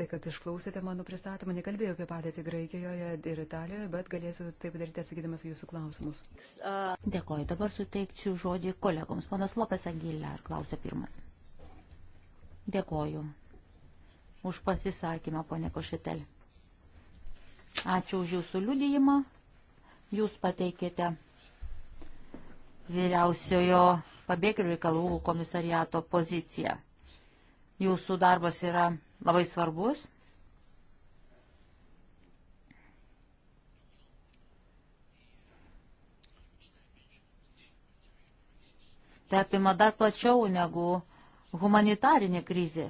tai, kad išklausėte mano pristatymą. Nekalbėjau apie padėtį Graikijoje ir Italijoje, bet galėsiu tai padaryti atsakydamas Jūsų klausimus. Dėkoju. Dabar suteiksiu žodį kolegoms. Ponas Lopes Agilė, ar klausia pirmas? Dėkoju už pasisakymą, ponė Košitelė. Ačiū už jūsų liudijimą. Jūs pateikėte vyriausiojo pabėgėlių reikalų komisariato poziciją. Jūsų darbas yra labai svarbus. Tai apima dar plačiau negu humanitarinė krizė.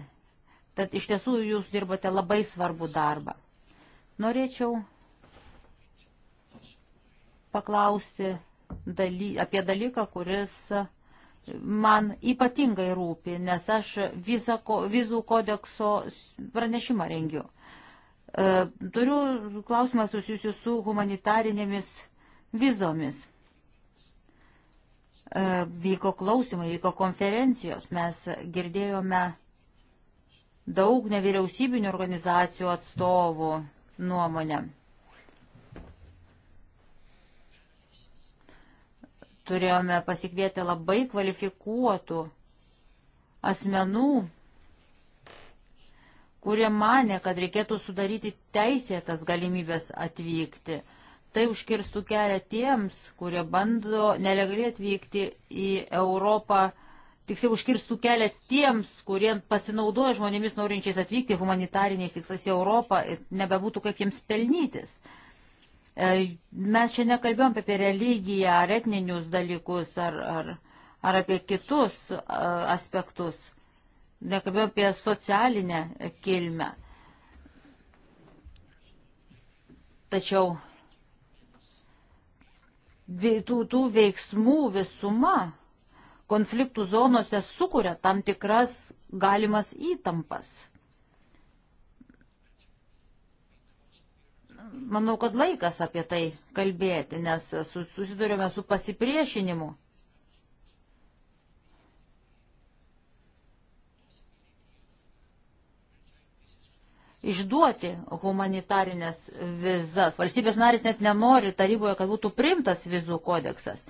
Tad iš tiesų jūs dirbote labai svarbų darbą. Norėčiau paklausti daly, apie dalyką, kuris man ypatingai rūpi, nes aš visa, vizų kodekso pranešimą rengiu. E, turiu klausimą susijusiu su humanitarinėmis vizomis. E, vyko klausimai, vyko konferencijos, mes girdėjome daug nevyriausybinių organizacijų atstovų nuomonę. Turėjome pasikvietę labai kvalifikuotų asmenų, kurie mane, kad reikėtų sudaryti teisėtas galimybės atvykti. Tai užkirstų kelią tiems, kurie bando nelegaliai atvykti į Europą tiksliau užkirstų kelią tiems, kurie pasinaudoja žmonėmis norinčiais atvykti humanitariniais tikslais į Europą, nebebūtų kaip jiems pelnytis. E, mes čia nekalbėjom apie religiją ar etninius dalykus ar, ar, ar apie kitus e, aspektus. Nekalbėjom apie socialinę kilmę. Tačiau tų, tų veiksmų visuma konfliktų zonose sukuria tam tikras galimas įtampas. Manau, kad laikas apie tai kalbėti, nes susidurėme su pasipriešinimu. Išduoti humanitarinės vizas. Valstybės narys net nenori taryboje, kad būtų primtas vizų kodeksas.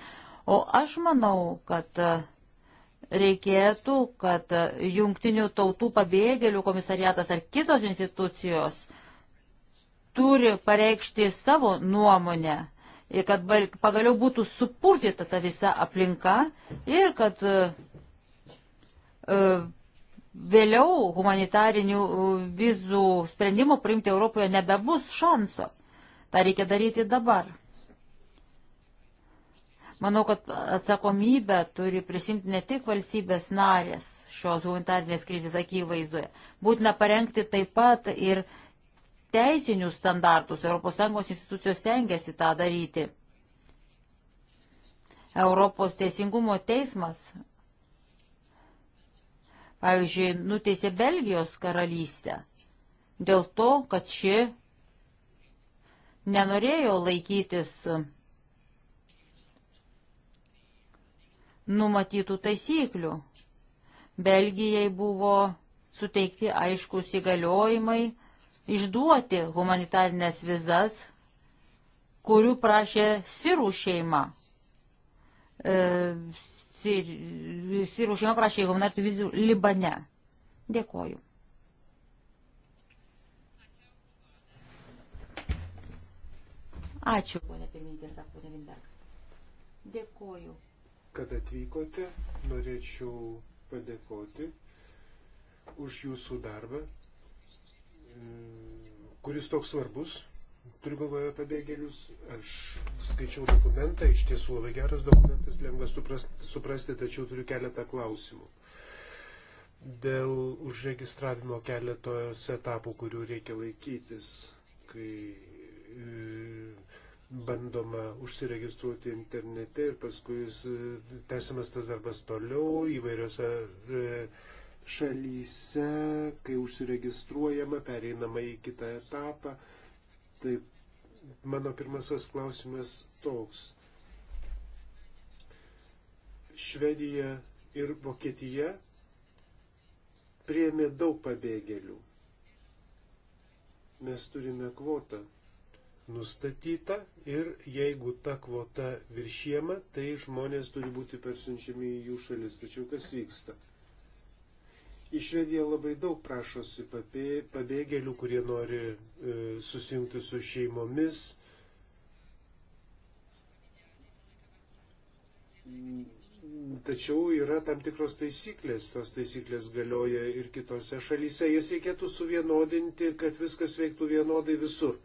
O aš manau, kad e, reikėtų, kad e, jungtinių tautų pabėgėlių komisariatas ar kitos institucijos turi pareikšti savo nuomonę ir kad pagaliau būtų supurtyta ta visa aplinka ir kad e, vėliau humanitarinių vizų sprendimų priimti Europoje nebebus šanso. Ta reikia daryti dabar. Manau, kad atsakomybę turi prisimti ne tik valstybės narės šios humanitarnės krizės akivaizdoje. Būtina parengti taip pat ir teisinius standartus. ES institucijos tengiasi tą daryti. Europos teisingumo teismas, pavyzdžiui, nuteisė Belgijos karalystę dėl to, kad ši nenorėjo laikytis numatytų taisyklių. Belgijai buvo suteikti aiškus įgaliojimai išduoti humanitarnės vizas, kurių prašė sirų šeima. E, sirų šeima prašė humanitarnių vizų Libane. Dėkoju. Ačiū, ponė pirmininkė, sako ponė Vinberg. Dėkoju kad atvykote. Norėčiau padėkoti už jūsų darbą, mm, kuris toks svarbus. Turiu galvoje pabėgėlius. Aš skaičiau dokumentą, iš tiesų labai geras dokumentas, lengva suprasti, suprasti tačiau turiu keletą klausimų. Dėl užregistravimo keletos etapų, kurių reikia laikytis, kai e, bandoma užsiregistruoti internete ir paskui e, tęsiamas tas darbas toliau įvairiose e, šalyse, kai užsiregistruojama, pereinama į kitą etapą. Tai mano pirmasis klausimas toks. Švedija ir Vokietija prieėmė daug pabėgėlių. Mes turime kvotą nustatyta ir jeigu ta kvota viršiema, tai žmonės turi būti persiunčiami į jų šalis. Tačiau kas vyksta? Iš Švedija labai daug prašosi pabėgėlių, kurie nori e, susijungti su šeimomis. Tačiau yra tam tikros taisyklės, tos taisyklės galioja ir kitose šalyse. Jas reikėtų suvienodinti, kad viskas veiktų vienodai visur.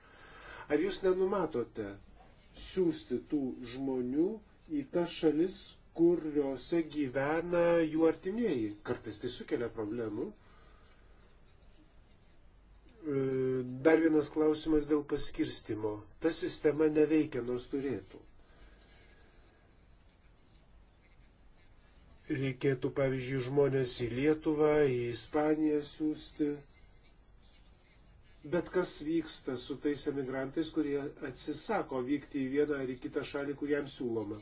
Ar jūs nenumatote siūsti tų žmonių į tas šalis, kuriuose gyvena jų artimieji? Kartais tai sukelia problemų. E, dar vienas klausimas dėl paskirstimo. Ta sistema neveikia, nors turėtų. Reikėtų, pavyzdžiui, žmonės į Lietuvą, į Ispaniją siūsti Bet kas vyksta su tais emigrantais, kurie atsisako vykti į vieną ar į kitą šalį, kur jam siūloma?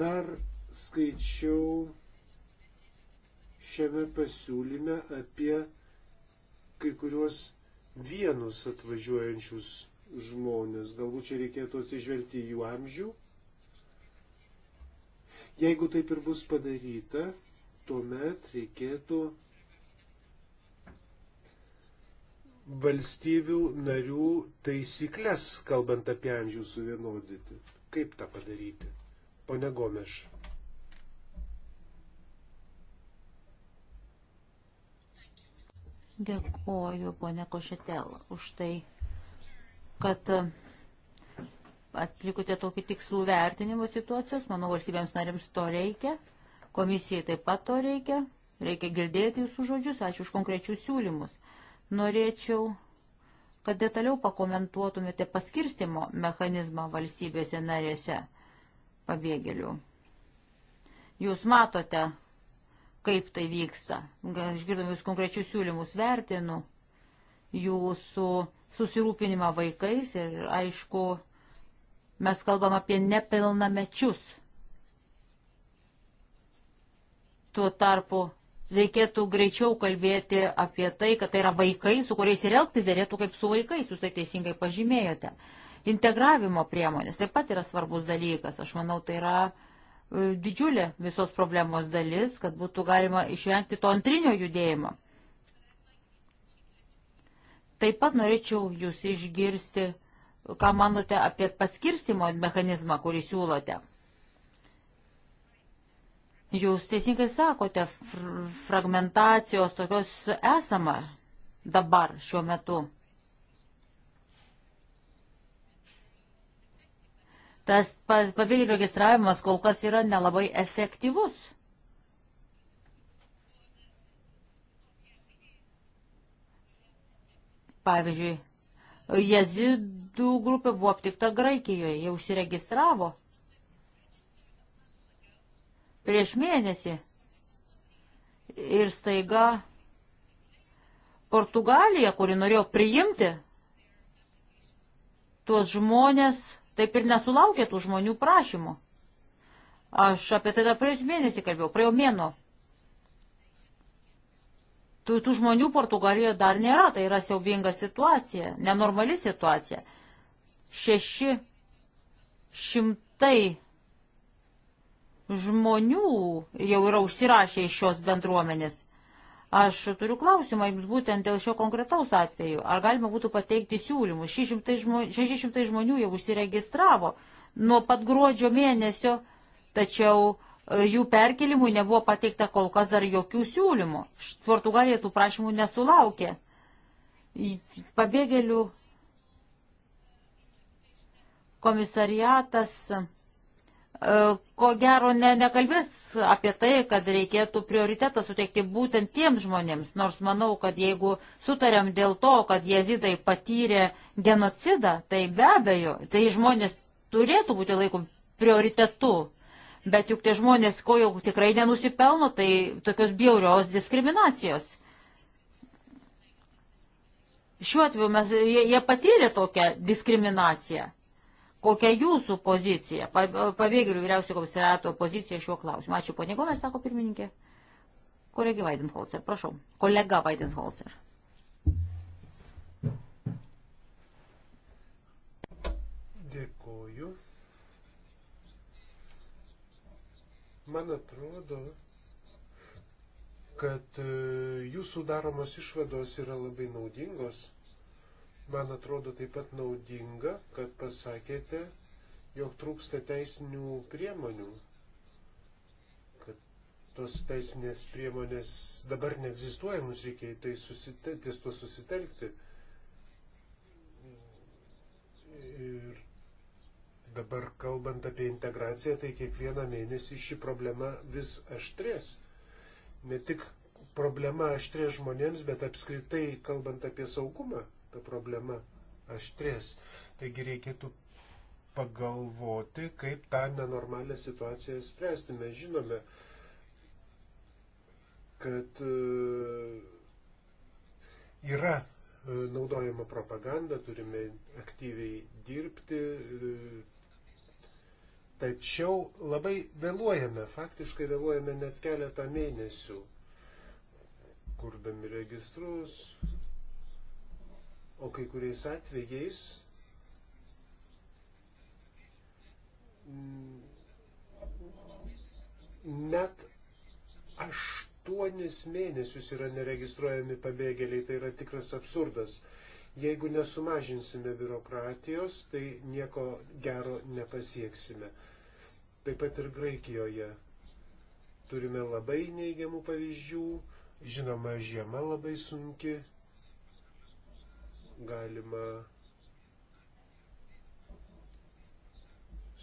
Dar skaičiau šiame pasiūlyme apie kai kuriuos vienus atvažiuojančius žmonės. Galbūt čia reikėtų atsižvelgti jų amžių. Jeigu taip ir bus padaryta, tuomet reikėtų valstybių narių taisyklės, kalbant apie amžių suvienodyti. Kaip tą padaryti? Pone Gomeš. Dėkoju, ponė Košetel, už tai, kad e, atlikote tokį tikslų vertinimo situacijos. Manau, valstybėms narims to reikia, komisijai taip pat to reikia. Reikia girdėti jūsų žodžius. Ačiū už konkrečius siūlymus norėčiau, kad detaliau pakomentuotumėte paskirstimo mechanizmą valstybėse narėse pabėgėlių. Jūs matote, kaip tai vyksta. Išgirdom jūs konkrečius siūlymus, vertinu jūsų susirūpinimą vaikais ir aišku, mes kalbam apie nepilnamečius. Tuo tarpu reikėtų greičiau kalbėti apie tai, kad tai yra vaikai, su kuriais ir elgtis dėlėtų kaip su vaikais, jūs tai teisingai pažymėjote. Integravimo priemonės taip pat yra svarbus dalykas. Aš manau, tai yra e, didžiulė visos problemos dalis, kad būtų galima išvengti to antrinio judėjimo. Taip pat norėčiau jūs išgirsti, ką manote apie paskirstimo mechanizmą, kurį siūlote. Jūs teisingai sakote, fragmentacijos tokios esama dabar šiuo metu. Tas pabėgėlių registravimas kol kas yra nelabai efektyvus. Pavyzdžiui, jezidų grupė buvo aptikta Graikijoje, jie užsiregistravo prieš mėnesį ir staiga Portugalija, kuri norėjo priimti tuos žmonės, taip ir nesulaukė tų žmonių prašymų. Aš apie tai dar prieš mėnesį kalbėjau, praėjo mėno. Tų, tų žmonių Portugalijoje dar nėra, tai yra siaubinga situacija, nenormali situacija. Šeši šimtai žmonių jau yra užsirašę iš šios bendruomenės. Aš turiu klausimą jums būtent dėl šio konkretaus atveju. Ar galima būtų pateikti siūlymus? 600 žmonių, 600 žmonių jau užsiregistravo nuo pat gruodžio mėnesio, tačiau e, jų perkelimui nebuvo pateikta kol kas dar jokių siūlymų. Portugalija tų prašymų nesulaukė. Pabėgėlių komisariatas E, ko gero ne, nekalbės apie tai, kad reikėtų prioritetą suteikti būtent tiems žmonėms, nors manau, kad jeigu sutarėm dėl to, kad jezidai patyrė genocidą, tai be abejo, tai žmonės turėtų būti laikomi prioritetu. Bet juk tie žmonės, ko jau tikrai nenusipelno, tai tokios bjaurios diskriminacijos šiuo atveju mes, jie, jie patyrė tokią diskriminaciją. Kokia jūsų pozicija, pabėgėlių vyriausių komisariato pozicija šiuo klausimu? Ačiū, ponė Gomes, sako pirmininkė. Kolegi Weidenholzer, prašau. Kolega Weidenholzer. Dėkoju. Man atrodo, kad e, jūsų daromos išvados yra labai naudingos Man atrodo taip pat naudinga, kad pasakėte, jog trūksta teisinių priemonių, kad tos teisinės priemonės dabar neegzistuoja, mums reikia į tai susite, ties to susitelkti. Ir dabar kalbant apie integraciją, tai kiekvieną mėnesį ši problema vis aštrės. Ne tik problema aštrės žmonėms, bet apskritai kalbant apie saugumą ta problema aštrės. Taigi reikėtų pagalvoti, kaip tą nenormalią situaciją spręsti. Mes žinome, kad e, yra e, naudojama propaganda, turime aktyviai dirbti, e, tačiau labai vėluojame, faktiškai vėluojame net keletą mėnesių, kurdami registrus, o kai kuriais atvejais mm, net aštuonis mėnesius yra neregistruojami pabėgėliai, tai yra tikras absurdas. Jeigu nesumažinsime biurokratijos, tai nieko gero nepasieksime. Taip pat ir Graikijoje turime labai neigiamų pavyzdžių, žinoma, žiema labai sunki, galima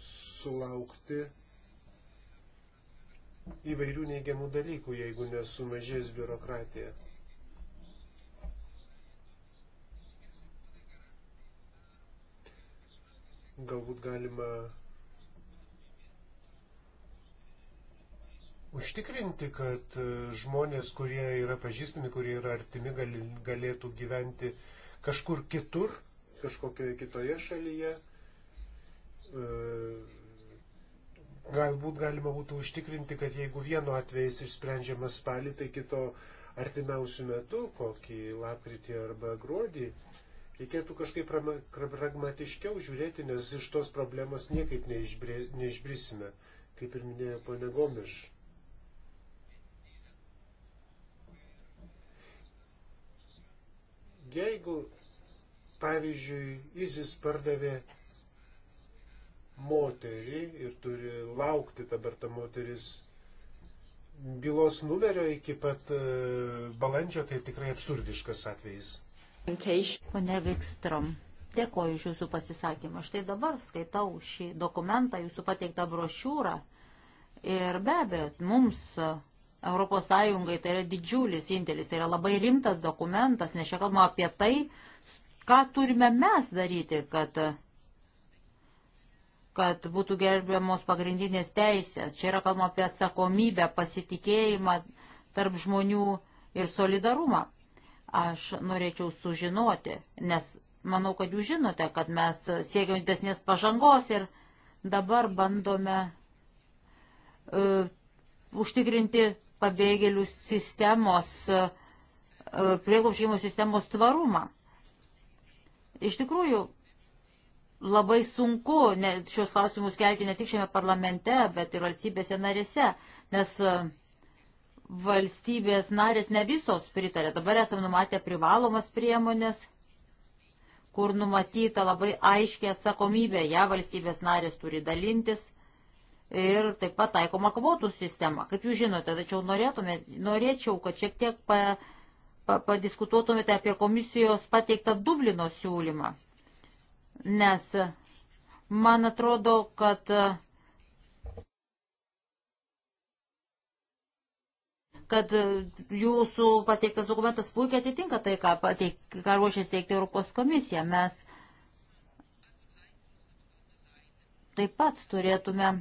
sulaukti įvairių neigiamų dalykų, jeigu nesumažės biurokratija. Galbūt galima užtikrinti, kad žmonės, kurie yra pažįstami, kurie yra artimi, galėtų gyventi uh, kažkur kitur, kažkokioje kitoje šalyje. E, galbūt galima būtų užtikrinti, kad jeigu vieno atvejais išsprendžiamas spalį, tai kito artimiausių metų, kokį lapkritį arba gruodį, reikėtų kažkaip pragmatiškiau žiūrėti, nes iš tos problemos niekaip neišbrisime, kaip ir minėjo ponė Gomiš. Jeigu, pavyzdžiui, Izis pardavė moterį ir turi laukti dabar ta moteris bylos numerio iki pat e, balandžio, tai tikrai absurdiškas atvejis. Pane Vikstrom, dėkoju iš jūsų pasisakymą. Štai dabar skaitau šį dokumentą, jūsų pateiktą brošiūrą. Ir be abejo, mums Europos Sąjungai tai yra didžiulis indėlis, tai yra labai rimtas dokumentas, nes čia kalbama apie tai, ką turime mes daryti, kad, kad būtų gerbiamos pagrindinės teisės. Čia yra kalbama apie atsakomybę, pasitikėjimą tarp žmonių ir solidarumą. Aš norėčiau sužinoti, nes manau, kad jūs žinote, kad mes siekiam didesnės pažangos ir dabar bandome. Uh, e, užtikrinti pabėgėlių sistemos, e, e, prieglaužimo sistemos tvarumą. Iš tikrųjų, labai sunku ne, šios klausimus kelti ne tik šiame parlamente, bet ir valstybėse narėse, nes e, valstybės narės ne visos pritarė. Dabar esame numatę privalomas priemonės, kur numatyta labai aiškiai atsakomybė, ją valstybės narės turi dalintis ir taip pat taikoma kvotų sistema, kaip jūs žinote, tačiau norėtume, norėčiau, kad šiek tiek pa, pa, padiskutuotumėte apie komisijos pateiktą Dublino siūlymą, nes man atrodo, kad kad jūsų pateiktas dokumentas puikiai atitinka tai, ką, pateik, ką ruošiasi teikti Europos komisija. Mes taip pat turėtume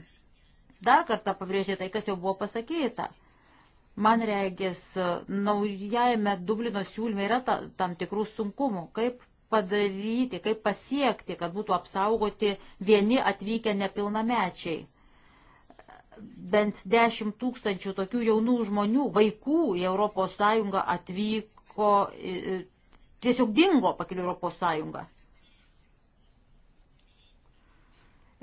dar kartą pabrėžti tai, kas jau buvo pasakyta. Man reikės, naujajame Dublino siūlyme yra ta, tam tikrų sunkumų, kaip padaryti, kaip pasiekti, kad būtų apsaugoti vieni atvykę nepilnamečiai. Bent 10 tūkstančių tokių jaunų žmonių, vaikų į ES atvyko, tiesiog dingo pakeliu ES.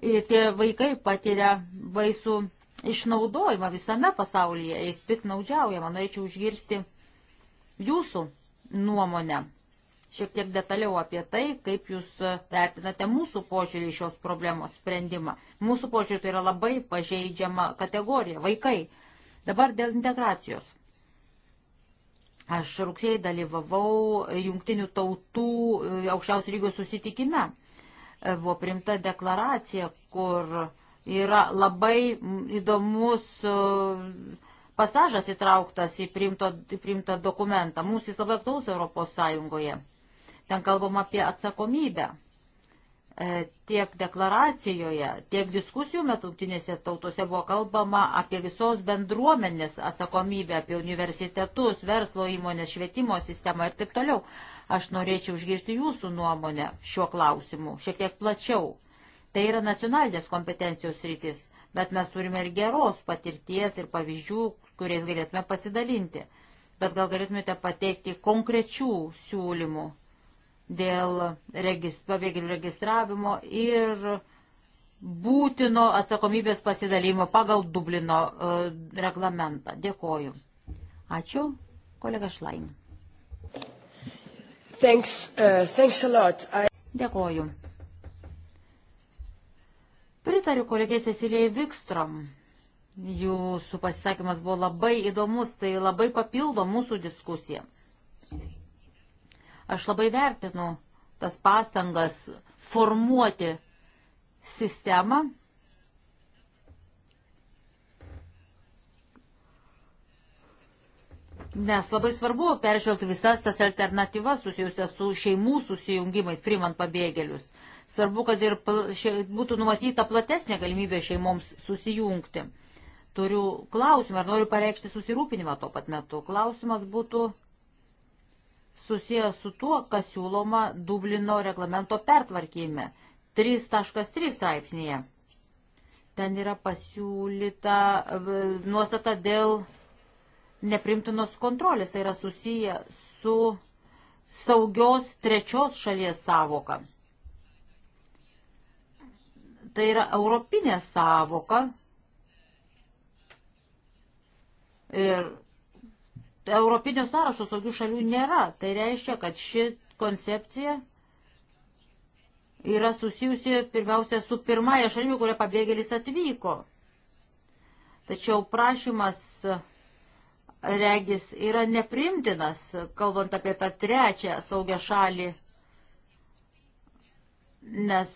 Ir tie vaikai patiria baisų išnaudojimą visame pasaulyje, jais piknaudžiaujama. Norėčiau užgirsti jūsų nuomonę šiek tiek detaliau apie tai, kaip jūs vertinate mūsų požiūrį šios problemos sprendimą. Mūsų požiūrį tai yra labai pažeidžiama kategorija - vaikai. Dabar dėl integracijos. Aš rugsėjai dalyvavau jungtinių tautų e, aukščiausių lygių susitikime. E, buvo primta deklaracija, kur yra labai įdomus e, pasažas įtrauktas į primto, į primtą dokumentą. Mums jis labai aktuolus Europos Sąjungoje. Ten kalbam apie atsakomybę e, tiek deklaracijoje, tiek diskusijų metu jungtinėse tautose buvo kalbama apie visos bendruomenės atsakomybę, apie universitetus, verslo įmonės, švietimo sistemą ir taip toliau. Aš norėčiau išgirsti jūsų nuomonę šiuo klausimu šiek tiek plačiau. Tai yra nacionalinės kompetencijos rytis, bet mes turime ir geros patirties ir pavyzdžių, kuriais galėtume pasidalinti. Bet gal galėtumėte pateikti konkrečių siūlymų dėl regis, pabėgėlių registravimo ir būtino atsakomybės pasidalymo pagal Dublino uh, reglamentą. Dėkoju. Ačiū, kolega Šlain. Thanks, uh, thanks a lot. I... Dėkoju. Pritariu kolegė Cecilijai Vikstrom. Jūsų pasisakymas buvo labai įdomus, tai labai papildo mūsų diskusiją. Aš labai vertinu tas pastangas formuoti sistemą, Nes labai svarbu peržvelgti visas tas alternatyvas susijusias su šeimų susijungimais, primant pabėgėlius. Svarbu, kad ir būtų numatyta platesnė galimybė šeimoms susijungti. Turiu klausimą, ar noriu pareikšti susirūpinimą tuo pat metu. Klausimas būtų susijęs su tuo, kas siūloma Dublino reglamento pertvarkyme 3.3 straipsnėje. Ten yra pasiūlyta nuostata dėl neprimtinos kontrolės, tai yra susiję su saugios trečios šalies savoka. Tai yra europinė savoka ir europinio sąrašo saugių šalių nėra. Tai reiškia, kad ši koncepcija yra susijusi pirmiausia su pirmąją šalimi, kurią pabėgėlis atvyko. Tačiau prašymas regis yra neprimtinas, kalbant apie tą trečią saugią šalį, nes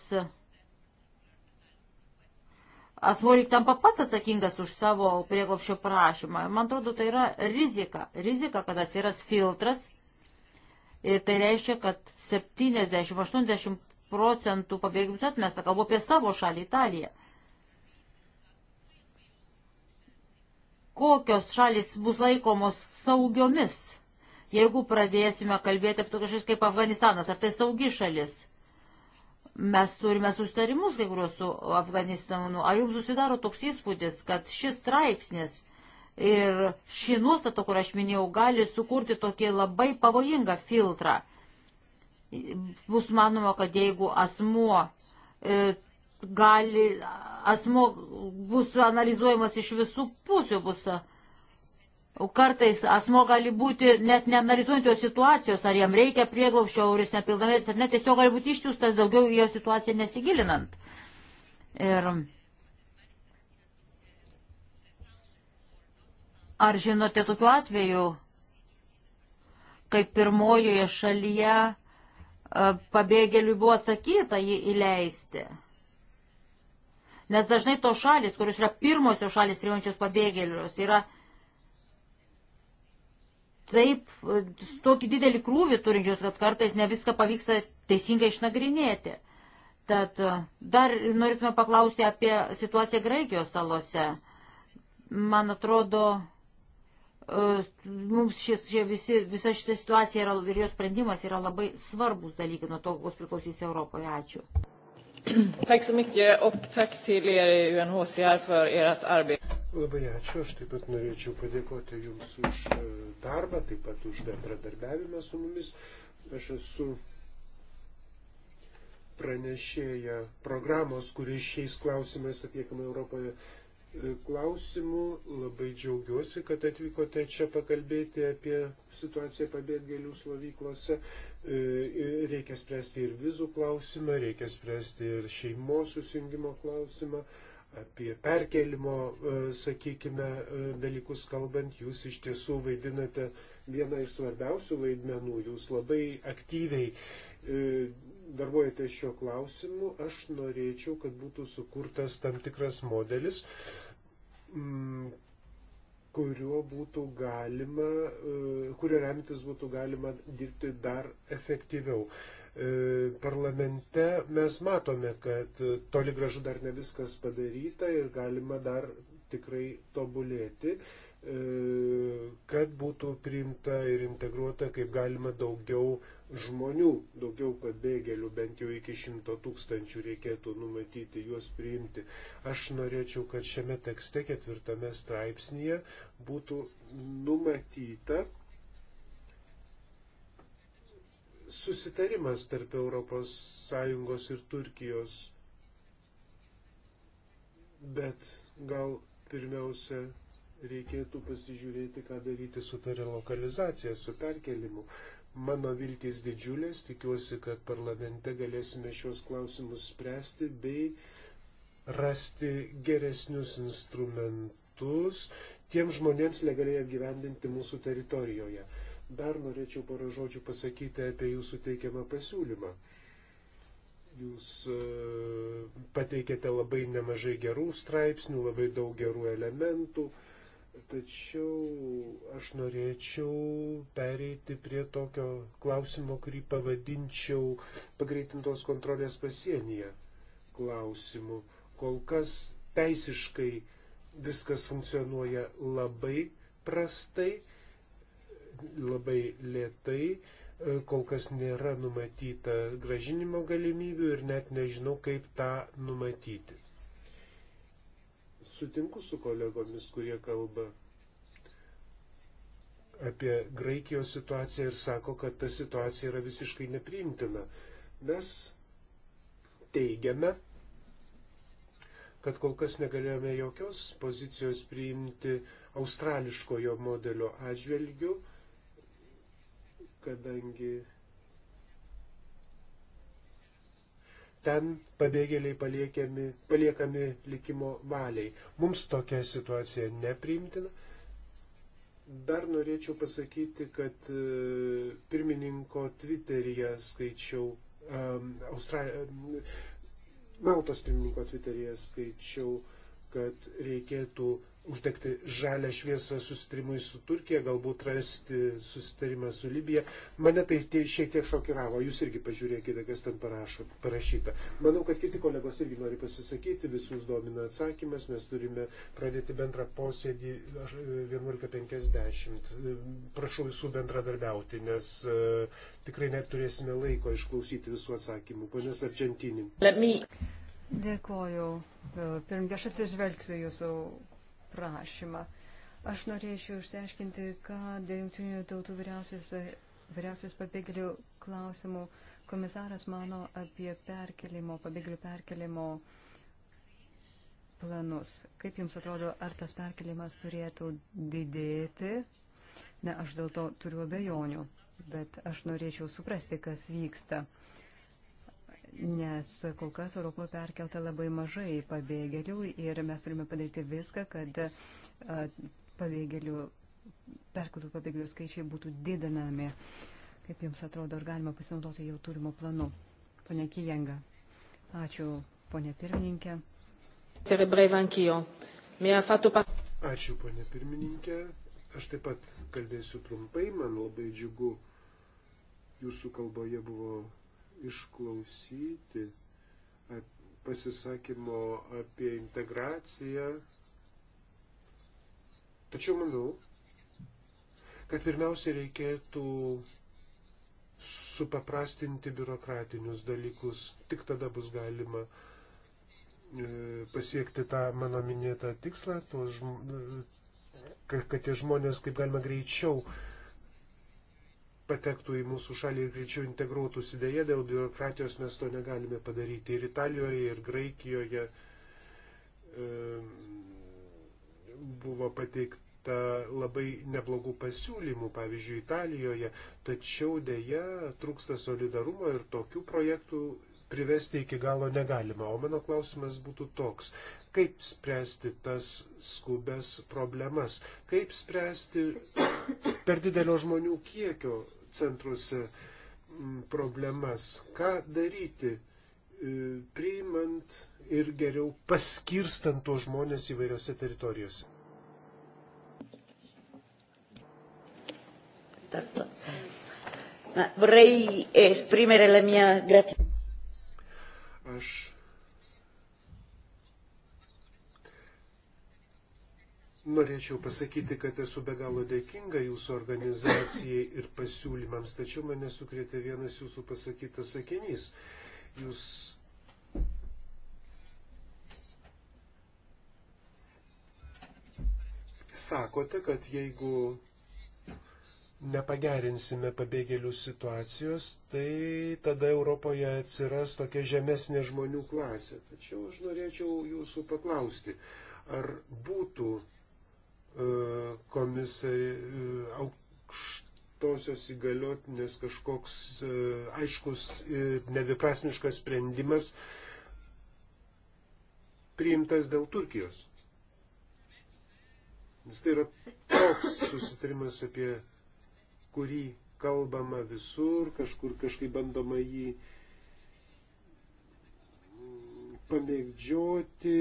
asmuo lyg tampa pats atsakingas už savo prieglopščio prašymą. Man atrodo, tai yra rizika. Rizika, kad atsiras filtras ir tai reiškia, kad 70-80 procentų pabėgimus atmesta. Kalbu apie savo šalį Italiją. kokios šalis bus laikomos saugiomis, jeigu pradėsime kalbėti apie tokias šalis kaip Afganistanas, ar tai saugi šalis. Mes turime sustarimus kai kuriuos su Afganistanu. Ar jums susidaro toks įspūdis, kad šis straipsnis ir ši nuostata, kur aš minėjau, gali sukurti tokį labai pavojingą filtrą? Bus manoma, kad jeigu asmuo e, gali, asmo bus analizuojamas iš visų pusių, bus kartais asmo gali būti net neanalizuojant jo situacijos, ar jam reikia prieglaušio, ar jis nepilnametis, ar ne, tiesiog gali būti išsiųstas daugiau į jo situaciją nesigilinant. Ir ar žinote tokiu atveju, kaip pirmojoje šalyje e, pabėgėliui buvo atsakyta jį įleisti? Nes dažnai tos šalis, kurios yra pirmosios šalis priimančios pabėgėlius, yra taip, tokį didelį krūvį turinčios, kad kartais ne viską pavyksta teisingai išnagrinėti. Tad e, dar norėtume paklausti apie situaciją Graikijos salose. Man atrodo, e, mums šis, šie visi, visa šita situacija yra, ir jos sprendimas yra labai svarbus dalykai, nuo to bus priklausys Europoje. Ačiū. Tack så mycket och tack till er i UNHCR för ert arbete. Labai ačiū, aš taip pat norėčiau padėkoti Jums už e, darbą, taip pat už bendradarbiavimą su mumis. Aš esu pranešėja programos, kuris šiais klausimais atliekama Europoje klausimų. Labai džiaugiuosi, kad atvykote čia pakalbėti apie situaciją pabėgėlių slovyklose. E, e, reikia spręsti ir vizų klausimą, reikia spręsti ir šeimos susijungimo klausimą. Apie perkelimo, e, sakykime, dalykus kalbant, jūs iš tiesų vaidinate uh, vieną iš svarbiausių vaidmenų. Jūs labai aktyviai e, darbuojate šiuo klausimu. Aš norėčiau, kad būtų sukurtas tam tikras modelis, kurio būtų galima, e, kurio remtis būtų galima dirbti dar efektyviau. E, parlamente mes matome, kad toli gražu dar ne viskas padaryta ir galima dar tikrai tobulėti. E, kad būtų priimta ir integruota kaip galima daugiau žmonių, daugiau pabėgėlių, bent jau iki šimto tūkstančių reikėtų numatyti juos priimti. Aš norėčiau, kad šiame tekste ketvirtame straipsnėje būtų numatyta susitarimas tarp ES ir Turkijos, bet gal pirmiausia reikėtų pasižiūrėti, ką daryti su ta relokalizacija, su perkelimu. Mano viltys didžiulės, tikiuosi, kad parlamente galėsime šios klausimus spręsti bei rasti geresnius instrumentus tiems žmonėms legaliai apgyvendinti mūsų teritorijoje. Dar norėčiau porą žodžių pasakyti apie jūsų teikiamą pasiūlymą. Jūs e, pateikėte labai nemažai gerų straipsnių, labai daug gerų elementų. Uh, Tačiau aš norėčiau pereiti prie tokio klausimo, kurį pavadinčiau pagreitintos kontrolės pasienyje klausimu. Kol kas teisiškai viskas funkcionuoja labai prastai, labai lėtai, kol kas nėra numatyta gražinimo galimybių ir net nežinau, kaip tą numatyti. Sutinku su kolegomis, kurie kalba apie Graikijos situaciją ir sako, kad ta situacija yra visiškai nepriimtina. Mes teigiame, kad kol kas negalėjome jokios pozicijos priimti australiškojo modelio atžvelgių, kadangi ten pabėgėliai paliekami, paliekami likimo valiai. Mums tokia situacija nepriimtina. Dar norėčiau pasakyti, kad e, pirmininko Twitteryje skaičiau, um, Australi... Maltos pirmininko Twitteryje skaičiau, kad reikėtų uh, uždegti žalę šviesą susitarimui su Turkija, galbūt rasti susitarimą su Libija. Mane tai tie, šiek tiek šokiravo, jūs irgi pažiūrėkite, kas ten parašo, parašyta. Manau, kad kiti kolegos irgi nori pasisakyti, visus domina atsakymas, mes turime pradėti bendrą posėdį 11.50. E, e, prašau visų bendradarbiauti, nes uh, tikrai neturėsime laiko išklausyti visų atsakymų. Ponės Argentinin. Dėkoju. Pirmie, aš atsižvelgsiu jūsų prašymą. Aš norėčiau išsiaiškinti, ką dėl jungtinių tautų vyriausios pabėgėlių klausimų komisaras mano apie perkelimo, pabėgėlių perkelimo planus. Kaip Jums atrodo, ar tas perkelimas turėtų didėti? Ne, aš dėl to turiu abejonių, bet aš norėčiau suprasti, kas vyksta nes kol kas Europoje perkelta labai mažai pabėgėlių ir mes turime padaryti viską, kad pabėgėlių, perkeltų pabėgėlių skaičiai būtų didinami. Kaip Jums atrodo, ar galima pasinaudoti jau turimo planu? Pone Kijenga. Ačiū, ponė pirmininkė. Ačiū, ponė pirmininkė. Aš taip pat kalbėsiu trumpai, man labai džiugu. Jūsų kalboje buvo išklausyti pasisakymo apie integraciją. Tačiau manau, kad pirmiausia reikėtų supaprastinti biurokratinius dalykus. Tik tada bus galima e, pasiekti tą mano minėtą tikslą, tos, e, kad tie žmonės kaip galima greičiau uh, patektų į mūsų šalį ir greičiau integruotųsi. Deja, dėl biurokratijos mes to negalime padaryti. Ir Italijoje, ir Graikijoje buvo pateikta labai neblogų pasiūlymų, pavyzdžiui, Italijoje, tačiau dėja trūksta solidarumo ir tokių projektų privesti iki galo negalima. O mano klausimas būtų toks, kaip spręsti tas skubes problemas, kaip spręsti per didelio žmonių kiekio centruose problemas. Ką daryti, e, priimant ir geriau paskirstant tuos žmonės įvairiose teritorijose? Vorrei esprimere la mia gratitudine. Aš Norėčiau pasakyti, kad esu be galo dėkinga jūsų organizacijai ir pasiūlymams, tačiau mane sukrėtė vienas jūsų pasakytas sakinys. Jūs sakote, kad jeigu nepagerinsime pabėgėlių situacijos, tai tada Europoje atsiras tokia žemesnė žmonių klasė. Tačiau aš norėčiau jūsų paklausti, ar būtų E, komisarė, e, aukštosios įgaliotinės kažkoks e, aiškus ir nedviprasmiškas sprendimas priimtas dėl Turkijos. Nes tai yra toks susitarimas, apie kurį kalbama visur, kažkur kažkaip bandoma jį pamėgdžioti,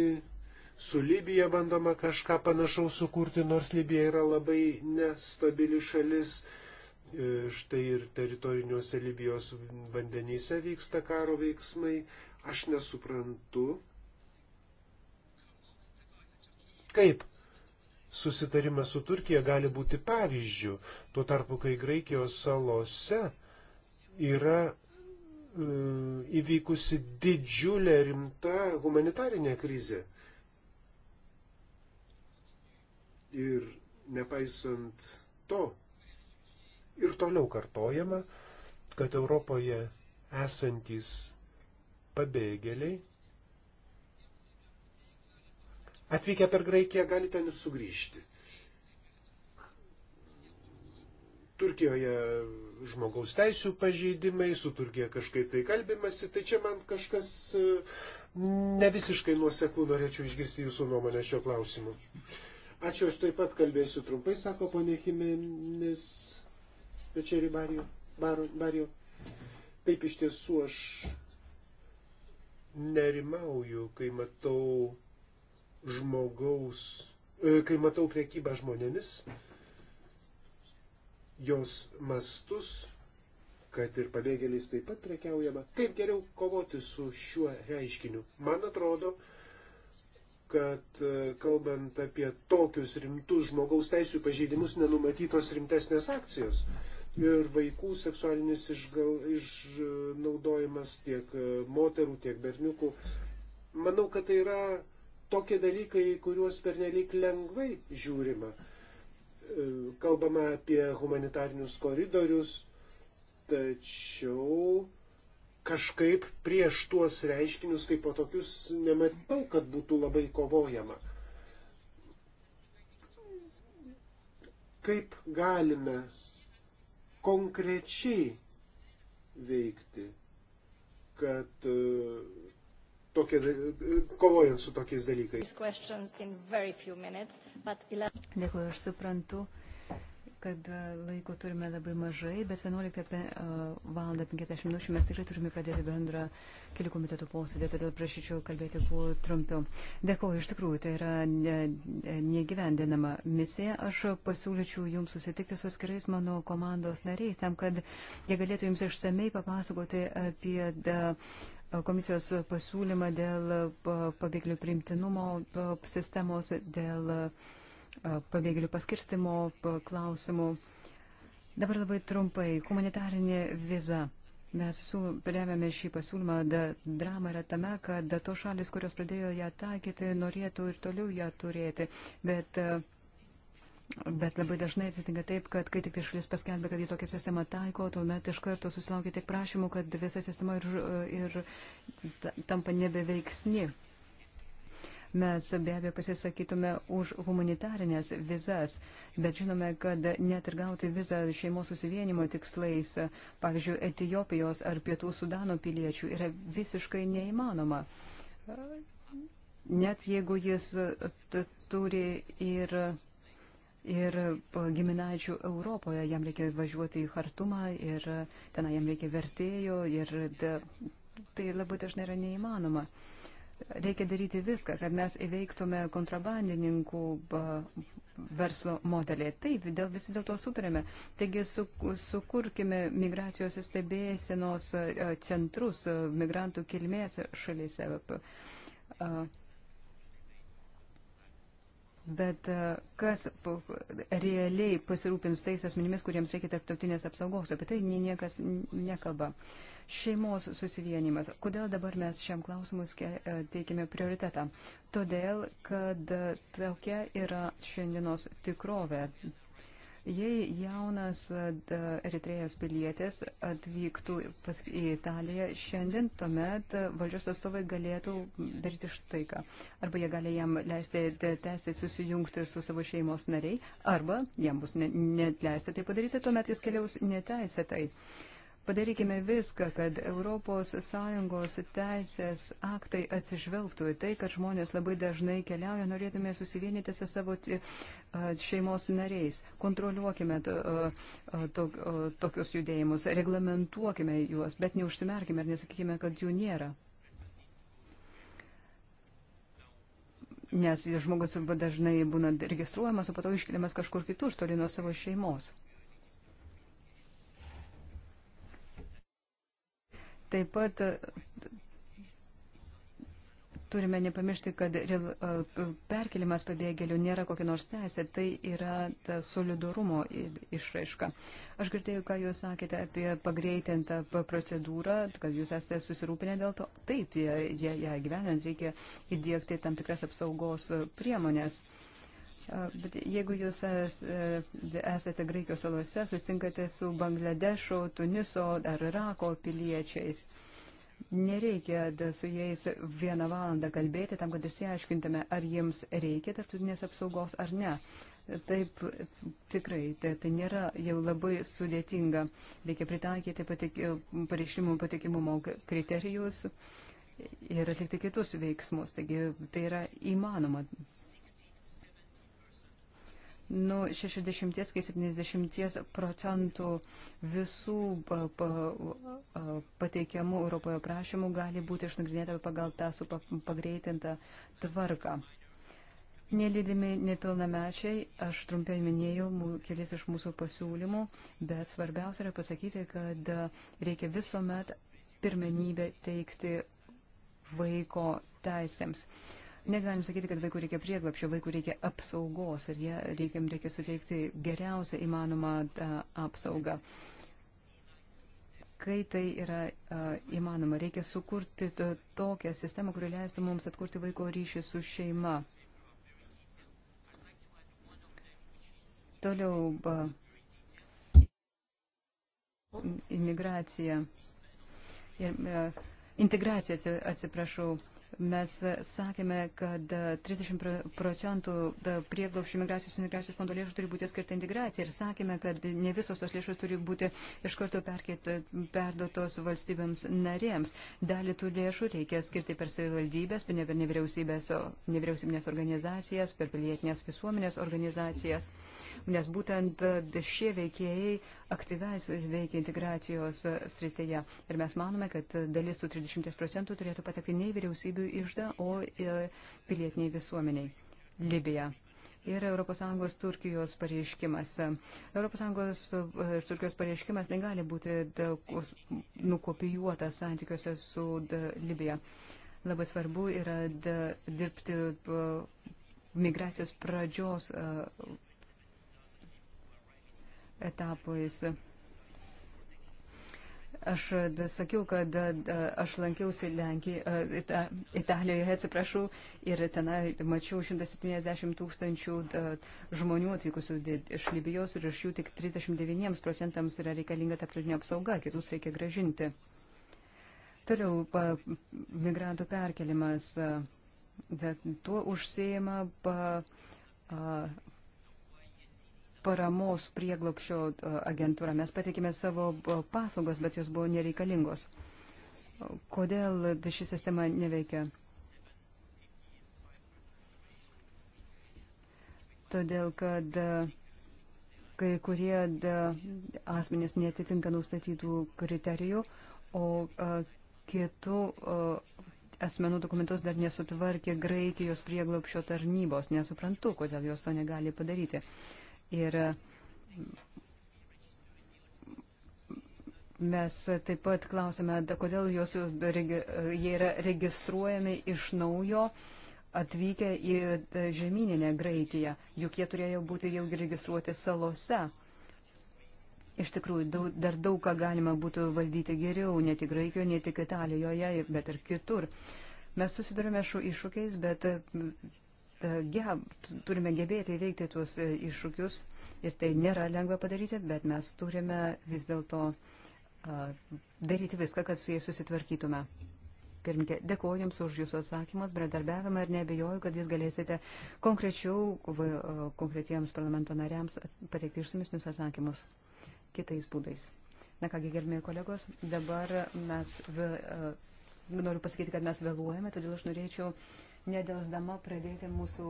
Su Libija bandoma kažką panašaus sukurti, nors Libija yra labai nestabili šalis. E, štai ir teritoriniuose Libijos vandenyse vyksta karo veiksmai. Aš nesuprantu, kaip susitarimas su Turkija gali būti pavyzdžių, tuo tarpu, kai Graikijos salose yra e, įvykusi didžiulė rimta humanitarinė krizė. Ir nepaisant to, ir toliau kartojama, kad Europoje esantis pabėgėliai atvykę per Graikiją gali ten ir sugrįžti. Turkijoje žmogaus teisų pažeidimai, su Turkija kažkaip tai kalbimasi, tai čia man kažkas e, ne visiškai nuoseklų norėčiau išgirsti jūsų nuomonę šio klausimu. Ačiū, aš taip pat kalbėsiu trumpai, sako ponė Jimenez Večerį Barijų. Taip iš tiesų aš nerimauju, kai matau žmogaus, e, kai matau priekybą žmonėmis, jos mastus, kad ir pabėgėliais taip pat prekiaujama. Kaip geriau kovoti su šiuo reiškiniu? Man atrodo, kad e, kalbant apie tokius rimtus žmogaus teisų pažeidimus nenumatytos rimtesnės akcijos. Ir vaikų seksualinis išgal, išnaudojimas tiek e, moterų, tiek berniukų. Manau, kad tai yra tokie dalykai, kuriuos pernelyg lengvai žiūrima. E, kalbama apie humanitarinius koridorius, tačiau kažkaip prieš tuos reiškinius kaip po tokius nematau, kad būtų labai kovojama. Kaip galime konkrečiai veikti, kad e, tokie, kovojant su tokiais dalykais. Dėkuoju, aš suprantu, kad e, laiko turime labai mažai, bet 11 val. 50 minučių mes tikrai turime pradėti bendrą kelių komitetų posėdį, todėl prašyčiau kalbėti kuo trumpiau. Dėkuoju, iš tikrųjų, tai yra negyvendinama e, misija. Aš pasiūlyčiau jums susitikti su atskirais mano komandos nariais, tam, kad jie galėtų jums išsamei papasakoti apie e, komisijos pasiūlymą dėl pabėgėlių primtinumo sistemos, dėl. dėl pabėgėlių paskirstimo klausimų. Dabar labai trumpai, humanitarinė viza. Mes remiame šį pasiūlymą. Da, drama yra tame, kad da, to šalis, kurios pradėjo ją taikyti, norėtų ir toliau ją turėti. Bet uh, Bet labai dažnai atsitinka taip, kad kai tik tai šalis paskelbė, kad jį tokią sistemą taiko, tuomet iš karto susilaukia tiek prašymų, kad visa sistema ir, ir tampa nebeveiksni. Mes be abejo pasisakytume už humanitarinės vizas, bet žinome, kad net ir gauti vizą šeimos susivienimo tikslais, pavyzdžiui, Etijopijos ar Pietų Sudano piliečių, yra visiškai neįmanoma. Net jeigu jis turi ir Ir giminaičių Europoje jam reikia važiuoti į Hartumą ir ten jam reikia vertėjo ir da, tai labai dažnai yra neįmanoma. Uh, Reikia daryti viską, kad mes įveiktume kontrabandininkų verslo modelį. Taip, dėl, visi dėl to sutarėme. Taigi su, sukurkime migracijos stebėsienos centrus migrantų kilmės šalyse. Bet e, kas realiai pasirūpins tais asmenimis, kuriems reikia tarptautinės apsaugos, apie tai niekas nekalba. Šeimos susivienimas. Kodėl dabar mes šiam klausimui e, teikime prioritetą? Todėl, kad e, tokia yra šiandienos tikrovė. Jei jaunas Eritrėjos pilietis atvyktų į Italiją šiandien, tuomet valdžios atstovai galėtų daryti štai ką. Arba jie gali jam leisti tęsti susijungti su savo šeimos nariai, arba jam bus net ne leista tai padaryti, tuomet jis keliaus neteisėtai. tai. Padarykime viską, kad ES teisės aktai atsižvelgtų į tai, kad žmonės labai dažnai keliauja, norėtume susivienyti su savo e, šeimos nariais. Kontroliuokime to, to, tokius judėjimus, reglamentuokime juos, bet neužsimerkime ir nesakykime, kad jų nėra. Nes žmogus dažnai būna registruojamas, o po to iškeliamas kažkur kitur, toli nuo savo šeimos. Taip pat e, turime nepamiršti, kad e, perkelimas pabėgėlių nėra kokia nors teisė, tai yra ta solidarumo išraiška. Aš girdėjau, ką jūs sakėte apie pagreitintą procedūrą, kad jūs esate susirūpinę dėl to. Taip, ją gyvenant reikia įdėkti tam tikras apsaugos priemonės. Uh, Bet jeigu jūs e, esate Graikijos salose, susinkate su Bangladešo, Tuniso ar Irako piliečiais, nereikia su jais vieną valandą kalbėti tam, kad išsiaiškintume, ar jiems reikia tarptautinės apsaugos ar ne. Taip, tikrai, tai, tai nėra jau labai sudėtinga. Reikia pritaikyti patik, pareiškimų patikimumo kriterijus ir atlikti kitus veiksmus. Taigi tai yra įmanoma nuo 60 iki 70 procentų visų pateikiamų Europoje prašymų gali būti išnagrinėta pagal tą su pagreitintą tvarką. Nelydimi nepilnamečiai, aš trumpai minėjau kelis iš mūsų pasiūlymų, bet svarbiausia yra pasakyti, kad reikia visuomet pirmenybę teikti vaiko teisėms. Uh, Negalim sakyti, kad vaikų reikia prieglapšio, vaikų reikia apsaugos ir jie reikia, reikia suteikti geriausią įmanomą apsaugą. Kai tai yra a, įmanoma, reikia sukurti to, tokią sistemą, kuri leistų mums atkurti vaiko ryšį su šeima. Toliau ba, imigracija. Ir, a, integracija, atsiprašau. Mes sakėme, kad 30 procentų prieglaušių migracijos integracijos fondo lėšų turi būti skirta integracijai ir sakėme, kad ne visos tos lėšos turi būti iš karto perduotos valstybėms narėms. Dalį tų lėšų reikia skirti per savivaldybės, per nevyriausybinės organizacijas, per pilietinės visuomenės organizacijas, nes būtent šie veikėjai aktyviai veikia integracijos srityje. Ir mes manome, kad dalis tų 30 procentų turėtų patekti ne į vyriausybių išdą, o pilietiniai visuomeniai. Libija. Ir ES Turkijos pareiškimas. ES ir e, Turkijos pareiškimas negali būti nukopijuotas santykiuose su Libija. Labai svarbu yra dirbti e, migracijos pradžios e, etapais. Aš sakiau, kad aš lankiausi Lenkijoje, Ita, Italijoje, atsiprašau, ir ten mačiau 170 tūkstančių žmonių atvykusių iš Libijos ir iš jų tik 39 procentams yra reikalinga tarptautinė apsauga, kitus reikia gražinti. Toliau pa, migrantų perkelimas. Tuo užsieima pa, a, paramos prieglopšio e, agentūra. Mes patikime savo e, paslaugos, bet jos buvo nereikalingos. Kodėl ši sistema neveikia? Todėl, kad e, kai kurie asmenys netitinka nustatytų kriterijų, o kitų asmenų dokumentus dar nesutvarkė Graikijos prieglopšio tarnybos. Nesuprantu, kodėl jos to negali padaryti. Uh, Ir mes taip pat klausime, kodėl jos, jie yra registruojami iš naujo atvykę į žemyninę Graikiją, juk jie turėjo būti jau registruoti salose. Iš tikrųjų, daug, dar daug ką galima būtų valdyti geriau, ne tik Graikijoje, ne tik Italijoje, bet ir kitur. Mes susidurime šių iššūkiais, bet E, geb, turime gebėti įveikti tuos e, iššūkius ir tai nėra lengva padaryti, bet mes turime vis dėlto e, daryti viską, kad su jais susitvarkytume. Pirmkė, dėkuoju Jums už Jūsų atsakymus, bendradarbiavimą ir nebejoju, kad Jūs galėsite konkrečiau, konkretiems parlamento nariams pateikti išsamesnius atsakymus kitais būdais. Na kągi, gerbėjai kolegos, dabar mes, vė, noriu pasakyti, kad mes vėluojame, todėl aš norėčiau uh, nedelsdama pradėti mūsų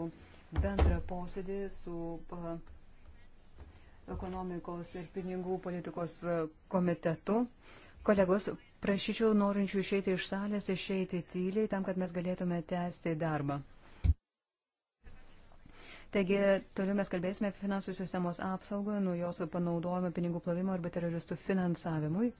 bendrą posėdį su ekonomikos ir pinigų politikos komitetu. Kolegos, prašyčiau norinčių išeiti iš salės, išeiti tyliai, tam, kad mes galėtume tęsti darbą. Taigi, toliau mes kalbėsime apie finansų sistemos apsaugą, nuo jos panaudojimą pinigų plovimo arba teroristų finansavimui.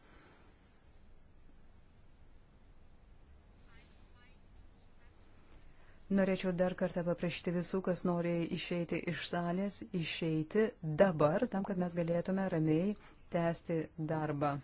Norėčiau dar kartą paprašyti visų, kas nori išeiti iš salės, išeiti dabar, tam, kad mes galėtume ramiai tęsti darbą.